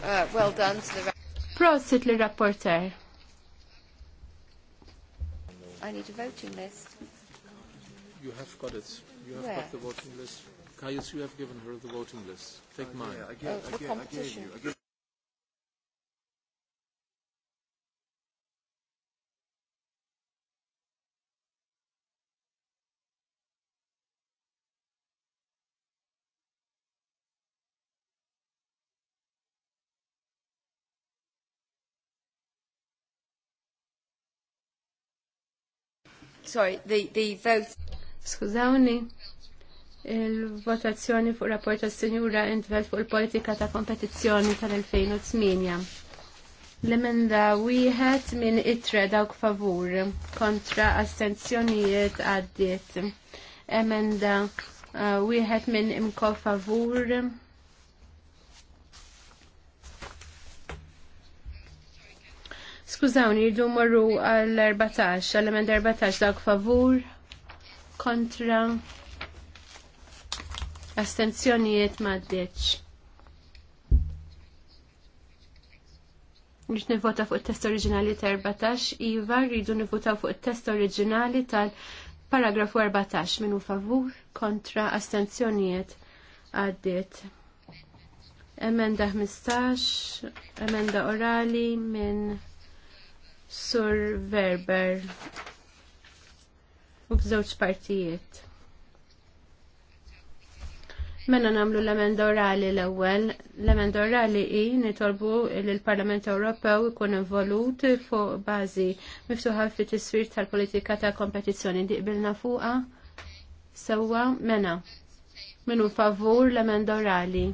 Uh, well done to the Prosit li rapporter. I need a voting list. You have got it. You have Where? got the voting list. Caius, you have given her the voting list. Take uh, mine. Yeah, I gave, oh, I gave, I gave you. I gave sorry, the, the vote. Skużawni, il-votazzjoni fuq rapport tas sinjura intvel fuq il-politika ta' kompetizzjoni tal-2008. L-emenda wieħed minn itre dawk favur kontra astenzjonijiet għaddiet. Emenda uh, wieħed minn imko favur Skużawni, jridu marru għall-14, għall-emend 14 dawk favur, kontra, astenzjonijiet maddeċ. Rrid nivota fuq it-test oriġinali ta' 14, iva rridu nivota fuq it-test oriġinali tal-paragrafu 14 minu favur kontra astenzjonijiet għaddit. emenda 15, emenda orali minn Sur Verber u b'żewġ partijiet. Mena namlu l-emenda orali l-ewwel. L-emenda orali hi nitolbu li l-Parlament Ewropew ikun involut fuq bażi miftuħa fit tisfir tal-politika ta' kompetizzjoni diqbilna fuqha sewwa mena. Minu favur l-emenda orali.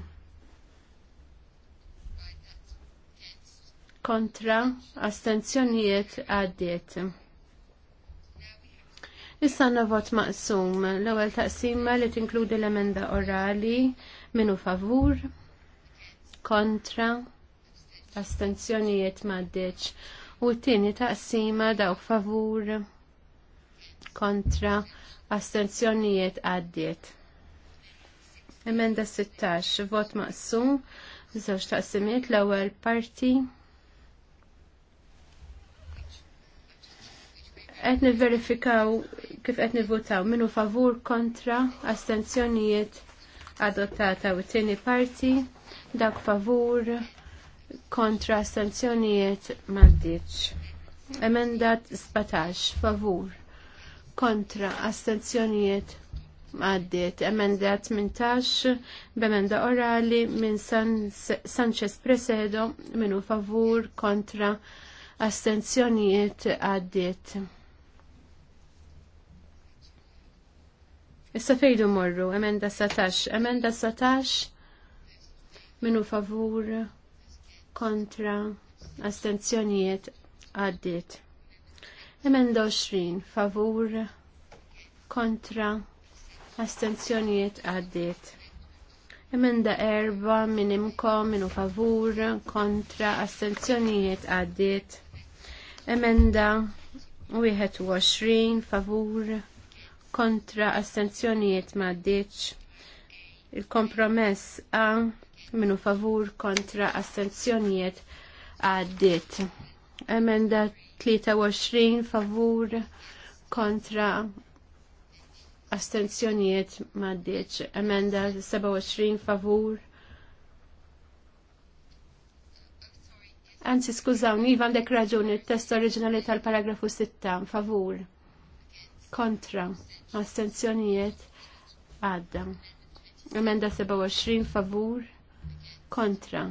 kontra astenzjonijiet għaddiet. Nistanna vot maqsum l-ewwel taqsima li tinkludi l-emenda orali minu favur kontra astenzjonijiet maddeċ u t-tieni taqsima dawk favur kontra astenzjonijiet għaddiet. Emenda 16, vot maqsum, żewġ taqsimiet l-ewwel parti Qed nivverifikaw kif qed nivvutaw minnu favur kontra astenzjonijiet adottata u tieni parti dak favur kontra astenzjonijiet m'għaddiċ. Emendat 17 favur kontra astenzjonijiet għaddiet emenda 18 b'emenda orali minn San Sanchez Presedo minu favur kontra astenzjonijiet għaddiet. Issa fejdu morru, emenda satax, Emenda satax, minu favur kontra astenzjonijiet għaddit. Emenda 20 favur kontra astenzjonijiet għaddit. Emenda erba minn imkom minu favur kontra astenzjonijiet għaddit. Emenda 21 favur kontra astenzjonijiet maddiċ. Il-kompromess A minu favur kontra astenzjonijiet għaddit. Emenda 23 favur kontra astenzjonijiet maddiċ. Emenda 27 favur Anzi, skużawni, għandek raġuni, il-test oriġinali tal-paragrafu 6, favur kontra astenzjonijiet għadda. Emenda 27 favur kontra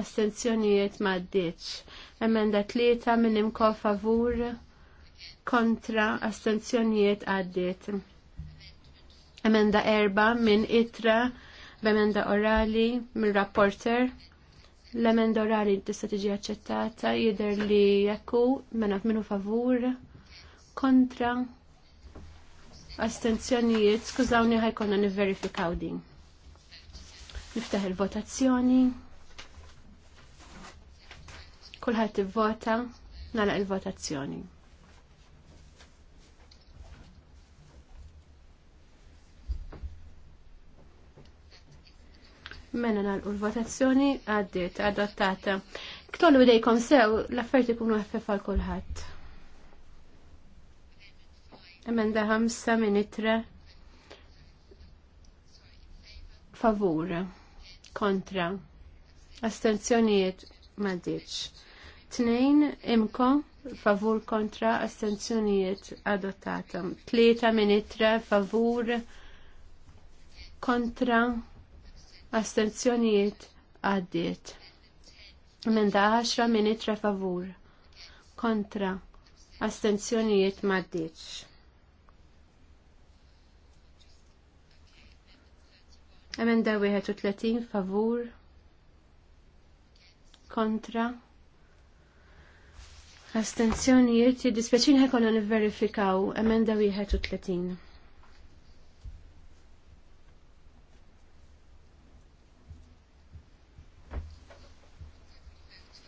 astenzjonijiet maddeċ. Emenda 3 minn imko favur kontra astenzjonijiet għaddiet. Emenda 4 minn itra b'emenda orali minn rapporter. L-emenda orali tista' tiġi aċċettata jidher li jekku minn minnu favur kontra Astenzjonijiet, skużawni ħajkonna niverifikaw din. Niftaħ il-votazzjoni. Kulħadd ivvota, nagħlaq il-votazzjoni. Mena nagħlqu l-votazzjoni għaddiet adottata. Ktollu dejkom sew l-affarijiet ikunu ħfef għal kulħadd. Emenda ħamsa minn itre favur kontra astenzjonijiet madiċ Tnejn imko favur kontra astenzjonijiet adottata. Tlieta Min itre favur kontra astenzjonijiet għaddiet. Emenda 10 Min itre favur kontra astenzjonijiet madiċ Emenda 31 favur kontra astenzjonijiet jiddispeċin ħekon għan verifikaw emenda 31.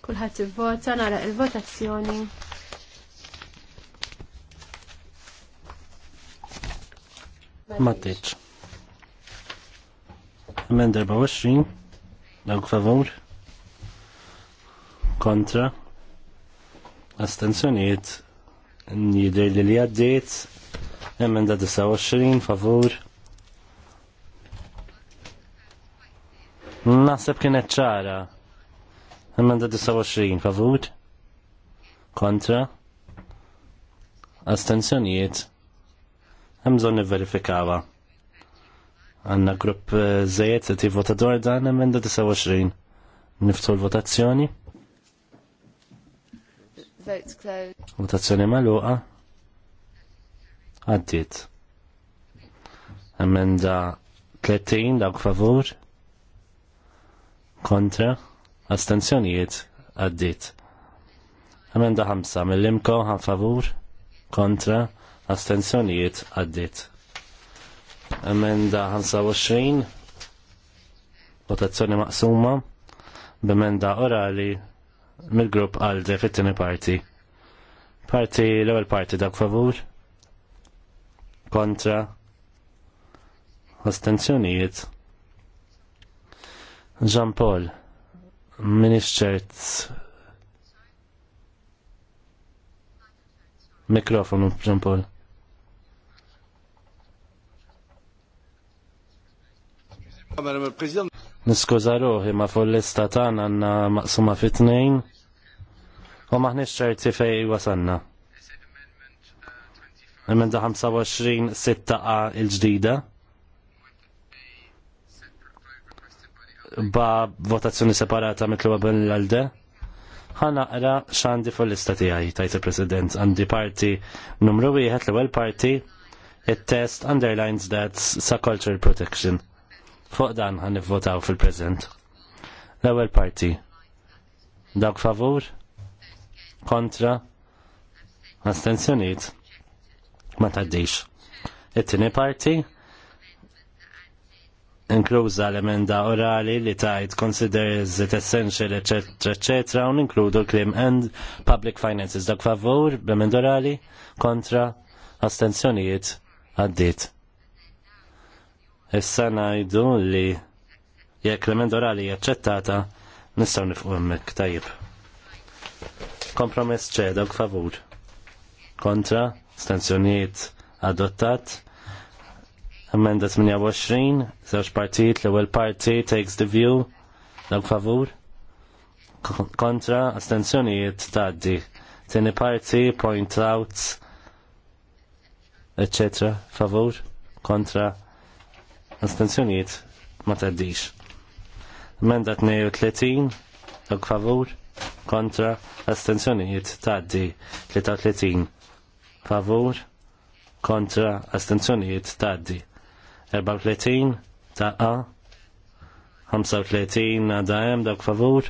Kulħat il-vota, nara il-votazzjoni. Matteċ. Amend 24, dawk favor? kontra, astenzjoniet, njider li li għaddiet, emenda 29, Favor Nasib kienet ċara, emenda 29, favor? kontra, astenzjoniet, Hemm bżonn Għanna grupp eh, zejet li tivvota dwar dan emenda 29. Niftu l-votazzjoni. Votazzjoni maluqa. Għaddit. Emenda 30 dawk favur. Kontra. Astenzjonijiet. Għaddit. Emenda 5 mill-imko għan favur. Kontra. Astenzjonijiet. Għaddit emenda 25 votazzjoni maqsuma b'emenda orali mill-grupp għalde fit-tieni parti. Parti l-ewwel parti dak favur kontra astenzjonijiet. Jean Paul, ministert mikrofonu Jean Paul. Niskuża ruħi ma fuq tan lista għandna maqsuma fit u maħniex ċerti fej wasanna. Emenda 25 a il-ġdida. Ba votazzjoni separata mitluba bin l-alde. Ħanaqra x'għandi fuq l-lista tiegħi tajt il-President għandi parti numru wieħed l-ewwel parti it-test underlines that's sa cultural protection. Fuq dan għan nivvotaw fil-prezent. L-ewel parti. Dawk favur? Kontra? Astenzjoniet? Ma taddix. It-tini parti? Inkluża l-emenda orali li tajt considers it essential, etc., etc., un inkludu l-klim and public finances. Dak favur, b'emenda orali, kontra, astenzjonijiet, għaddit. Issa ngħidu li jekk l-emenda jaċċettata nistgħu nifqu hemmhekk tajjeb. Kompromess ċeda favur. Kontra, stanzjonijiet adottat. Emenda 28, żewġ partijiet, l-ewwel parti takes the view, dawk favur. Kontra, astenzjonijiet tgħaddi. Tieni parti, point outs, Eccetera. favur. Kontra, astenzjoniet ma taddix. Menda 32, dawk favur, kontra, astenzjoniet taddi. 33, favur, kontra, astenzjoniet taddi. 34, ta' 35 dajem, dawk favur,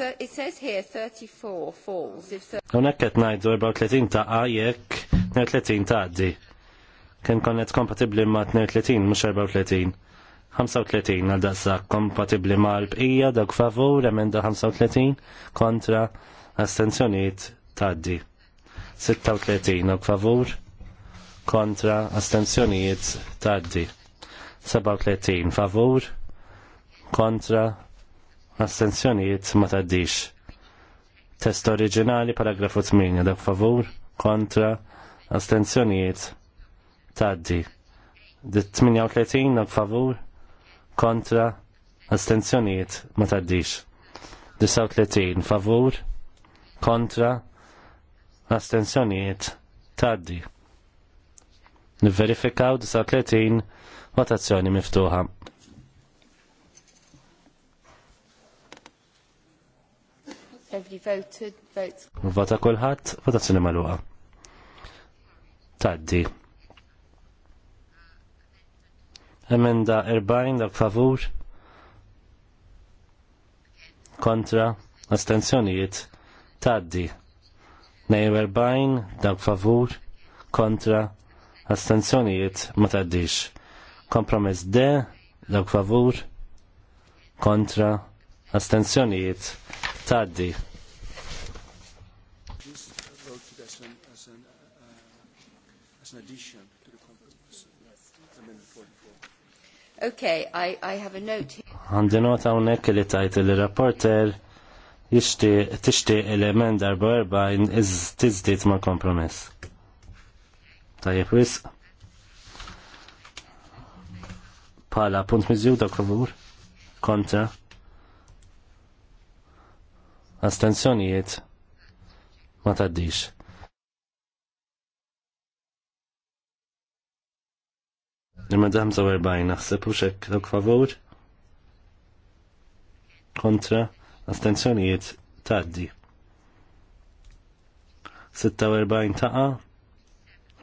it says here 34 falls. Unek qed ngħidu 34 taqa' jekk 32 taqdi. Kien konnet kompatibbli ma' 32 mhux 34. 35 għal dassa kompatibli ma' l-bqija dak favur emenda 35 kontra astenzjoniet taddi. 36 dak favur kontra astenzjoniet taddi. 37 favur kontra Astenzjonijiet ma taddix. Test oriġinali paragrafu 8 dak favur kontra astenzjonijiet taddi. Di 38 dak favur kontra astenzjonijiet ma taddix. 39 favur kontra astenzjonijiet taddi. Nivverifikaw 39 votazzjoni miftuħa. Every voted, vote. Vota kulħadd. votazzjoni maluqa. Taddi. Emenda 40 dak favur. Kontra. Astenzjonijiet. Taddi. 42 dak favur. Kontra. Astenzjonijiet ma taddix. Kompromess D dak favur. Kontra Astenzjonijiet. Taddi. Okay, I, I have a note here. Għandi nota unnek li tajt li rapporter tixti element darba erba tizdit ma' kompromess. Tajjeb wis. Pala, punt mizzju da' kavur. Kontra astenzjonijiet ma taddix. Il-Madam 45 naħseb u xek dok favor? Kontra, astenzjonijiet taddi. 46 taqa,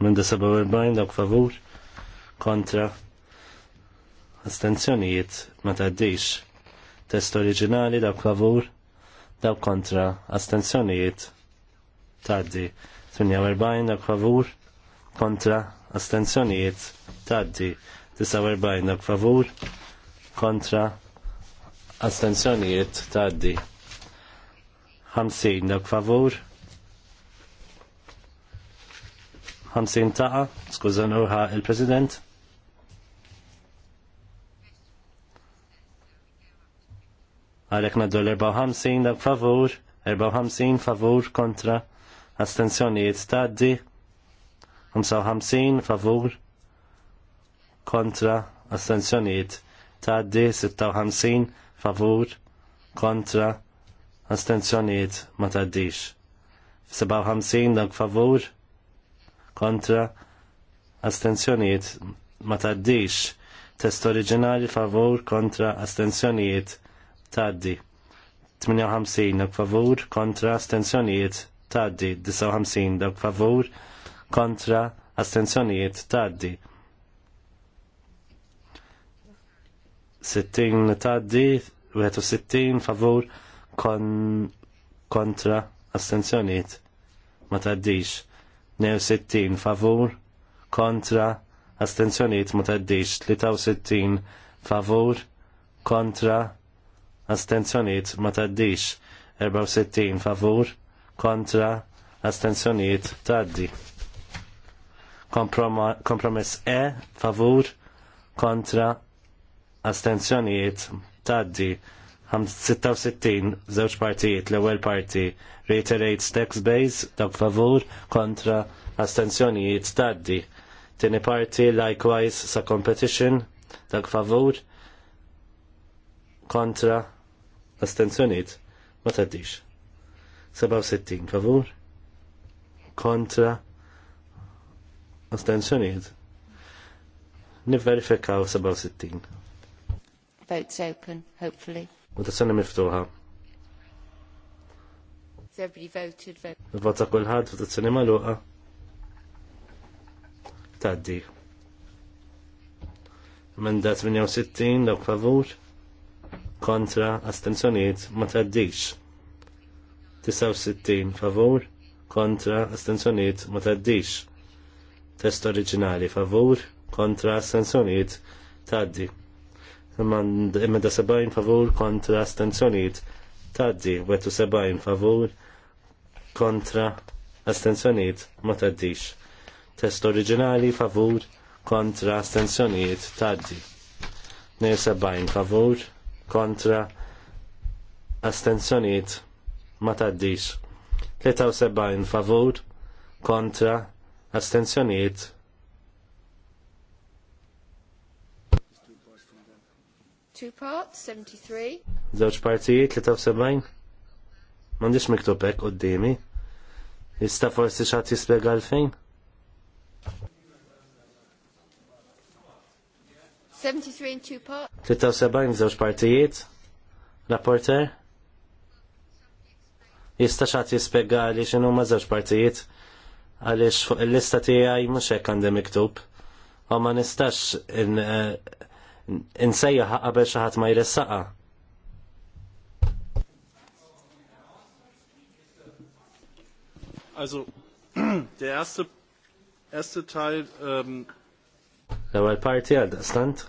minda 47 dok favur? Kontra, astenzjonijiet ma taddix. Test oriġinali dok favor daw kontra astenzjonijiet taddi 48 dak favur kontra astenzjonijiet taddi 49 dak favur kontra astenzjonijiet taddi 50 dak favur 50 taqa, skużan il-President. Għalek naddu l-54 dak favur, 54 favur kontra astensjonijiet taddi, 55 favur kontra astensjonijiet taddi, 56 favur kontra astensjonijiet ma taddix. 57 dak favur kontra astensjonijiet ma taddix test oriġinali favur kontra astensjonijiet taddi. 58 dak favur kontra astensjonijiet taddi. 59 dak favur kontra astenzjonijiet taddi. 60 taddi, 61 favur kon, kontra astenzjonijiet ma taddix. 69 favur kontra astenzjonijiet ma taddix. 63 favur kontra astenzjoniet ma taddix 64 favur kontra astenzjoniet taddi. Kompromess E favur kontra astenzjoniet taddi 66 żewġ partijiet l-ewwel parti reiterate tax base dak favur kontra astenzjonijiet taddi. Tieni parti likewise sa competition dak favur kontra astenzjoniet ma taddix. 67 favur kontra astenzjoniet nivverifikaw 67. Votes open, hopefully. Votazzjoni miftuħa. Everybody voted. Vote. Vota kullħad, votazzjoni maluqa. Taddi. Mandat 68, dawk favur kontra astenzjoniet ma taddix. 69 favur kontra astenzjoniet ma taddix. Test oriġinali favur kontra astenzjoniet taddi. Imma 70 favur kontra astenzjoniet taddi. 70 favur kontra astenzjoniet ma taddix. Test oriġinali favur kontra astenzjoniet taddi. 72 favur kontra astenzjoniet ma taddix. 73 favur kontra astenzjoniet Two parts, 73. Zawċ partijiet, 73. Mandiċ miktubek u d-dimi. Jista forsi xat jispiega għalfejn? 73 in two parts. 73 żewġ partijiet. Rapporter? Jista' xagħti jispjega li x'inhu ma żewġ partijiet għaliex fuq il-lista tiegħi mhux hekk għandi miktub. U ma nistax eh, insejjaħ qabel xi ħadd ma jressaqa. Also <clears throat> der erste erste Teil ähm L-ewwel parti għal daqstant.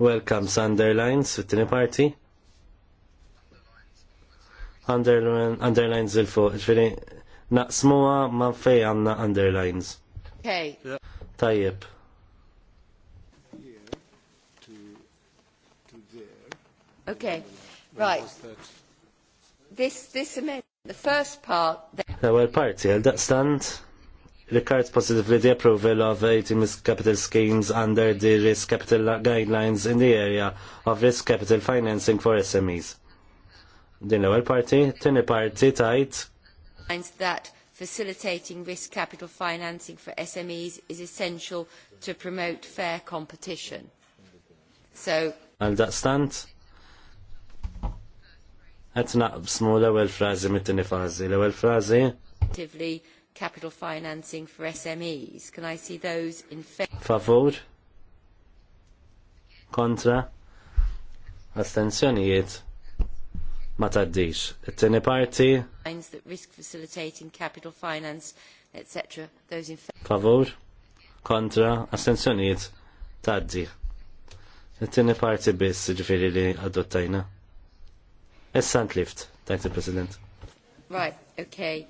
Welcome Sunderlines fit-tieni parti. Underlines il-fuq, ġifieri naqsmuha ma fej għandna underlines. Okay. Tajjeb. Okay, right. This, this amendment, the first part... well ewel parti, that daqstant the regards positively the approval of ATM's capital schemes under the risk capital guidelines in the area of risk capital financing for SMEs. Din l-ewwel parti, tieni parti tajt. that facilitating risk capital financing for SMEs is essential to promote fair competition. So Għal daqstant? Qed naqsmu l-ewwel frażi mit-tieni fażi. L-ewwel frażi? capital financing for SMEs. Can I see those in favor? Favor. Kontra. Astensjonijiet? Ma taddix. It-tieni parti. Finds that risk facilitating capital finance, etc. Those in favor. Kontra. Astensjonijiet? Taddi. It-tieni parti biss ġifiri li adottajna. Essant lift, tajt il-President. Right, okay.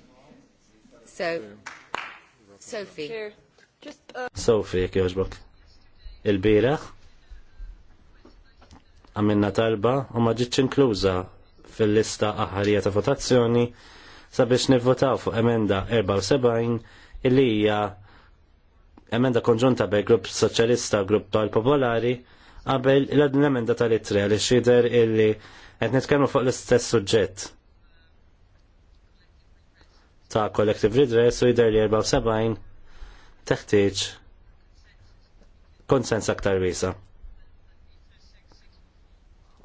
So, Sophie. Uh, Sophie, jek joġbok. Il-biraħ, għamilna talba u ma inkluża fil-lista aħħarija ta' votazzjoni sabiex nivvotaw fuq emenda 74 illi hija emenda konġunta bej grupp soċjalista u grupp tal-popolari qabel l-emenda tal-itre li xider illi qed nitkellmu fuq l-istess suġġett ta' collective redress u jidher li 74 teħtieġ konsens aktar wiesa.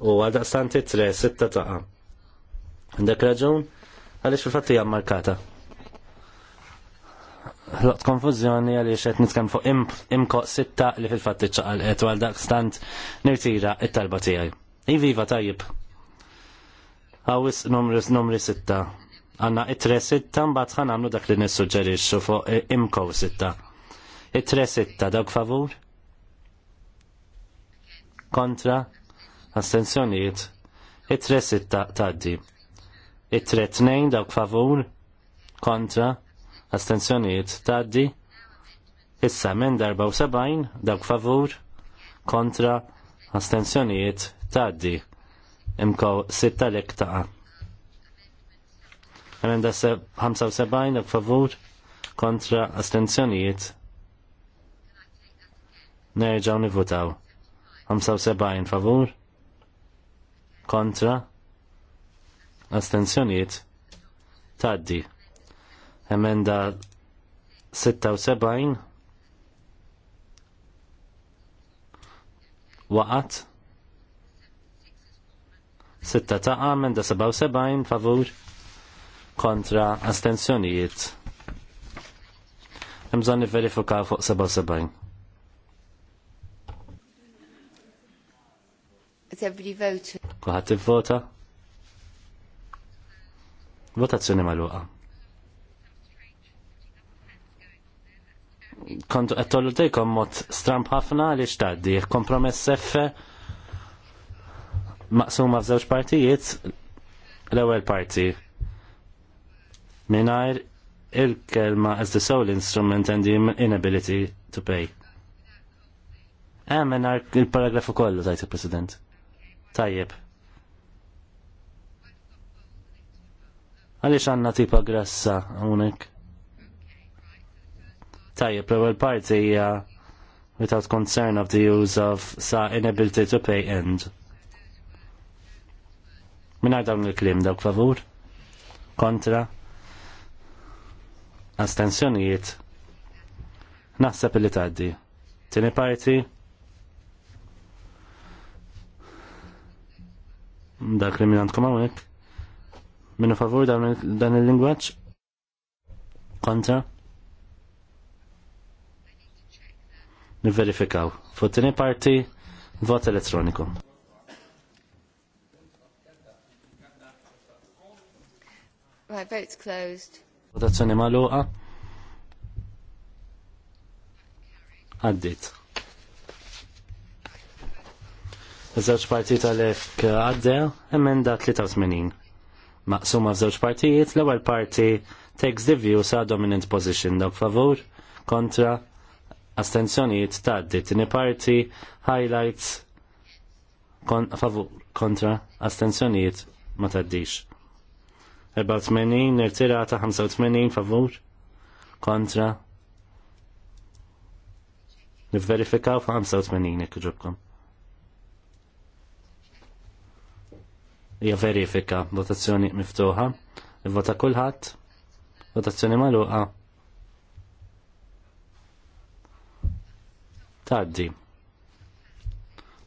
U għal it-tre sitta taqa. Għandek raġun għaliex fil fatti hija markata. Lot konfużjoni għaliex qed nitkem fuq imko sitta li fil-fatt iċċaqalqet u għal daqstant nirtira it-talba tiegħi. Iviva tajjeb. Għawis numri sitta Għanna it-tre sitta mbagħad ħan għamlu dak li nissuġġerixxu fuq eh, imkow sitta. It-tre sitta dawk favur? Kontra? Astenzjoniet? It-tre sitta taddi. It-tre tnejn dawk favur? Kontra? Astenzjoniet? taddi? Issa minn darba u sebajn, dawk favur, kontra, astensjonijiet, taddi. Imkaw sitta lek taqa. Emenda 75 favur kontra astenzjonijiet. Nerġaw nivutaw. 75 favur kontra astenzjonijiet. Taddi. Emenda 76 waqat 6 ta' emenda 77 favur kontra astenzjonijiet. Imżon verifika fuq 77. Is every vote? Kuħat vota Votazzjoni maluqa. Kontu għettollu tejkom mot stramp ħafna li xtaddi. Kompromess seffe maqsuma f'żewġ partijiet l ewel parti mingħajr il-kelma as the sole instrument and the inability to pay. Eh, mingħajr il-paragrafu kollu, tajt il-President. Tajjeb. Għalix għanna tipa grassa hawnhekk? Tajjeb, l ewwel parti hija without concern of the use of sa inability to pay end. Minar dawn il-klim dawk favur? Kontra? astensjonijiet naħseb li taddi. Tini parti da kriminant minn għandkom Minu favur dan il lingwaċ Kontra? Niverifikaw. Fu tini parti vot elettroniku. My vote's closed. Votazzjoni maluqa. Għaddit. Żewġ partijiet għalhekk għaddew emenda 83. Maqsuma f'żewġ partijiet, l-ewwel parti takes the view sa dominant position dok favur kontra astenzjonijiet għaddit. Ni parti highlights kon, favur kontra astenzjonijiet ma taddix. 84 irtirata 85 favur kontra nivverifikaw fa' 85 jekk ġobkom. verifika, votazzjoni miftuħa, vota kulħadd, votazzjoni magħluqa. Taddi.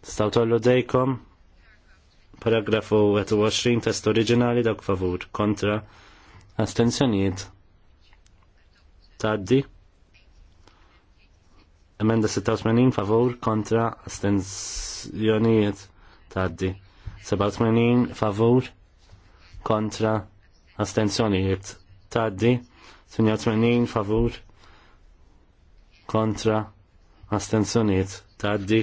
Tistaw tollu dejkom Paragrafu 21 test oriġinali dak favur kontra astenzjonijiet taddi. Emenda 86 favur kontra astenzjonijiet taddi. 87 favur kontra astenzjonijiet taddi. 88 favur kontra astenzjonijiet taddi.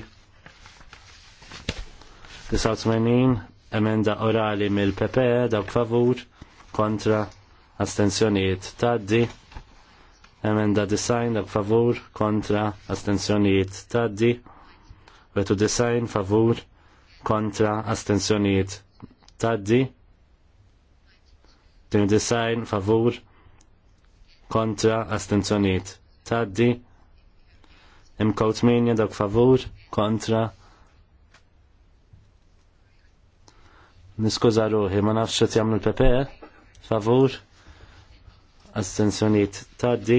89 emenda orali mill-PP e, da favur kontra astensjonijiet taddi emenda design da favur kontra astensjonijiet taddi vetu design favur kontra astensjonijiet taddi din design favur kontra astenzjoniet. Taddi, Imkaut minja dak favur kontra Niskuża ruħi, ma nafx qed jagħmlu l-PPE. Favur. Astenzjonijiet taddi.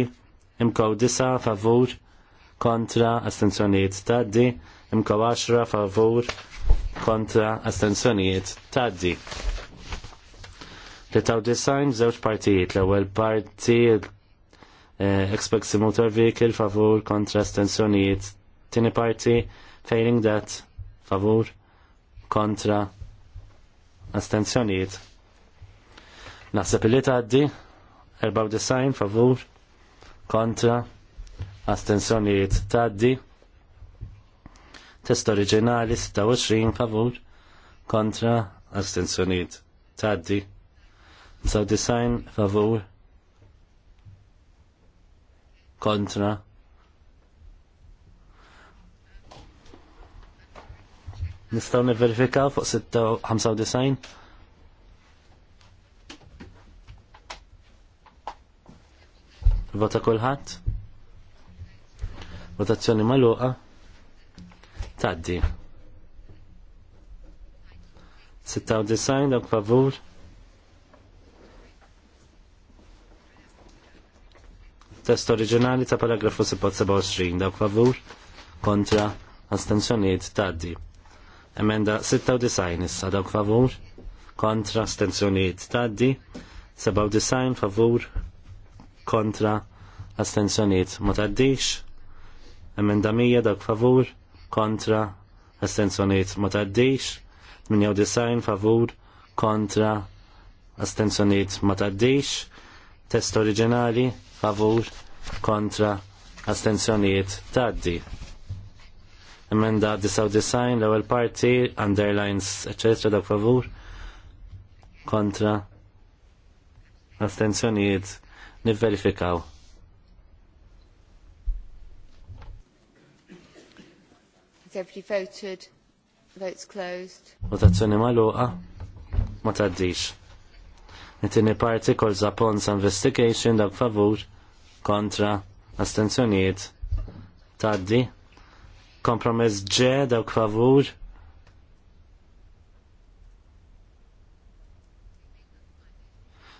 Imkaw disa favur. Kontra astenzjonijiet taddi. Imkaw 10 favur. Kontra astenzjonijiet taddi. Li taw design żewġ partijiet. L-ewwel parti eh, expect motor vehicle favur kontra astenzjonijiet. Tini parti failing that favur kontra astenzjonijiet. Naħseb li tgħaddi 94 favur kontra astenzjonijiet taddi Test oriġinali 26 favur kontra taddi. So design favur kontra Nistaw nifverifika fuq 95. Vota kulħadd. Votazzjoni magħluqa. Taddi. 96 dak favur. Test oriġinali ta' paragrafu 27 dak favur kontra astensjonijiet taddi. Emenda 96 issa dawk favur kontra astenzjonijiet taddi. 97 favur kontra astenzjonijiet ma taddix. Emenda 100 dawk favur kontra astenzjonijiet ma taddix. 98 favur kontra astenzjonijiet ma taddix. Test oriġinali favur kontra astenzjonijiet taddi. Emenda 99 l-ewwel parti underlines eċetera dak favur kontra astenzjonijiet nivverifikaw. Has everybody voted? Votes closed. Votazzjoni maluqa ma taddix. Nittini parti kol Zapons investigation dak favur kontra astenzjonijiet taddi. Kompromess ġe dawk favur.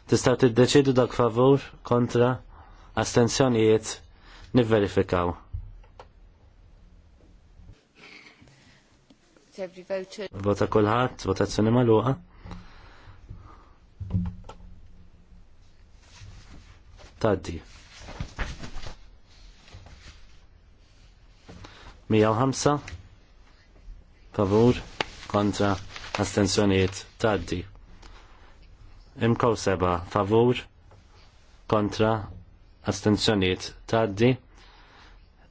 Tistaw tiddeċidu dak favur, kontra, astenzjonijiet, nivverifikaw. Vota kulħadd, votazzjoni magħluqa. Taddi. 105 favur kontra astensjonijiet taddi. Imkow seba favur kontra astensjonijiet taddi.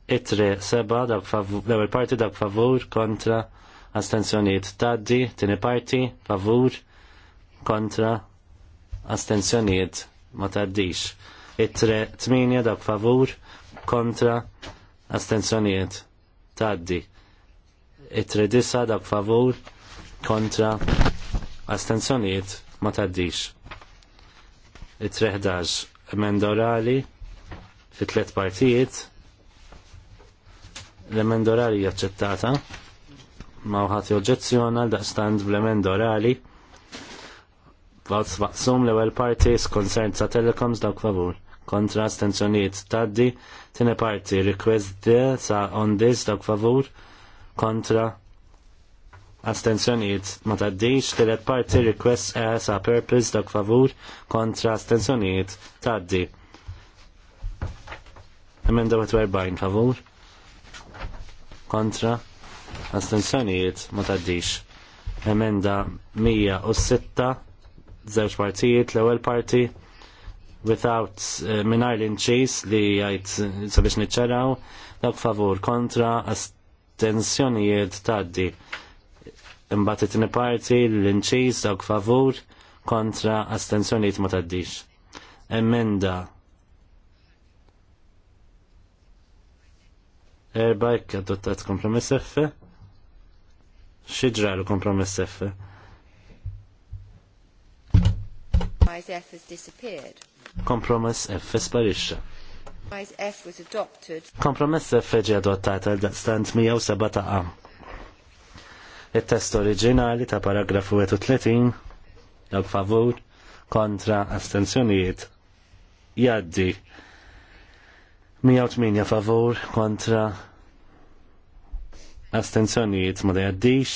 Itre seba dak favur, parti dak favur kontra astensjonijiet taddi, tieni parti favur kontra astensjonijiet ma taddix. Itre tminja dak favur kontra astensjonijiet taddi. it tridissa dak favur kontra astenzjoniet ma taddix. It-treħdax emenda orali fi tliet partijiet l-emenda orali jaċċettata ma uħat joġġezzjona daqstant bl-emenda orali Vazz maqsum l ewwel parti konsern sa telecoms dawk favur kontra stenzjoniet taddi, tini parti request de sa on this dok favur kontra astenzjoniet ma taddix, tiret parti request e sa purpose dok favur kontra astenzjoniet taddi. Emenda 40 favor? kontra astenzjoniet ma taddix. Emenda 106 zewġ partijiet l-ewwel parti without uh, eh, minar l chase li jgħid sabiex niċċaraw dak favur kontra astensjonijiet taddi. imbatit it parti l-inċis dak favur kontra astensjonijiet ma taddix. Emenda Erba jekk adottat kompromiss F. X'ġra l-kompromess F? F has disappeared. Kompromess F isparixxa. Kompromess F ġi adottat għal daqstant 107 ta' għam. Il-test oriġinali ta' paragrafu 30 għal favur kontra astensjonijiet jaddi 108 favur kontra astenzjonijiet ma jaddix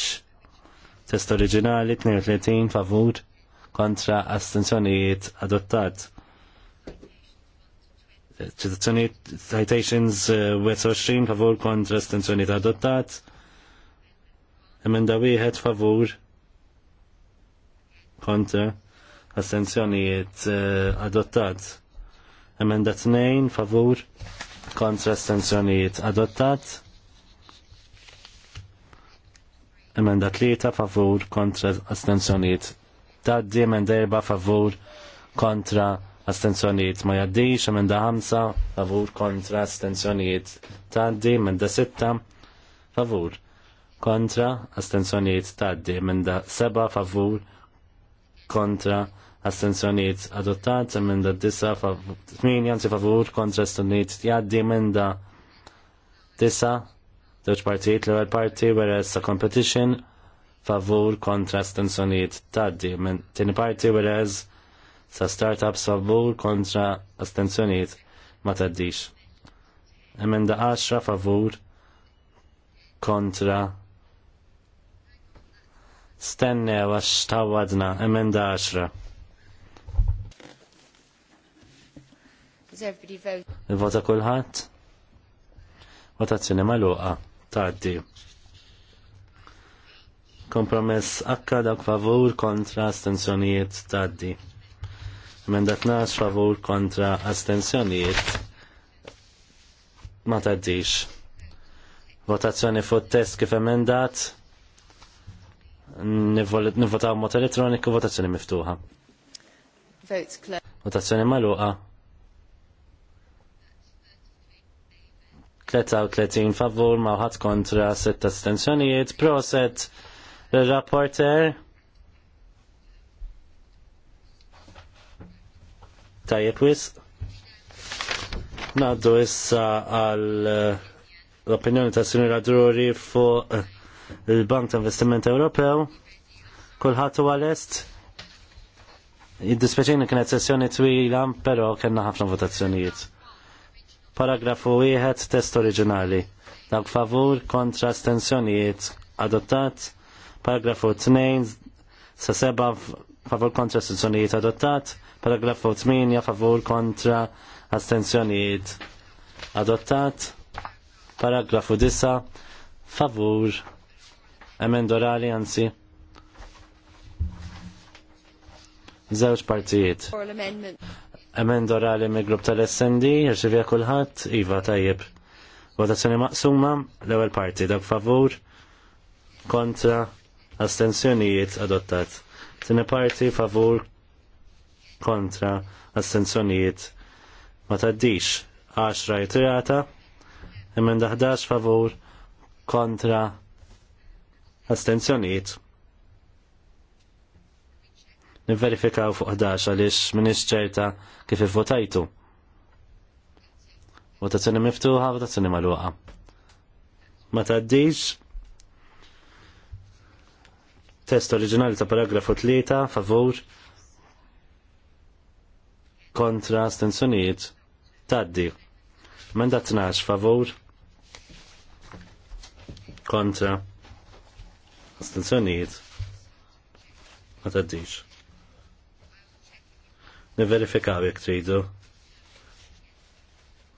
test oriġinali 32 favur kontra astenzjonijiet adottat ċitazzjoniet citations 20 uh, favur kontra ta' adottat emenda wieħed favur kontra astenzjonijiet uh, adottat emenda tnejn, favur kontra astenzjonijiet adottat emenda tlieta favur kontra astenzjonijiet taddi emenda erba favur kontra astenzjonijiet ma jaddix, emenda ħamsa, favur kontra astenzjonijiet taddi, da sitta, favur kontra astenzjonijiet taddi, da seba, favur kontra astenzjonijiet adottat, da disa, tminja, favur kontra astenzjonijiet jaddi, da disa, Dewċ partijiet l-ewel whereas sa competition favur kontra astenzjonijiet taddi, tini parti whereas sa startups favur kontra astenzjoniet ma taddix. Emenda għaxra favur kontra Stenne għax tawadna, emenda 10. Il-vota kullħat? Votazzjoni maluqa, Taddi. Kompromess akka dak favur kontra astenzjoniet taddi. Menda 12 favur kontra astensjonijiet ma taddix. Votazzjoni fuq test kif emendat. Nivvotaw mod elettroniku, votazzjoni miftuħa. Votazzjoni maluqa. 33 favur ma' ħadd kontra 6 astenzjonijiet, Proset, il-rapporter. Tajjeb wis. Naddu issa għal eh, l-opinjoni ta' Sinjura Druri fuq eh, il-Bank ta' Investiment Ewropew. Kulħadd huwa lest. Id-dispeċini kienet sessjoni twila, però kellna ħafna votazzjonijiet. Paragrafu wieħed test oriġinali. Dak favur kontra stensjonijiet adottat. Paragrafu 2 sa' seba' favur kontra stensjonijiet adottat Paragrafu 8 favur kontra astenzjonijiet adottat. Paragrafu 9 favur emendorali anzi. zewċ partijiet. Emendorali mill grupp tal-SND, jirċivja kulħadd, Iva tajjeb. Votazzjoni maqsuma, l-ewwel parti dak favur, kontra, astensjonijiet adottat. Tieni parti favur kontra astenzjonijiet ma taddix 10 jitrata imman 11 favur kontra astenzjonijiet nivverifikaw fuq 11 għaliex minix ċerta kif ivvotajtu. Votazzjoni miftuħa, votazzjoni maluqa. Ma taddix: Test oriġinali ta' paragrafu 3, favur, kontra astensjonijiet taddi. Menda 12 favur kontra astensjonijiet ma taddix. Niverifikaw jek tridu.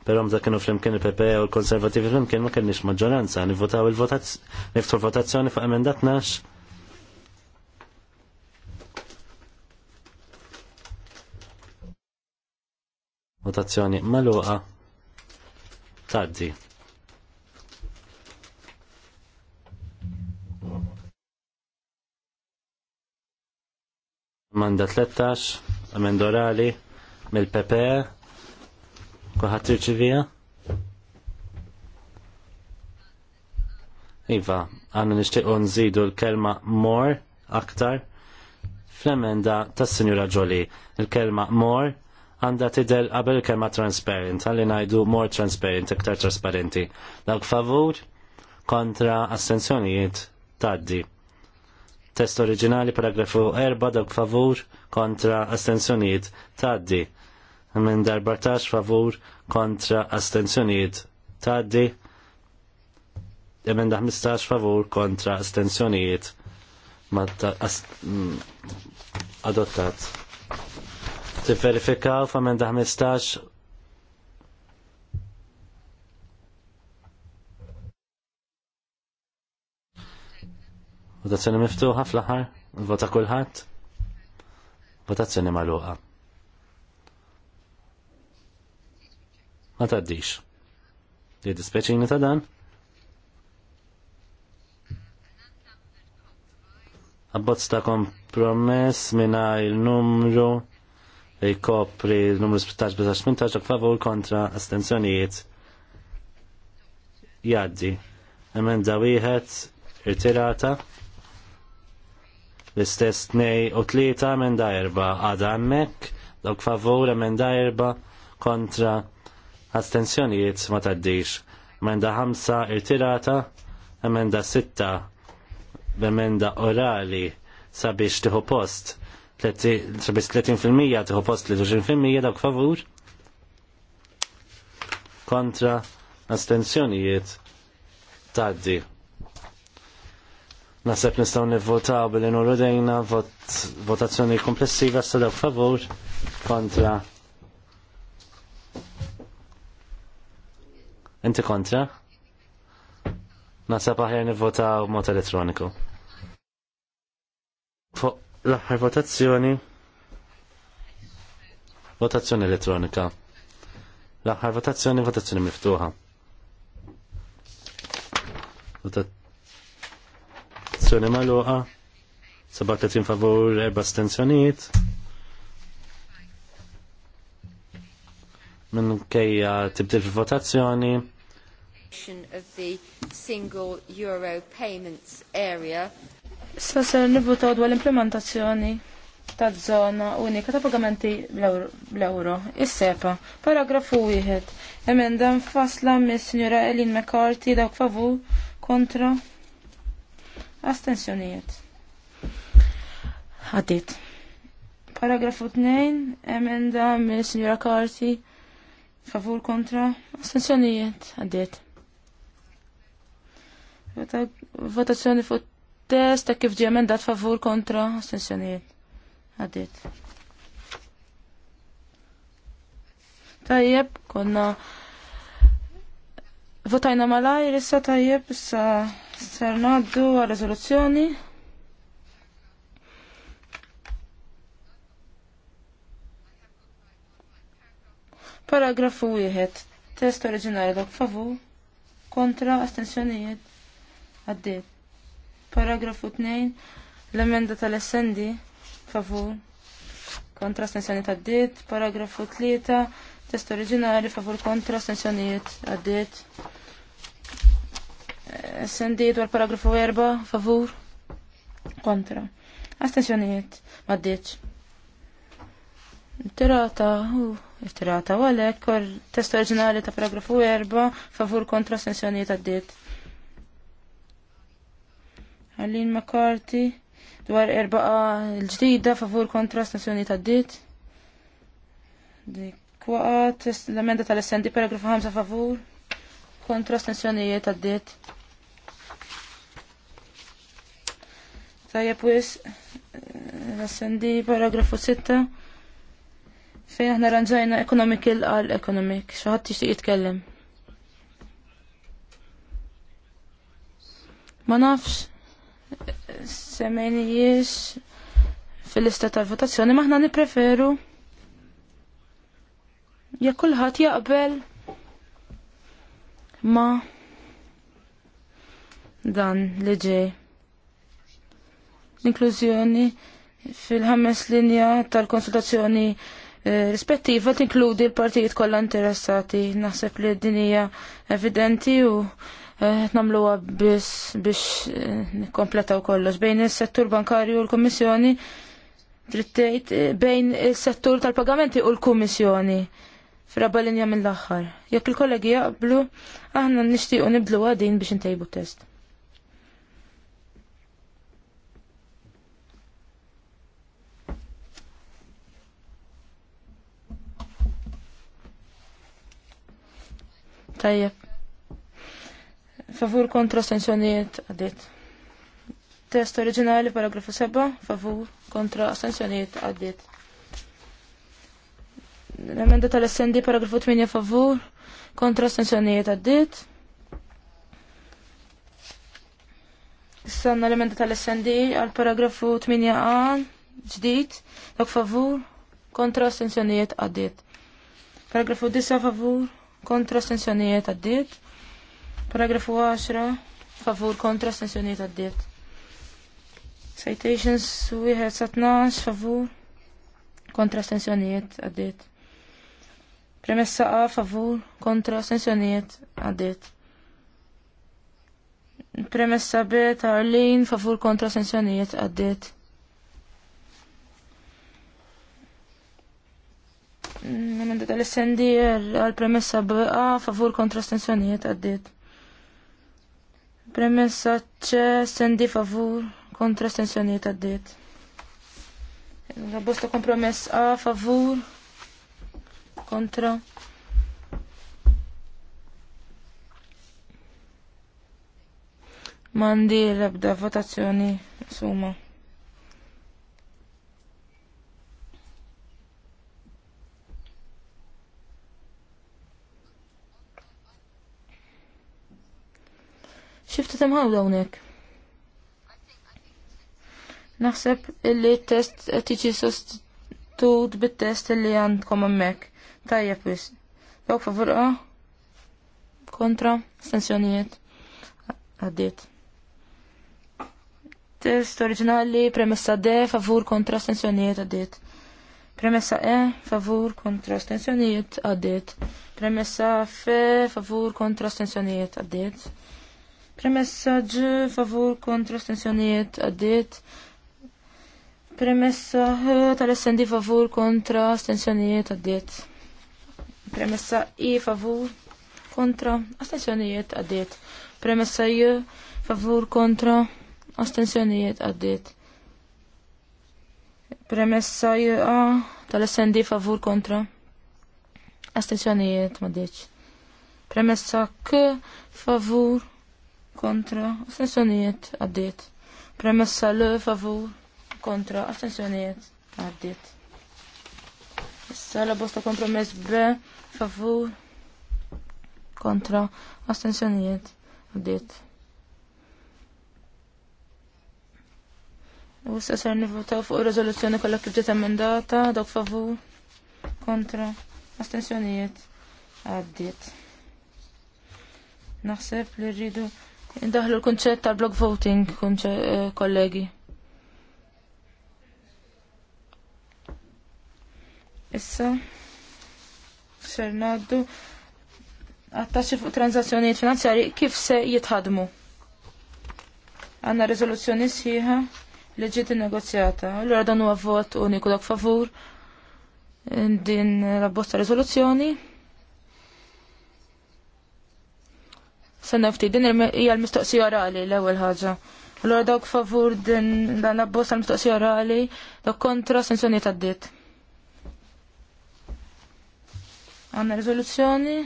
Pero mda kienu flimkien il-PP e u l-konservativi flimkien ma kienix maġġoranza. Niftaw il-votazzjoni fuq emendat 12 Votazzjoni maluqa. Taddi. Manda 13, amendorali, mill-PP, e. kuħatriċi irċivija. Iva, għanna nishtiqo nżidu l-kelma more, aktar, fl-emenda tas-Sinjura Ġoli. l kelma more, għanda tidel qabel kemm ma transparent, għalli najdu more transparent, iktar trasparenti. Dawk favur kontra assenzjonijiet taddi. Test oriġinali paragrafu 4 dawk favur kontra astenzjonijiet taddi. Min darbartax favur kontra astenzjonijiet taddi. Emenda 15 favur kontra astenzjonijiet ma mm, adottat. Tiverifikaw fa minn daħmistax Votazzjoni miftuħa fl-aħħar? Vota kulħadd? Votazzjoni magħluqa. Ma tgħaddix. Li dispeċini ta' dan? Abbozz ta' kompromess mingħajr numru jkopri l-numru 16 biex 18 dak favur kontra astenzjonijiet jaddi. Emenda wieħed irtirata l-istess tnej u tlieta emenda erba għada hemmhekk Dok favur emenda erba kontra astenzjonijiet ma taddix. Emenda ħamsa irtirata, emenda sitta b'emenda orali sabiex tieħu post Sabis 30% tieħu post 23% dawk favur kontra astenzjonijiet taddi. Naseb nistaw nivvotaw billi nurru dejna vot, votazzjoni komplessiva sta dawk favur kontra. Inti kontra? Naseb aħjar nivvotaw mod elettroniku. Fuq L-aħħar votazzjoni. Votazzjoni elettronika. L-aħħar votazzjoni, votazzjoni miftuħa. Votazzjoni maluqa. 37 favur, 4 astenzjoniet. Minn kejja tibdil votazzjoni. of the single euro payments area Issa nivvutaw dwar l-implementazzjoni ta' zona unika ta' pagamenti bl-euro. Is-sepa. Paragrafu wieħed. Emenda mfasla mis signora Elin McCarthy dawk favur kontra astensjonijiet. Għaddit. Paragrafu 2. Emenda mis signora Carthy favur kontra astensjonijiet. Għaddit. Votazzjoni fuq test ta' kif ġie emendat favur kontra astensjonijiet. Għaddit. Tajjeb, konna votajna malaj, rissa tajjeb, sa ser naddu għal rezoluzzjoni. Paragrafu wieħed. Test oriġinali dak favur kontra astensjonijiet. Għaddit. Paragrafu 2, l-emenda tal-essendi, favur, kontra stensjoni tad-diet. Paragrafu 3, test oriġinali, favur, kontra stensjonijiet għaddiet. Essendi dwar paragrafu 4, favur, kontra. Astensjonijiet, maddiet. Tirata, u, tirata, u għalek, kor test oriġinali ta' paragrafu 4, favur kontra astensjonijiet għaddiet. Għallin McCarthy dwar erbaqa l-ġdida favur kontra stazzjoni ta' dit. Dik waqat l-emenda tal-essendi paragrafu 5 favur kontra stazzjonijiet ta' dit. Tajja pwis l-essendi paragrafu 6 fejn aħna ranġajna ekonomik il għal ekonomik. Xaħat tixtieq jitkellem. Ma nafx semenijiex fil-lista tal-votazzjoni maħna nipreferu jekk kulħadd jaqbel ma dan li ġej. L-inklużjoni fil-ħames linja tal-konsultazzjoni eh, rispettiva tinkludi l-partijiet kollha interessati. Naħseb li din hija evidenti u Eh, namluwa biss biex eh, nikkompletaw kollox bejn is-settur bankarju u l-Kummissjoni trittejt eh, bejn is-settur tal-pagamenti u l-Kummissjoni f'raba linja mill-aħħar. Jekk il-kollegi jaqblu, aħna nixtiequ nibdlu għadin biex intejbu test. Tajjeb favur kontra astensjonijiet għaddit. Test oriġinali paragrafu 7, favur kontra astensjonijiet għaddit. L-emenda tal-SND paragrafu 8 favur kontra astensjonijiet għaddit. Sanna l-emenda tal-SND għal paragrafu 8a ġdid, dok favur kontra astensjonijiet għaddit. Paragrafu 9 favur kontra astensjonijiet għaddit. Paragrafu 10, favur kontra astensjoniet għaddiet. Citations wieħed satnax, favur kontra astensjoniet għaddiet. Premessa A favur kontra astensjoniet għaddiet. Premessa B ta' Arlin favur kontra astensjoniet għaddiet. Nemmendet l sndr għal premessa B A favur kontra astensjoniet għaddiet. Premessa ċe sendi favur kontra ta' det. La bosta kompromess A favur kontra Mandi l-ebda votazzjoni Xiftu temħaw dawnek. Naħseb illi test tiġi sostut bit-test illi għandkom emmek. Tajja wis. Dawk favorqa? Ah? Kontra? Stenzjonijiet? Għaddit. Test oriġinali, premessa D, favur kontra stensjonijiet għaddit. Premessa E, favur kontra stensjonijiet għaddit. Premessa F, favur kontra stensjonijiet għaddit. Premessa favur kontra astensjonijiet għaddit. Premessa tal-essendi favur kontra astensjonijiet għaddit. Premessa i favur kontra astensjonijiet għaddit. Premessa i favur kontra astensjonijiet għaddit. Premessa a tal-essendi favur kontra. Astenzjonijiet ma Premessa k favur kontra, astensjonijiet għaddiet. Premessa l favur kontra, astensjonijiet għaddiet. Issa la bosta kompromess B favur kontra, astensjonijiet għaddiet. U issa ser nivvotaw fuq ir-riżoluzzjoni kollha kif ġiet emendata, dok favur kontra, astensjonijiet għaddiet. Naħseb li rridu Indaħlu l-kunċett tal-block voting, eh, kollegi. Issa, xernaddu, naddu għattaxi fuq transazzjonijiet finanzjari kif se jitħadmu. Għanna rezoluzzjoni sħiħa li ġiet negozjata. Allora dan huwa vot uniku dak favur din la bosta rezoluzzjoni. Sanofti, din hija l-mistoqsija orali l-ewwel ħaġa. Allora dawk favur din dan abbos tal-mistoqsija orali, dawk kontra sensjoni ta' d-ditt. Għanna riżoluzzjoni?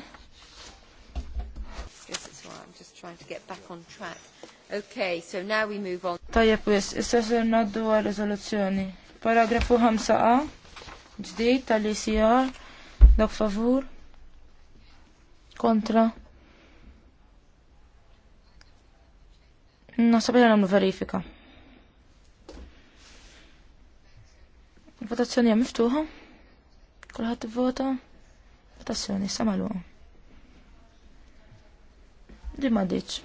trying to get back on track. Okay, Tajjeb wis, issa ser naddu għal rezoluzzjoni. Paragrafu 5a, ġdid tal-ICR, dawk favur, kontra, Nasab li għamlu verifika. Votazzjoni hija miftuħa. Kulħadd ivvota. Votazzjoni issa magħluqa. Di ma ditx.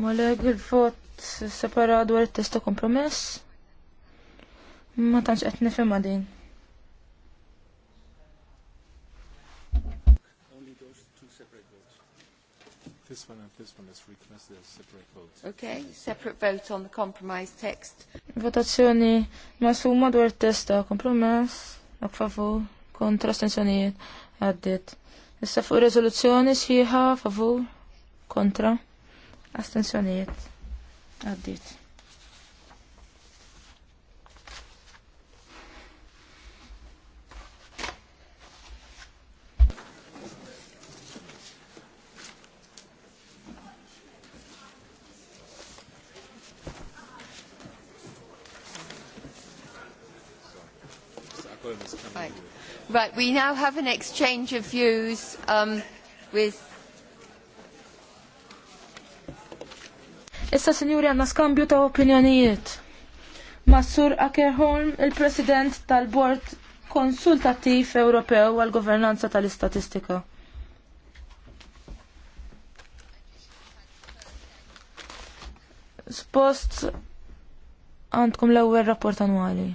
Maleg il-vot separat dwar it-testa kompromess. Ma tantx qed nifhem din. this one and this one is requested as separate vote. Okay, separate vote on the compromise text. Votazzjoni masumma dwar testa kompromess, a favur, kontra stenzjonijiet, għaddit. Issa fuq rezoluzzjoni sħiħa, favur, kontra, astensioniet, għaddit. Right, we now have an exchange of views um, with. Issa sinjuri għanna skambju ta' opinjonijiet. Massur Akerholm, il-President tal-Bord Konsultattiv Ewropew għal-Governanza tal-Istatistika. Spost għandkom l-ewwel rapport annwali.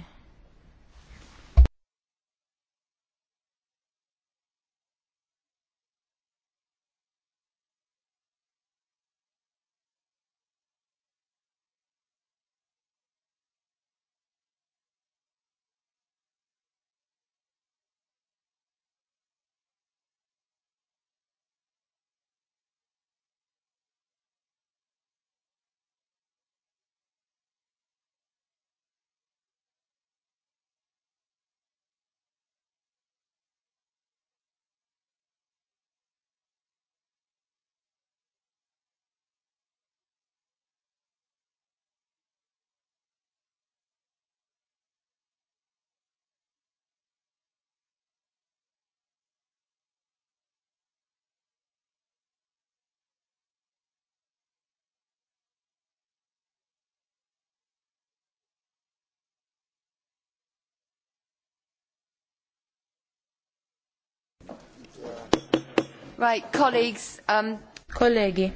Right, colleagues. Um... Kollegi,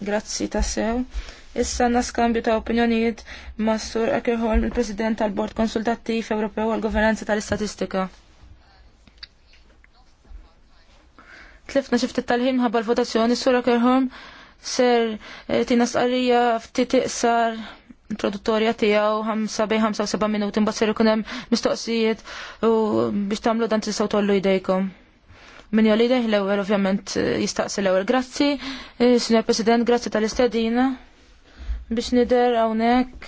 grazzi tassew. Issa naskambju ta' opinjonijiet ma' Sur Ackerholm, il-President tal-Bord Konsultattiv Ewropew għal-Governanza tal-Istatistika. Tlifna xifti tal-ħim ħabba l-votazzjoni Sur Ackerholm ser eh, tina sqarrija ftit iqsar introduttorja tiegħu 5-7 minuti mbagħad ser ikun hemm mistoqsijiet u biex tagħmlu dan tistgħu tollu jdejkom. Min jolideh l-ewel ovvjament jistaqsi l-ewel. Grazzi, eh, Signor President, grazzi tal-istedina biex nider għawnek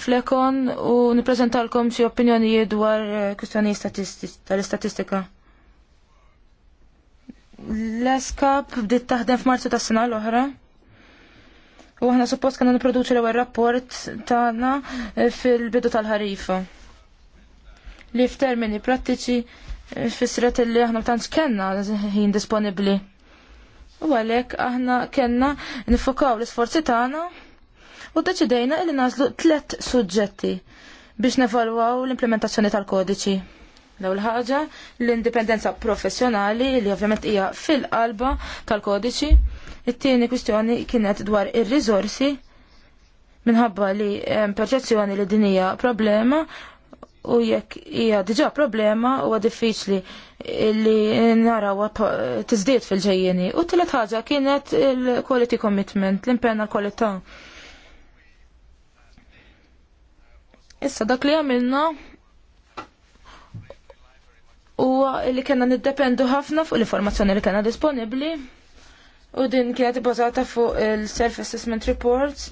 flekon u niprezentalkom xie opinjonijiet dwar eh, kustjoni tal-istatistika. L-eskap bdiet taħdem f'Marzu tas sena l-oħra. U aħna suppost kanna niproduċi l-ewwel rapport tagħna eh, fil-bidu tal-ħarifa. Li f'termini prattiċi fissret li aħna tantx kenna ħin disponibbli. U għalhekk aħna kenna nifokaw l-isforzi tagħna u deċidejna li nażlu tliet suġġetti biex nevalwaw l-implementazzjoni tal-kodiċi. L-ewwel ħaġa l-indipendenza professjonali li ovvjament hija fil-qalba tal-kodiċi. It-tieni kwistjoni kienet dwar ir-riżorsi minħabba li perċezzjoni li dinija problema u jekk hija diġà problema huwa diffiċli li naraw tiżdied fil-ġejjeni. U tillet ħaġa kienet il-quality commitment, l-impenna l-kwalità. Issa dak li għamilna huwa li kena niddependu ħafna fuq l-informazzjoni li kena disponibbli u din kienet bazata fuq il-Self Assessment Reports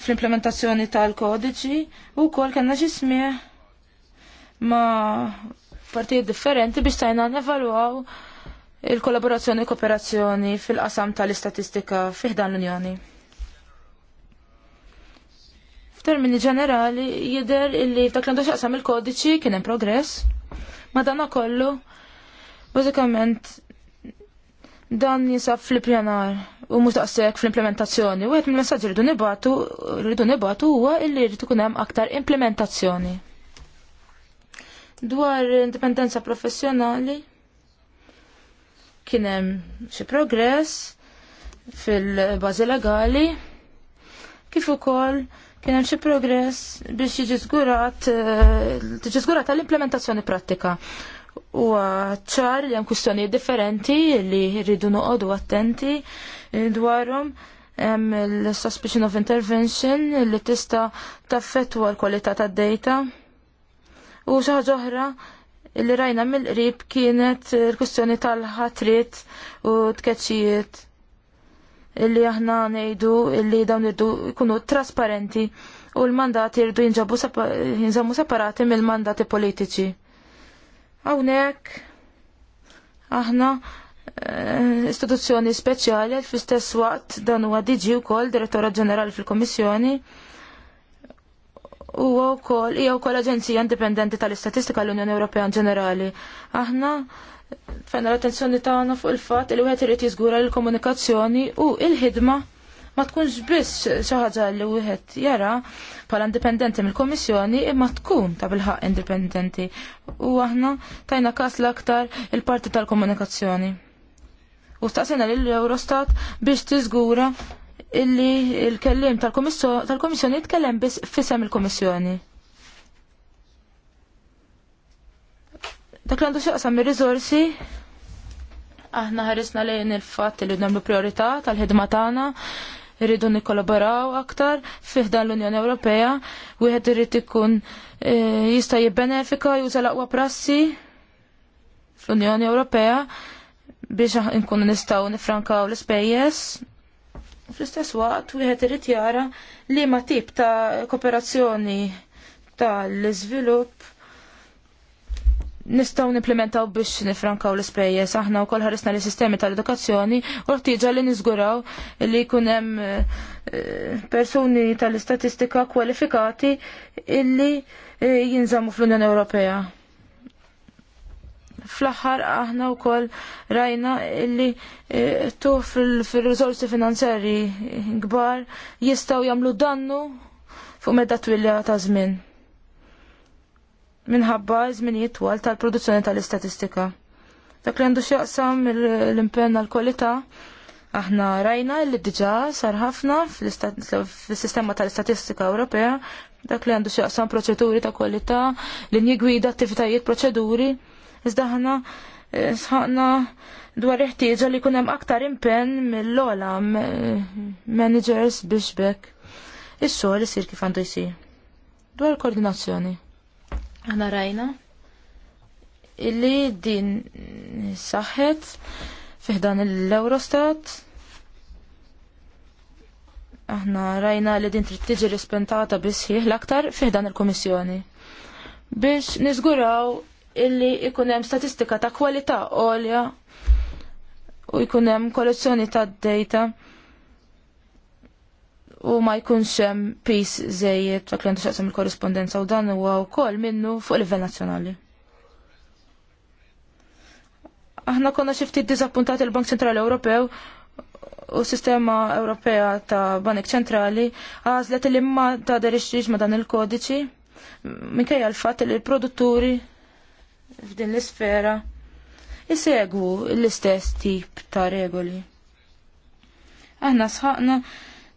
fl-implementazzjoni tal-kodiċi u kol kena ġismieħ ma' partijiet differenti biex tajna nevaluaw il-kollaborazzjoni u kooperazzjoni fil-qasam tal-istatistika fiħdan l-Unjoni. F'termini ġenerali, jider illi f'dak l-għandu xaqsam il-kodiċi kien hemm progress, ma dan kollu, bażikament dan jinsab fl-pjanar u mhux daqshekk fl-implementazzjoni. Wieħed mill-messaġġi rridu nibatu rridu nibatu huwa illi rridu ikun hemm aktar implementazzjoni. Dwar indipendenza professjonali kien hemm xi progress fil-bażi legali kif ukoll kien hemm xi progress biex jiġi żgurat eh, tiġi żgurat tal-implementazzjoni prattika. Huwa ċar li hemm kwistjonijiet differenti li rridu noqogħdu attenti eh, dwarhom hemm il-suspicion of intervention li tista' taffettwa l-kwalità tad-data. U xaħġa oħra li rajna mill-qrib kienet il-kustjoni tal-ħatrit u tkeċċijiet illi aħna nejdu illi dawn irdu jkunu trasparenti u l-mandati irdu jinġabu jinżammu separati mill-mandati politiċi. Hawnhekk aħna eh, istituzzjoni speċjali fl-istess waqt dan huwa DG wkoll Direttora Ġenerali fil-Kommissjoni huwa wkoll hija wkoll Aġenzija Indipendenti tal-Istatistika l-Unjoni Ewropea ġenerali. Aħna fejna l-attenzjoni tagħna fuq il-fatt li wieħed irid jiżgura l-komunikazzjoni u l-ħidma ma tkunx biss xi ħaġa li wieħed jara bħala indipendenti mill-Kummissjoni imma tkun ta' bilħaq indipendenti. U aħna tajna każ l-aktar il-parti tal-komunikazzjoni. U staqsina lill eurostat biex tiżgura illi il-kellim tal-Komissjoni jitkellem biss fisem il-Komissjoni. Dak għandu xaqsam ir-riżorsi aħna ħarisna lejn il-fatt li namlu priorità tal-ħidma tagħna irridu nikkolaboraw aktar fih dan l-Unjoni Ewropea, wieħed irid ikun e, jista' jibbenefika juża l-aqwa prassi fl-Unjoni Ewropea biex nkunu nistgħu nifrankaw l-ispejjeż Fl-istess waqt wieħed irid jara li ma tip ta' kooperazzjoni tal-iżvilupp nistgħu nimplementaw biex nifrankaw l-ispejjeż aħna wkoll ħarisna li sistemi tal-edukazzjoni u rtiġa li niżguraw li jkun hemm eh, persuni tal-istatistika kwalifikati illi eh, jinżammu fl-Unjoni Ewropea fl-aħħar aħna wkoll rajna illi eh, tu fil rizorsi finanzjari kbar jistgħu jagħmlu dannu fuq medda twilja ta' żmien. Minħabba żminijiet twal tal-produzzjoni tal-istatistika. Dak li għandu x'jaqsam l-impenn għal-kwalità Aħna rajna illi diġa sar ħafna fil-sistema tal-istatistika Ewropea dak li għandu xieqsam proċeduri ta' kwalità, linji gwida, attivitajiet, proċeduri Iżda ħna eh, sħaqna dwar iħtieġa li kunem aktar impenn mill-ola managers biex bekk. Ix-xogħol isir kif għandu jsir. Dwar koordinazzjoni. Aħna rajna illi din saħħet fiħdan l-Eurostat. Aħna rajna li din trid tiġi rispentata bisħieħ l-aktar fiħdan il-Kummissjoni biex niżguraw illi ikun hemm statistika ta' kwalità għolja u ikunem hemm kollezzjoni ta' data u ma jkunx hemm pis żejjed ta' klientu xaqsam il-korrespondenza u dan huwa wkoll minnu fuq livell nazzjonali. Aħna konna xi ftit diżappuntati il-Bank Ċentrali Ewropew u sistema Ewropea ta' Banek Ċentrali għażlet li ma ta' derixxix ma' dan il-kodiċi minkejja l-fatt li l-produtturi f'din l-isfera isegwu l-istess tip ta' regoli. Aħna sħaqna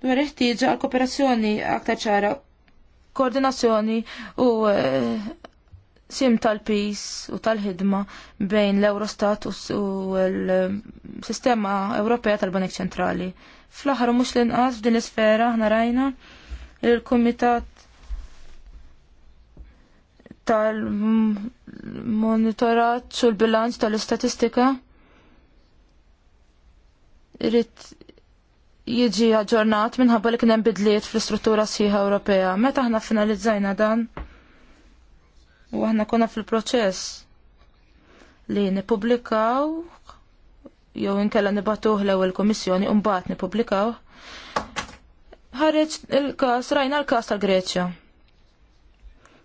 dwar iħtieġa għal kooperazzjoni aktar ċara, koordinazzjoni u eh, sim tal-pis u tal-ħidma bejn l-Eurostat u l-Sistema Ewropea tal-Banek Ċentrali. Fl-aħħar mhux l-inqas f'din l-isfera aħna rajna il-Kumitat tal-monitorat u l-bilanċ tal-istatistika irrit jiġi aġġornat minħabba li kien hemm bidliet fl-istruttura sħiħa Ewropea. Meta aħna finalizzajna dan u aħna konna fil-proċess li nippubblikaw jew inkella nibatuh l-ewwel komissjoni u mbagħad nippubblikaw. Ħareġ il-każ rajna l-każ tal-Greċja.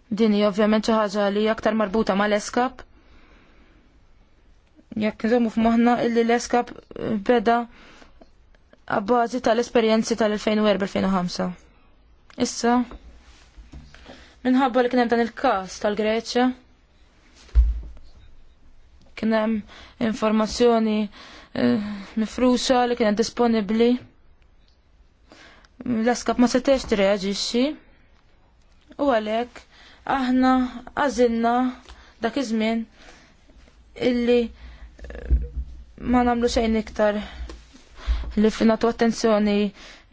Din hija ovvjament xi ħaġa li aktar marbuta mal-eskap. Jekk nżommu f'moħħna illi l-eskap beda għabbażi tal-esperjenzi tal-2004-2005. Issa, minħabba li kien hemm dan il-każ tal-Greċja, kien hemm informazzjoni eh, mifruxa li kienet disponibbli. L-eskap ma setex tirreġixxi u għalhekk aħna għażilna dak iż-żmien illi eh, ma nagħmlu xejn iktar li finatu attenzjoni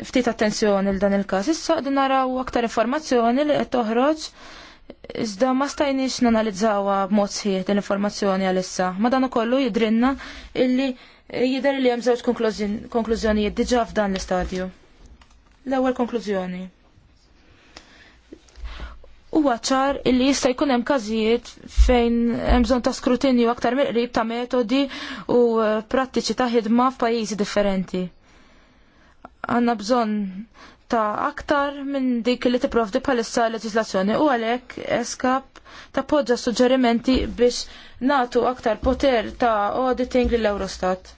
ftit attenzjoni l dan il-każ. Issa qegħdin naraw aktar informazzjoni li qed toħroġ Iżda ma stajniex nanalizzawa b'mod sħiħ din l-informazzjoni għalissa. Ma dan ukollu jidrinna illi jidher li hemm żewġ konklużjonijiet diġà f'dan l-istadju. L-ewwel konklużjoni huwa ċar illi jista' jkun hemm każijiet fejn hemm bżonn ta' skrutinju aktar mill-qrib ta' metodi u eh, prattiċi ta' ħidma f'pajjiżi differenti. Għandna bżonn ta' aktar minn dik li tipprovdi bħalissa leġislazzjoni u għalhekk eskap ta' poġġa suġġerimenti biex natu aktar poter ta' auditing l-Eurostat.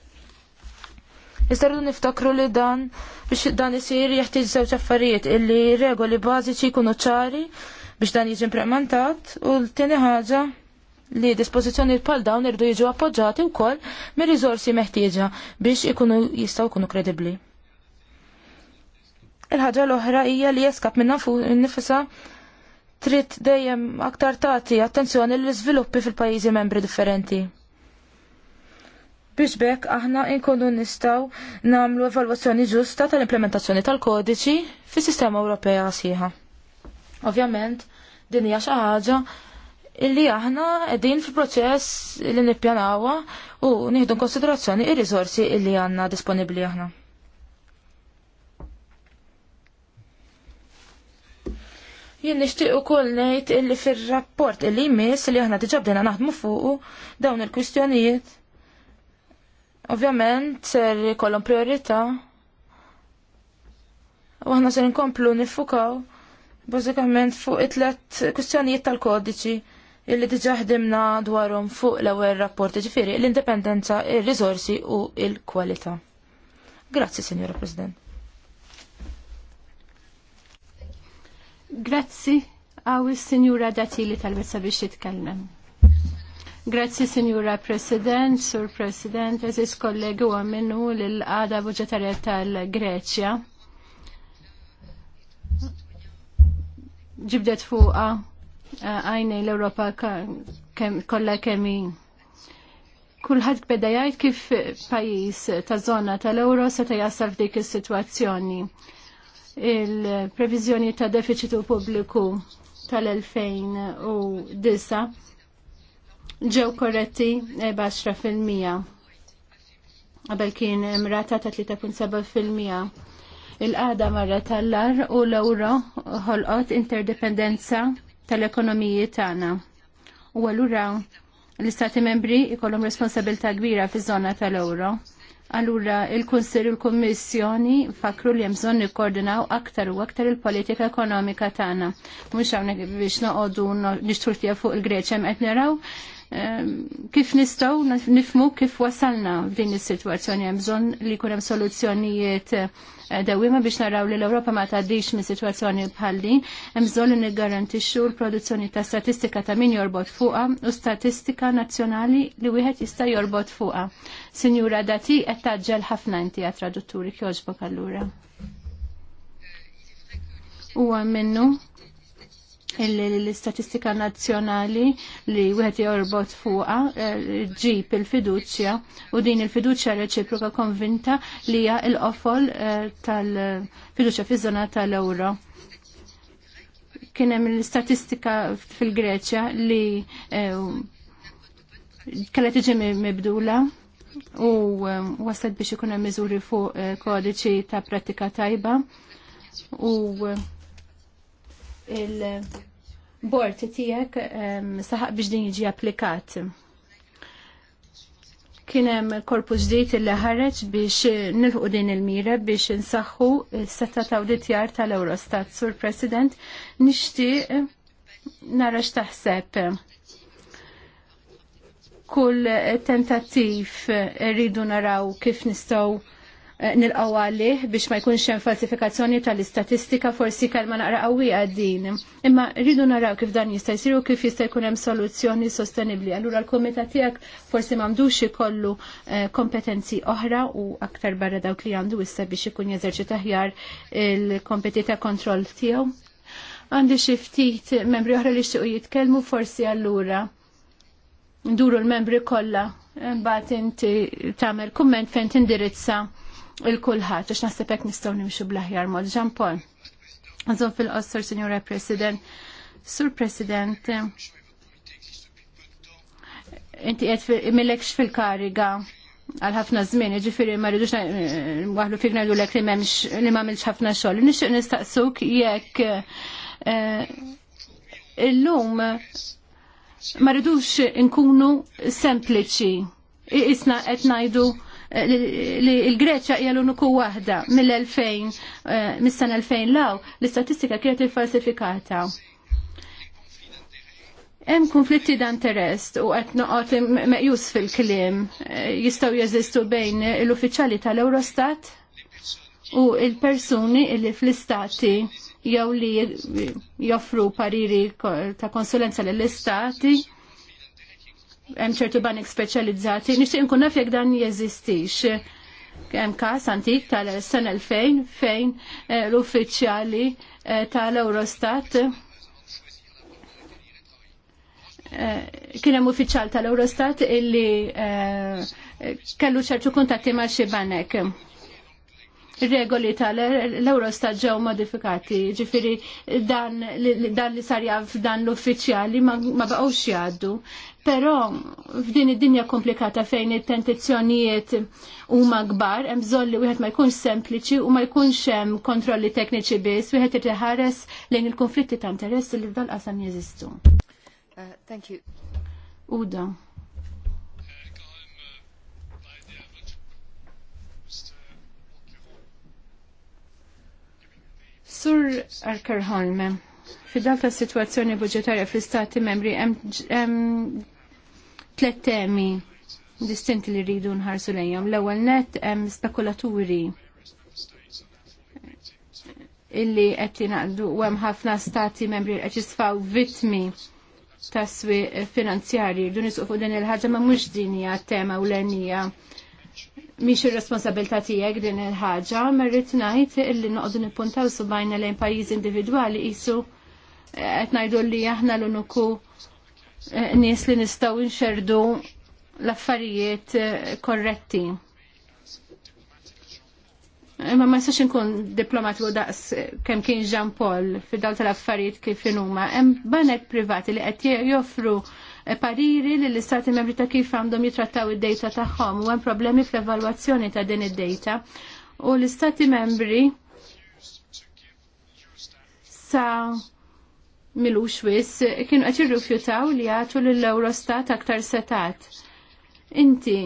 Iżda rridu niftakru li dan biex dan isir jeħtieġ żewġ affarijiet illi regoli bażiċi jkunu ċari biex dan jiġi implementat u l-tieni ħaġa li dispożizzjoni bħal dawn irdu jiġu appoġġati wkoll mir-riżorsi meħtieġa biex ikunu jistgħu jkunu kredibbli. Il-ħaġa l-oħra hija li jeskap minn nifisa trid dejjem aktar tagħti attenzjoni l iżviluppi fil-pajjiżi membri differenti. Biex bekk aħna nkunu nistgħu nagħmlu evalwazzjoni ġusta tal-implementazzjoni tal-kodiċi fis-sistema Ewropea sieħa. Ovvjament, din hija xi ħaġa illi aħna qegħdin fil proċess li nippjanawha u nieħdu konsiderazzjoni ir-riżorsi illi għandna disponibbli aħna. Jien nixtieq ukoll ngħid illi fir-rapport illi jmiss li aħna diġà bdejna naħdmu fuqu dawn il-kwistjonijiet. Ovvjament ser ikollhom priorità u aħna ser inkomplu nifukaw bażikament fuq it-tlet kwistjonijiet tal-kodiċi illi diġa ħdimna dwarhom fuq l-ewwel rapporti ġifieri l-indipendenza, ir-riżorsi u l-kwalità. Grazzi, Sinjora President. Grazzi għaw is-Sinjura Datili tal-bessa biex jitkellem. Grazzi, Sinjura President, Sur President, eżis kollegi għamminu l-għada budġetarja tal-Greċja ġibdet fuqa għajnej l-Europa kolla kemmi. Kulħadd beda jgħid kif pajjiż ta' zona tal-euro se ta' jasal f'dik is-sitwazzjoni. Il-previżjoni ta' defiċitu pubbliku tal-2009 ġew korretti baxra fil-mija. Qabel kien rata ta' 3.7 fil-mija Il-qada marra tal-lar u l ewro ħolqot interdependenza tal-ekonomiji tagħna. U allura l-istati membri jkollhom responsabilità kbira fiż-żona tal ewro Allura il-Kunsill u l-Kummissjoni fakru li hemm bżonn nikkoordinaw aktar u aktar il-politika ekonomika tagħna. Mhux hawnhekk biex noqogħdu nixturtija fuq il-Greċja hemm qed naraw ehm, kif nistgħu nifmu kif wasalna f'din is-sitwazzjoni hemm bżonn li jkun hemm soluzzjonijiet Eh, dawima biex naraw li l-Ewropa ma tgħaddix minn sitwazzjoni bħal din, hemm bżonn niggarantixxu l-produzzjoni ta' statistika ta' min jorbot fuqha u statistika nazzjonali li wieħed jista' jorbot fuqha. Sinjura Dati qed taġġel ħafna inti għat tradutturi kjoġbok allura. Huwa minnu l-istatistika nazzjonali li wieħed jorbot fuqa eh, ġib il-fiduċja u din il-fiduċja reċiproka konvinta li hija l-qofol eh, tal-fiduċja fiż-żona tal-ewro. Kien hemm l-istatistika fil-Greċja li eh, kellet tiġi mibdula u waslet biex ikun hemm miżuri fuq kodiċi ta' pratika tajba u il- bort tijek saħaq biex din jiġi applikat. Kienem korpus ġdijt il ħareċ biex nilħu din il-mira biex nsaħħu s-setta ta' auditjar tal-Eurostat. Sur President, nishti nara x'taħseb. Kull tentattiv rridu naraw kif nistaw Eh, nil għalih biex ma jkunx hemm falsifikazzjoni tal-istatistika forsi kalma naqra qawwija din. Imma rridu naraw kif dan jista' jsir u kif jista' jkun hemm soluzzjoni sostenibbli. Allura l-kumitat tiegħek forsi m'għandux ikollu eh, kompetenzi oħra u aktar barra dawk li għandu issa biex ikun jeżerċita aħjar il-kompetita kontroll tiegħu. Għandi xi ftit membri oħra li xtiequ jitkellmu forsi allura nduru l-membri kollha mbagħad inti tagħmel kumment fejn tindirizza il-kulħadd għax nasibek nistaw nistgħu nimxu blaħjar aħjar mod. Jean Paul. Għazom fil-qossor, Signora President. Sur President, inti qed millekx fil-kariga għal ħafna żmien, ġifieri ma rridux waħlu fik l lek li m'hemmx li m'għamilx ħafna xogħol. Nixtieq nistaqsuk jekk eh, illum ma rridux nkunu sempliċi. Isna qed ngħidu li l-Greċja hija l-uniku waħda mill-2000 eh, mis-sena 2000 law l-istatistika kienet il-falsifikata. Hemm konflitti dan terest u qed noqgħod meqjus fil-kliem eh, jistgħu jeżistu bejn l-uffiċjali tal-Eurostat u il-persuni li fl-istati jew li joffru pariri ta' konsulenza lill-istati hemm ċertu banek speċjalizzati, nixtieq nkun naf jekk dan jeżistix. Hemm każ antik tal-sena 2000 fejn eh, l-uffiċjali eh, tal-Eurostat eh, kien hemm uffiċjal tal-Eurostat illi kellu ċertu kuntatti ma' xi banek regoli tal-Eurostat ġew modifikati, ġifiri dan, li sar jaf dan l-uffiċjali ma, baqgħux jgħaddu. Però f'din id-dinja komplikata fejn it-tentizzjonijiet huma kbar, hemm bżonn li wieħed ma jkunx sempliċi u ma jkunx hemm kontrolli tekniċi biss, wieħed irid iħares lejn il-konflitti ta' interess li f'dan qasam jeżistu. Uh, thank you. Uda. Sur Arker Holm, fidal ta' situazzjoni budgetarja fl-istati membri hemm tlet temi distinti li rridu nħarsu lejhom. L-ewwel net hemm spekulaturi illi qed jingħaqdu u hemm ħafna stati membri qed jisfaw vittmi taswi finanzjari dun fuq din il-ħaġa ma mhux din hija tema u l miex ir-responsabilità tiegħek din il-ħaġa, merrit ngħid illi noqogħdu nippuntaw subajna lejn pajjiż individwali qisu eh, qed ngħidu li aħna l unuku eh, nies li nistgħu inxerdu l-affarijiet eh, korretti. Imma ma jistax inkun u daqs kemm kien Jean Paul dal tal-affarijiet kif huma. Hemm banek privati li qed joffru pariri li l-istati membri ta' kif għandhom jitrattaw id-data tagħhom u hemm problemi fl-evalwazzjoni ta' din id-data. U l-istati membri sa milux wis kienu qed jirrifjutaw li jagħtu lill-Eurostat aktar setat. Inti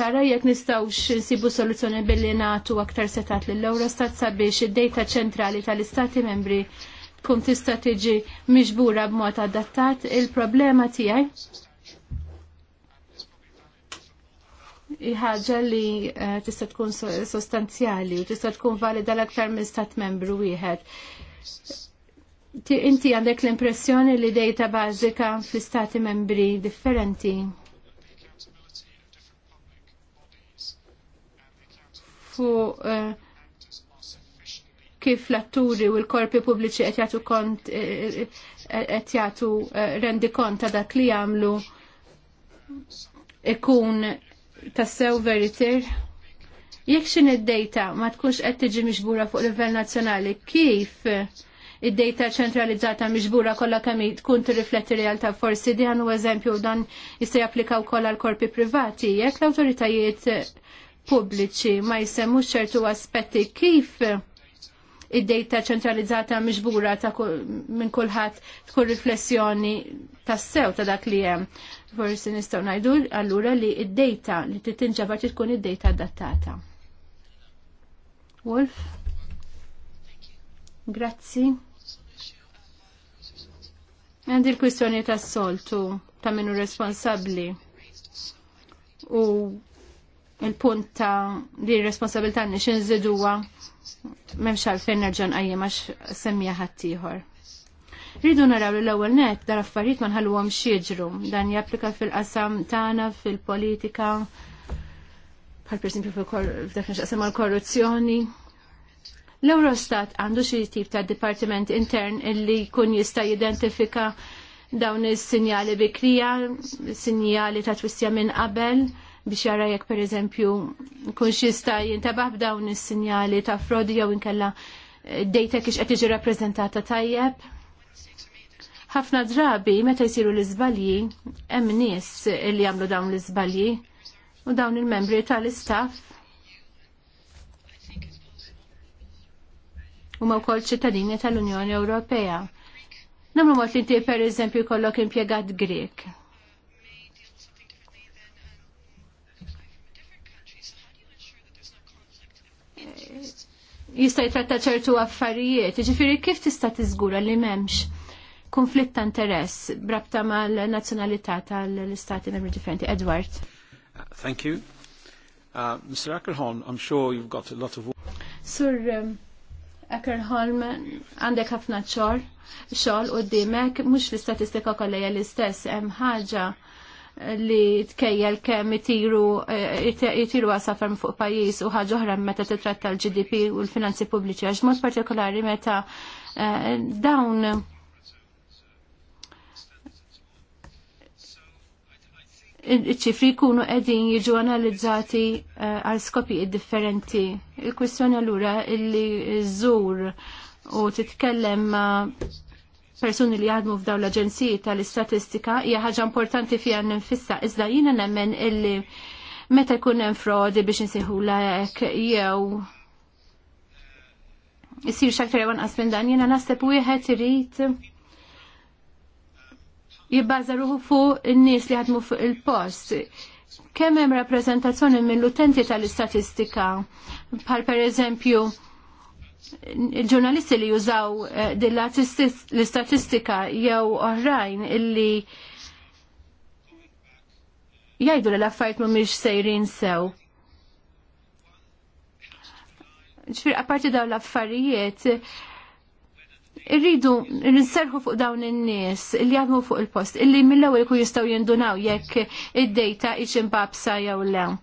tara jekk nistgħux nsibu soluzzjoni billi nagħtu aktar setat lill-Eurostat sabiex id-data ċentrali tal-istati membri tkun tista' tiġi miġbura b'mod adattat, il-problema tiegħi ħaġa li eh, tista' tkun sostanzjali u tista' tkun valida l-aktar minn stat membru wieħed. Inti għandek l-impressjoni li dejta bażika fl-istati membri differenti. Fu uh, kif l-atturi u l-korpi pubbliċi qed jagħtu kont eh, eh, eh, qed jagħtu rendi kont ta' dak li jagħmlu ikun sew veriter. Jekk xin id-data ma tkunx qed tiġi miġbura fuq livell nazzjonali, kif id-data ċentralizzata miġbura kollha kemm tkun tirrifletti realtà forsi di għandu eżempju dan jista' japplikaw kollha l korpi privati, jekk l-awtoritajiet pubbliċi ma jsemmux ċertu aspetti kif id-data ċentralizzata miġbura ta' minn kulħadd tkun riflessjoni tas-sew ta' dak li hemm. Forsi nistgħu ngħidu allura li id-data li titinġabar tkun id-data adattata. Wolf? Grazzi. Għandi l-kwistjoni tas-soltu ta' minnu responsabbli u il punt ta' li responsabilità nix nżiduwa memx għalfejn nerġan għajjem għax semmija ħattijħor. Rridu naraw li l-ewwel net dar affarijiet ma nħalluhom xieġru dan japplika fil-qasam tagħna fil-politika bħal pereżempju fil-qasam għall-korruzzjoni. L-Eurostat għandu xi tip ta' dipartiment intern illi jkun jista' jidentifika dawn is-sinjali bikrija, sinjali ta' twissja minn qabel biex jara jekk pereżempju kun jista' jintabaħ b'dawn is-sinjali ta' frodi jew inkella eh, d-dejta kiex qed iġi rappreżentata tajjeb. Ħafna drabi meta jsiru l-iżbalji hemm nies li jagħmlu dawn l-iżbalji u dawn il-membri tal-istaff u ma' kol ċittadini tal-Unjoni Ewropea. Namlu mot li ti per eżempju kollok impiegat Grek jista' jitratta ċertu affarijiet. Ġifieri kif tista' tiżgura li m'hemmx konflitt ta' interess brabta mal-nazzjonalità tal-istati membri differenti. Edward. Thank you. Uh, Mr. Ackerholm, I'm sure you've got a lot of... Sur um, Ackerholm, għandek ħafna ċor, xol u d-dimek, mux l-istatistika kolleja l-istess, hemm ħaġa li tkejjel kemm itiru eh, itiru għasafar fuq pajjiż u ħaġa oħra meta titratta l-GDP u l-finanzi pubbliċi għax mod partikolari meta eh, dawn ċifri jkunu qegħdin jiġu analizzati eh, għal skopijiet differenti. Il-kwistjoni allura illi żżur u titkellem ma' persuni li jaħdmu f'dawn l-aġenziji tal-istatistika hija ħaġa importanti fiha nfissa iżda jiena nemmen illi meta jkun hemm frodi biex insiħu hekk jew jisir xaktar jew anqas minn dan jiena naħseb wieħed irid jibbaża ruħu fuq in-nies li jaħdmu fuq il-post kemm hemm rappreżentazzjoni mill-utenti tal-istatistika bħal pereżempju il-ġurnalisti li jużaw eh, l-istatistika jew oħrajn illi jgħidu li l-affarijiet mhumiex sejrin sew. ċfir, apparti dawn l-affarijiet irridu nserħu fuq dawn in-nies li għadmu fuq il-post illi mill ewel ikun jistgħu jindunaw jekk id-dejta iċin babsa jew lew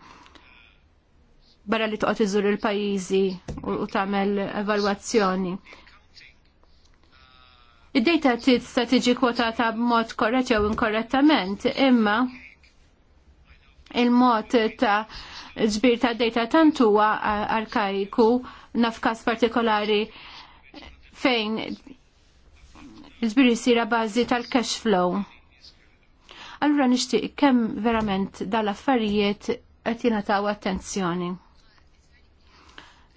barra li toqgħod iżur il-pajjiżi u tagħmel evalwazzjoni. Id-data tista' tiġi kwotata b'mod korrett jew inkorrettament, imma il-mod ta' ġbir ta' data tant huwa arkaiku naf każ partikolari fejn ġbir jisira bażi tal-cash flow. Allura nixtieq kemm verament dal-affarijiet qed jingħataw attenzjoni.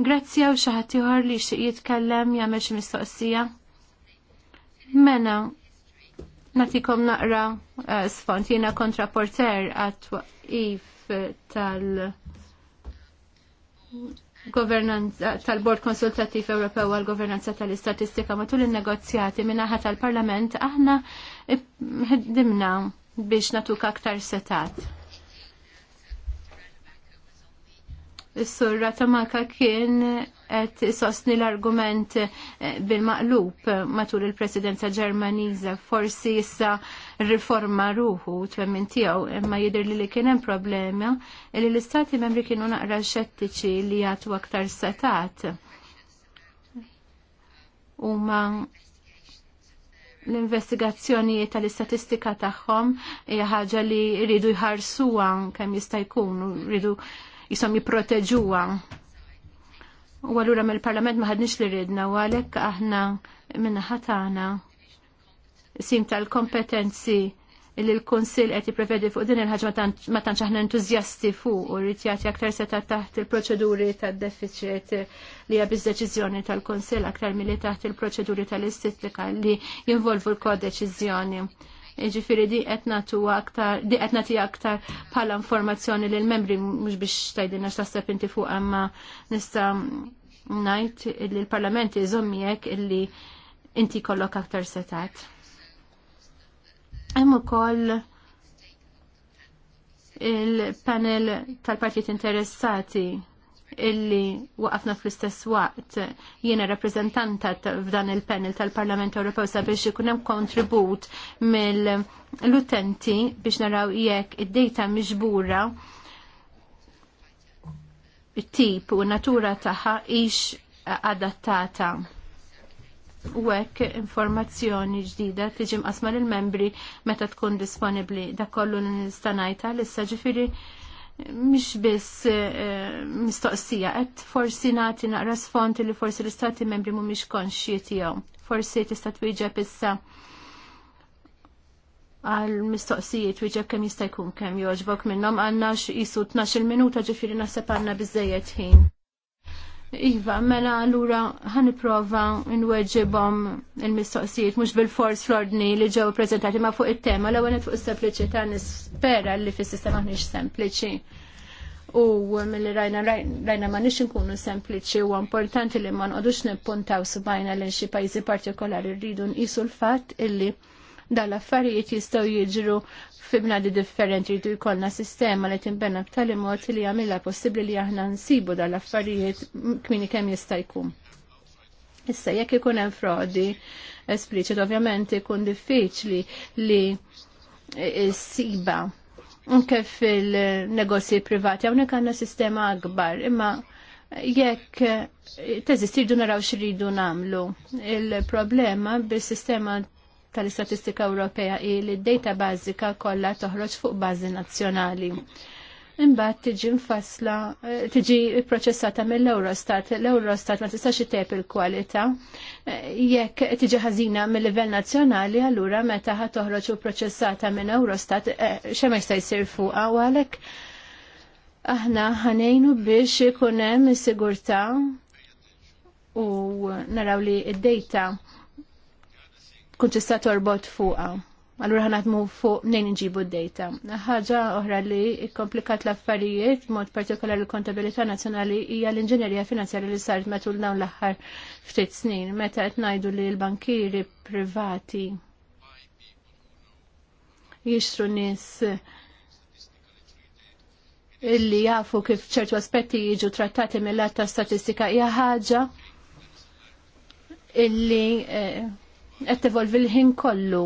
Grazzi għaw xaħatiħor li xie jitkellem jgħamil xie mistoqsija. Mena, natikom naqra uh, sfont, jena kontraporter għat waqif tal- governanza tal-Bord Konsultattiv Ewropew għal Governanza tal-Istatistika matul il-negozjati minnaħa tal-Parlament aħna ħeddimna biex natuk aktar setat. s-surra ta' maka kien qed sosni l-argument eh, bil-maqlub matul il-presidenza ġermaniza forsi issa riforma ruħu twemmin tiegħu imma jidr li li kien hemm problema li l-istati membri kienu naqra xettiċi li jagħtu aktar setat. ma l-investigazzjonijiet tal-istatistika tagħhom hija ħaġa li jridu jħarsuha kemm jista' jkun, jridu jisom jiproteġuwa. U għallura mill-parlament maħadnix li ridna u għalek aħna minna ħatana sim tal-kompetenzi li l-Konsil qed jipprevedi fuq din il ħagġa ma tantx aħna entużjasti fuq u rrid jagħti aktar seta' taħt il-proċeduri tad-deficit li hija biż-deċiżjoni tal-Konsil aktar milli taħt il-proċeduri tal-istitlika li jinvolvu l-kodeċiżjoni. Ġifiri di qed aktar di etna nagħti aktar bħala informazzjoni li l membri mhux biex tgħidilna x'taħseb inti fuq imma nista' ngħid li l-Parlament iżomm jekk illi inti kollok aktar setat. Hemm ukoll il-panel tal-partijiet interessati illi waqafna fl-istess waqt jiena rappreżentanta f'dan il-panel tal-Parlament Ewropew sabiex ikun hemm kontribut mill-utenti biex naraw jekk id-dejta miġbura it-tip u natura tagħha hix adattata. U hekk informazzjoni ġdida tiġi mqasma lill membri meta tkun disponibbli. Dak kollu nista' ngħidha issa ġifieri Mhix biss eh, mistoqsija, qed forsi nagħti naqra sfonti li forsi l-istati membri mhumiex konxji tiegħu. Forsi tista' twieġeb issa għal mistoqsijiet wieġeb kemm jista' jkun kemm jogħġbok minnhom għandna isu 12 minuta ġifiri naħseb għandna biżejjed ħin. Iva, mela allura ħaniprofa nweġibhom il-mistoqsijiet mhux bil-fors l-ordni li ġew prezentati ma fuq it-tema l-ewwel fuq is-sempliċità nispera li fis-sistema ħniex sempliċi. U mill rajna rajna ma nix nkunu sempliċi u importanti li ma nqodux nippuntaw subajna lejn xi pajjiżi partikolari rridu nqisu l-fatt illi dal-affarijiet jistgħu jiġru fibna di differenti rridu jkollna sistema li timbenna b'tali mod li jagħmilha possibbli li aħna nsibu dal-affarijiet kmini kemm jista' jkun. Issa jekk ikun hemm frodi espliċit ovvjament ikun diffiċli li s-siba anke fil-negozji privati hawnhekk għandna sistema akbar imma jekk teżisti rridu naraw x'ridu nagħmlu. Il-problema bis-sistema tal-Istatistika Ewropea hi li d-data bażika kollha toħroġ fuq bażi nazzjonali. Imbagħad tiġi mfassla eh, tiġi pproċessata mill-Eurostat. L-Eurostat ma tistax itep il-kwalità. Eh, jekk tiġi ħażina mill-livell nazzjonali, allura meta ħa toħroġ u proċessata minn Eurostat eh, ma jista' jsir fuqha u għalhekk aħna ħanejnu biex ikun hemm is-sigurtà u naraw li id-data tkun tista' torbot fuqha. Allura tmu fuq nejn nġibu d-data. Ħaġa oħra li komplikat l-affarijiet, mod partikolari l-kontabilità nazzjonali, hija l-inġinerija finanzjarja li saret matul dawn l-aħħar ftit snin, meta qed ngħidu li l-bankieri privati jixtru nies illi jafu kif ċertu aspetti jiġu trattati mill-att ta' statistika hija ħaġa illi eh, qed tevolvi l-ħin kollu.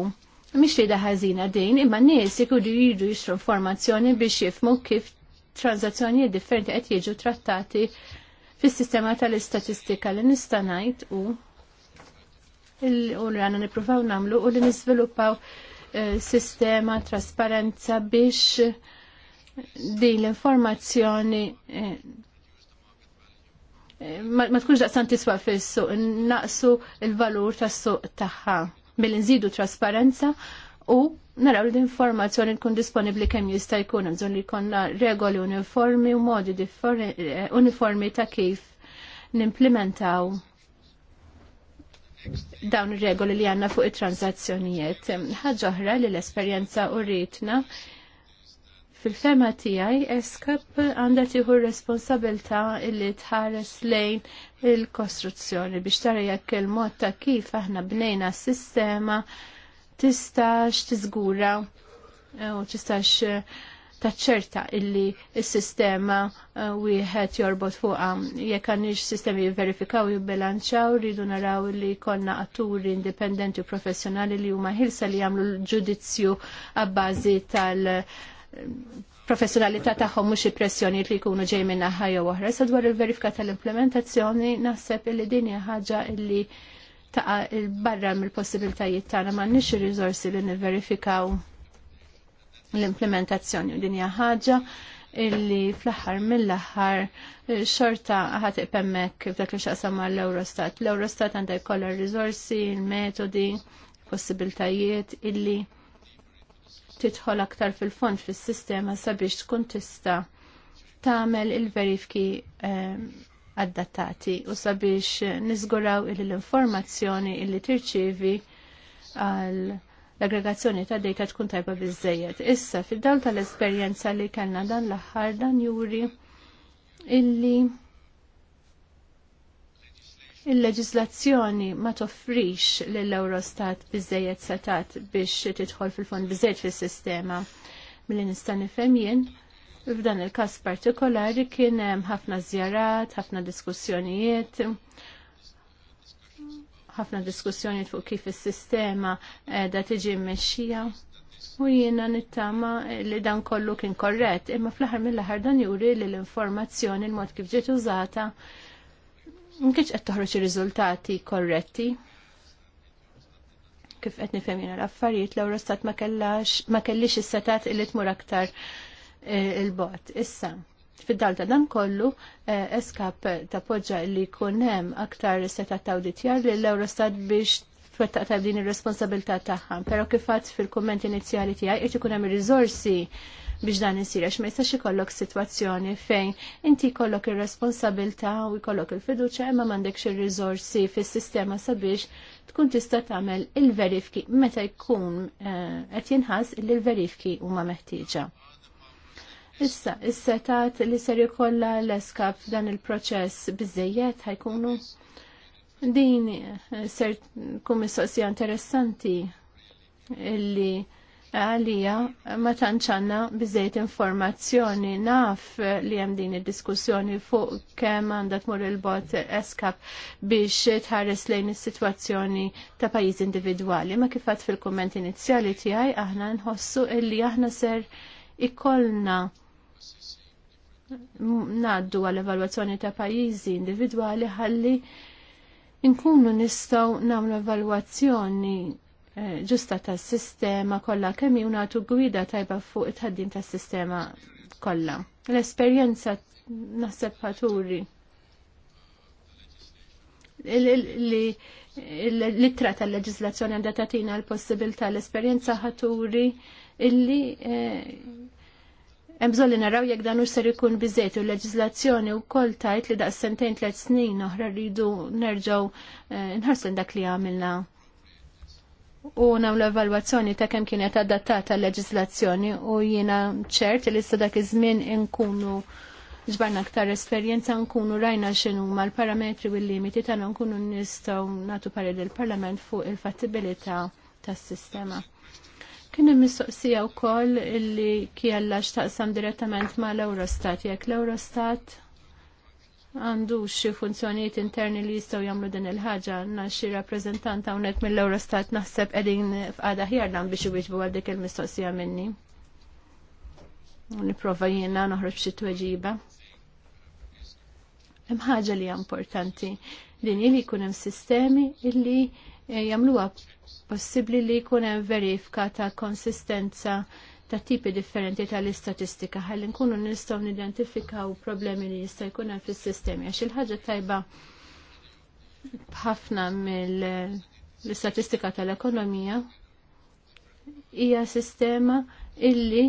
Mhix li ħażina din, imma nies ikunu jridu jixtru informazzjoni biex jifmu kif tranzazzjonijiet differenti qed jiġu trattati fis-sistema tal-istatistika li nista' ngħid u u li għandna nippruvaw nagħmlu u li niżviluppaw eh, sistema trasparenza biex din l-informazzjoni eh, ma tkunx daqsan tiswa fil-suq, naqsu il-valur tas-suq tagħha mill nżidu trasparenza u naraw l-informazzjoni tkun disponibbli kemm jista' jkun hemm bżonn li jkollna regoli uniformi u modi eh, uniformi ta' kif nimplementaw dawn ir-regoli li għandna fuq it-transazzjonijiet. Ħaġa oħra li l-esperjenza u fil-fema tijaj, eskap għanda tiħu responsabilta illi tħares lejn il-kostruzzjoni biex tara jekk il-mod ta' kif aħna bnejna s-sistema tistax tiżgura eh, u tistax taċċerta illi s-sistema eh, wieħed jorbot fuqa jekk għandix sistemi jivverifikaw jibbilanċaw rridu naraw li konna atturi indipendenti u professjonali li huma ħilsa li jagħmlu l-ġudizzju għabbażi tal- professionalità tagħhom mhux il-pressjoni li jkunu ġej minn ħajja jew oħra. Sa dwar il-verifika tal-implementazzjoni naħseb illi din hija ħaġa illi taqa' il-barra mill-possibilitajiet tagħna m'għandniex ir-riżorsi li nivverifikaw l-implementazzjoni u din hija ħaġa illi fl aħħar mill aħħar eh, xorta ħat iqpemmek kif dak li xaqsama l-Eurostat. L-Eurostat għandha jkollha r-riżorsi, il-metodi, possibiltajiet illi titħol aktar fil-fond fis-sistema sabiex tkun tista' tagħmel il-verifki ehm, adattati u sabiex niżguraw il-informazzjoni illi tirċievi għal l-aggregazzjoni ta' dejta tkun tajba biżejjed. Issa, fid-dawl tal-esperjenza li kellna dan l-aħħar dan juri illi il-leġislazzjoni ma toffrix l-Eurostat bizzejet setat biex tidħol fil-fond bizzejet fil-sistema mill nista' nifhem jien. F'dan il-każ partikolari kien hemm ħafna żjarat, ħafna diskussjonijiet, ħafna diskussjonijiet fuq kif is-sistema qiegħda tiġi mmexxija. U jiena nittama li dan kollu kien korrett, imma fl-aħħar mill-aħħar dan juri li l-informazzjoni l-mod kif ġiet użata mkienx qed toħroġ ir-riżultati korretti. Kif qed nifhem jiena l-affarijiet l-Eurostat ma kellax ma kellix is-setat illi tmur aktar eh, il-bot. Issa, fid-dal ta' dan kollu, eh, eskap ta' poġġa li jkun hemm aktar setat ta' awditjar li l-Eurostat biex twettaq ta' din ir-responsabilità tagħha. Però kif fatt fil-kumment inizjali tiegħi qed ikun hemm ir-riżorsi biex dan isir ma jistax ikollok sitwazzjoni fejn inti jkollok ir-responsabilità u jkollok il-fiduċja imma m'għandekx ir-riżorsi fis-sistema sabiex tkun tista' tagħmel il-verifki meta jkun eh, qed jinħass li l-verifki huma meħtieġa. Issa, is-setat li ser jkollha l-eskap f'dan il-proċess biżejjed ħajkunu din eh, ser tkun mistoqsija interessanti illi għalija ma tanċanna bizzejt informazzjoni naf li hemm din id-diskussjoni fuq kemm għandha mur il-bot eskap biex tħares lejn is-sitwazzjoni ta' pajiz individwali. Ma kifat fil-kumment inizjali tiegħi aħna nħossu illi aħna ser ikollna naddu għall-evalwazzjoni ta' pajjiżi individwali ħalli nkunu nistaw namlu evalwazzjoni Eh, ġusta tas sistema kollha kemm juna nagħtu gwida tajba fuq it-ħaddim tas sistema kollha. L-esperjenza naħseb ħaturi l-ittra tal-leġislazzjoni għandha tagħtina l ta l-esperjenza ħaturi illi eh, hemm bżonn naraw jekk dan ser ikun biżejt u l-leġislazzjoni wkoll tajt li daqs sentejn tliet snin oħra rridu nerġgħu eh, nħarsu dak li għamilna u nagħmlu evalwazzjoni ta' kemm kienet adattata l-leġislazzjoni u jiena ċert li sa' dak iż-żmien inkunu ġbarna aktar esperjenza nkunu rajna x'inhu l-parametri u l-limiti tagħna nkunu nistgħu nagħtu pari il-Parlament fuq il-fattibilità tas-sistema. Kien hemm mistoqsija wkoll illi kiella x'taqsam direttament mal-Eurostat jekk l-Eurostat għandux xi funzjonijiet interni li jistgħu jagħmlu din il ħagġa na xie rappresentant hawnhekk mill-Eurostat naħseb qegħdin f'qada ħjarna biex iwieġbu għal dik il-mistoqsija minni. Nipprova jiena noħroġ xi tweġiba. Hemm ħaġa li hija importanti din li jkun hemm sistemi illi jagħmluha possibbli li jkun hemm verifika ta' konsistenza ta' tipi differenti tal-istatistika ħalli nkunu nistgħu nidentifikaw problemi li jista' jkun hemm fis-sistemi għax il-ħaġa tajba b'ħafna mill-istatistika tal-ekonomija hija sistema illi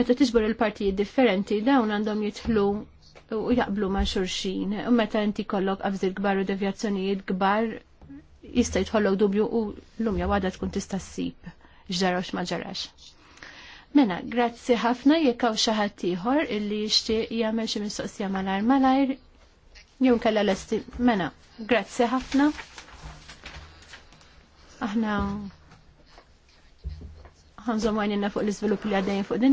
meta tiġbor il-partijiet differenti dawn għandhom jitħlu u jaqblu ma' xurxin. U meta inti kollok għafżir gbar u devjazzjonijiet gbar jista' jitħollok dubju u l-lumja għada tkun tista' ssib ġdarax ma ġarax. Mena, grazzi ħafna jekk hawn xi ħadd ieħor illi jixtieq jagħmel xi mistoqsija malajr malajr jew kellha lesti. Mena, grazzi ħafna. Aħna ħanżom għajnina fuq l-iżvilupp li għaddejjin fuq din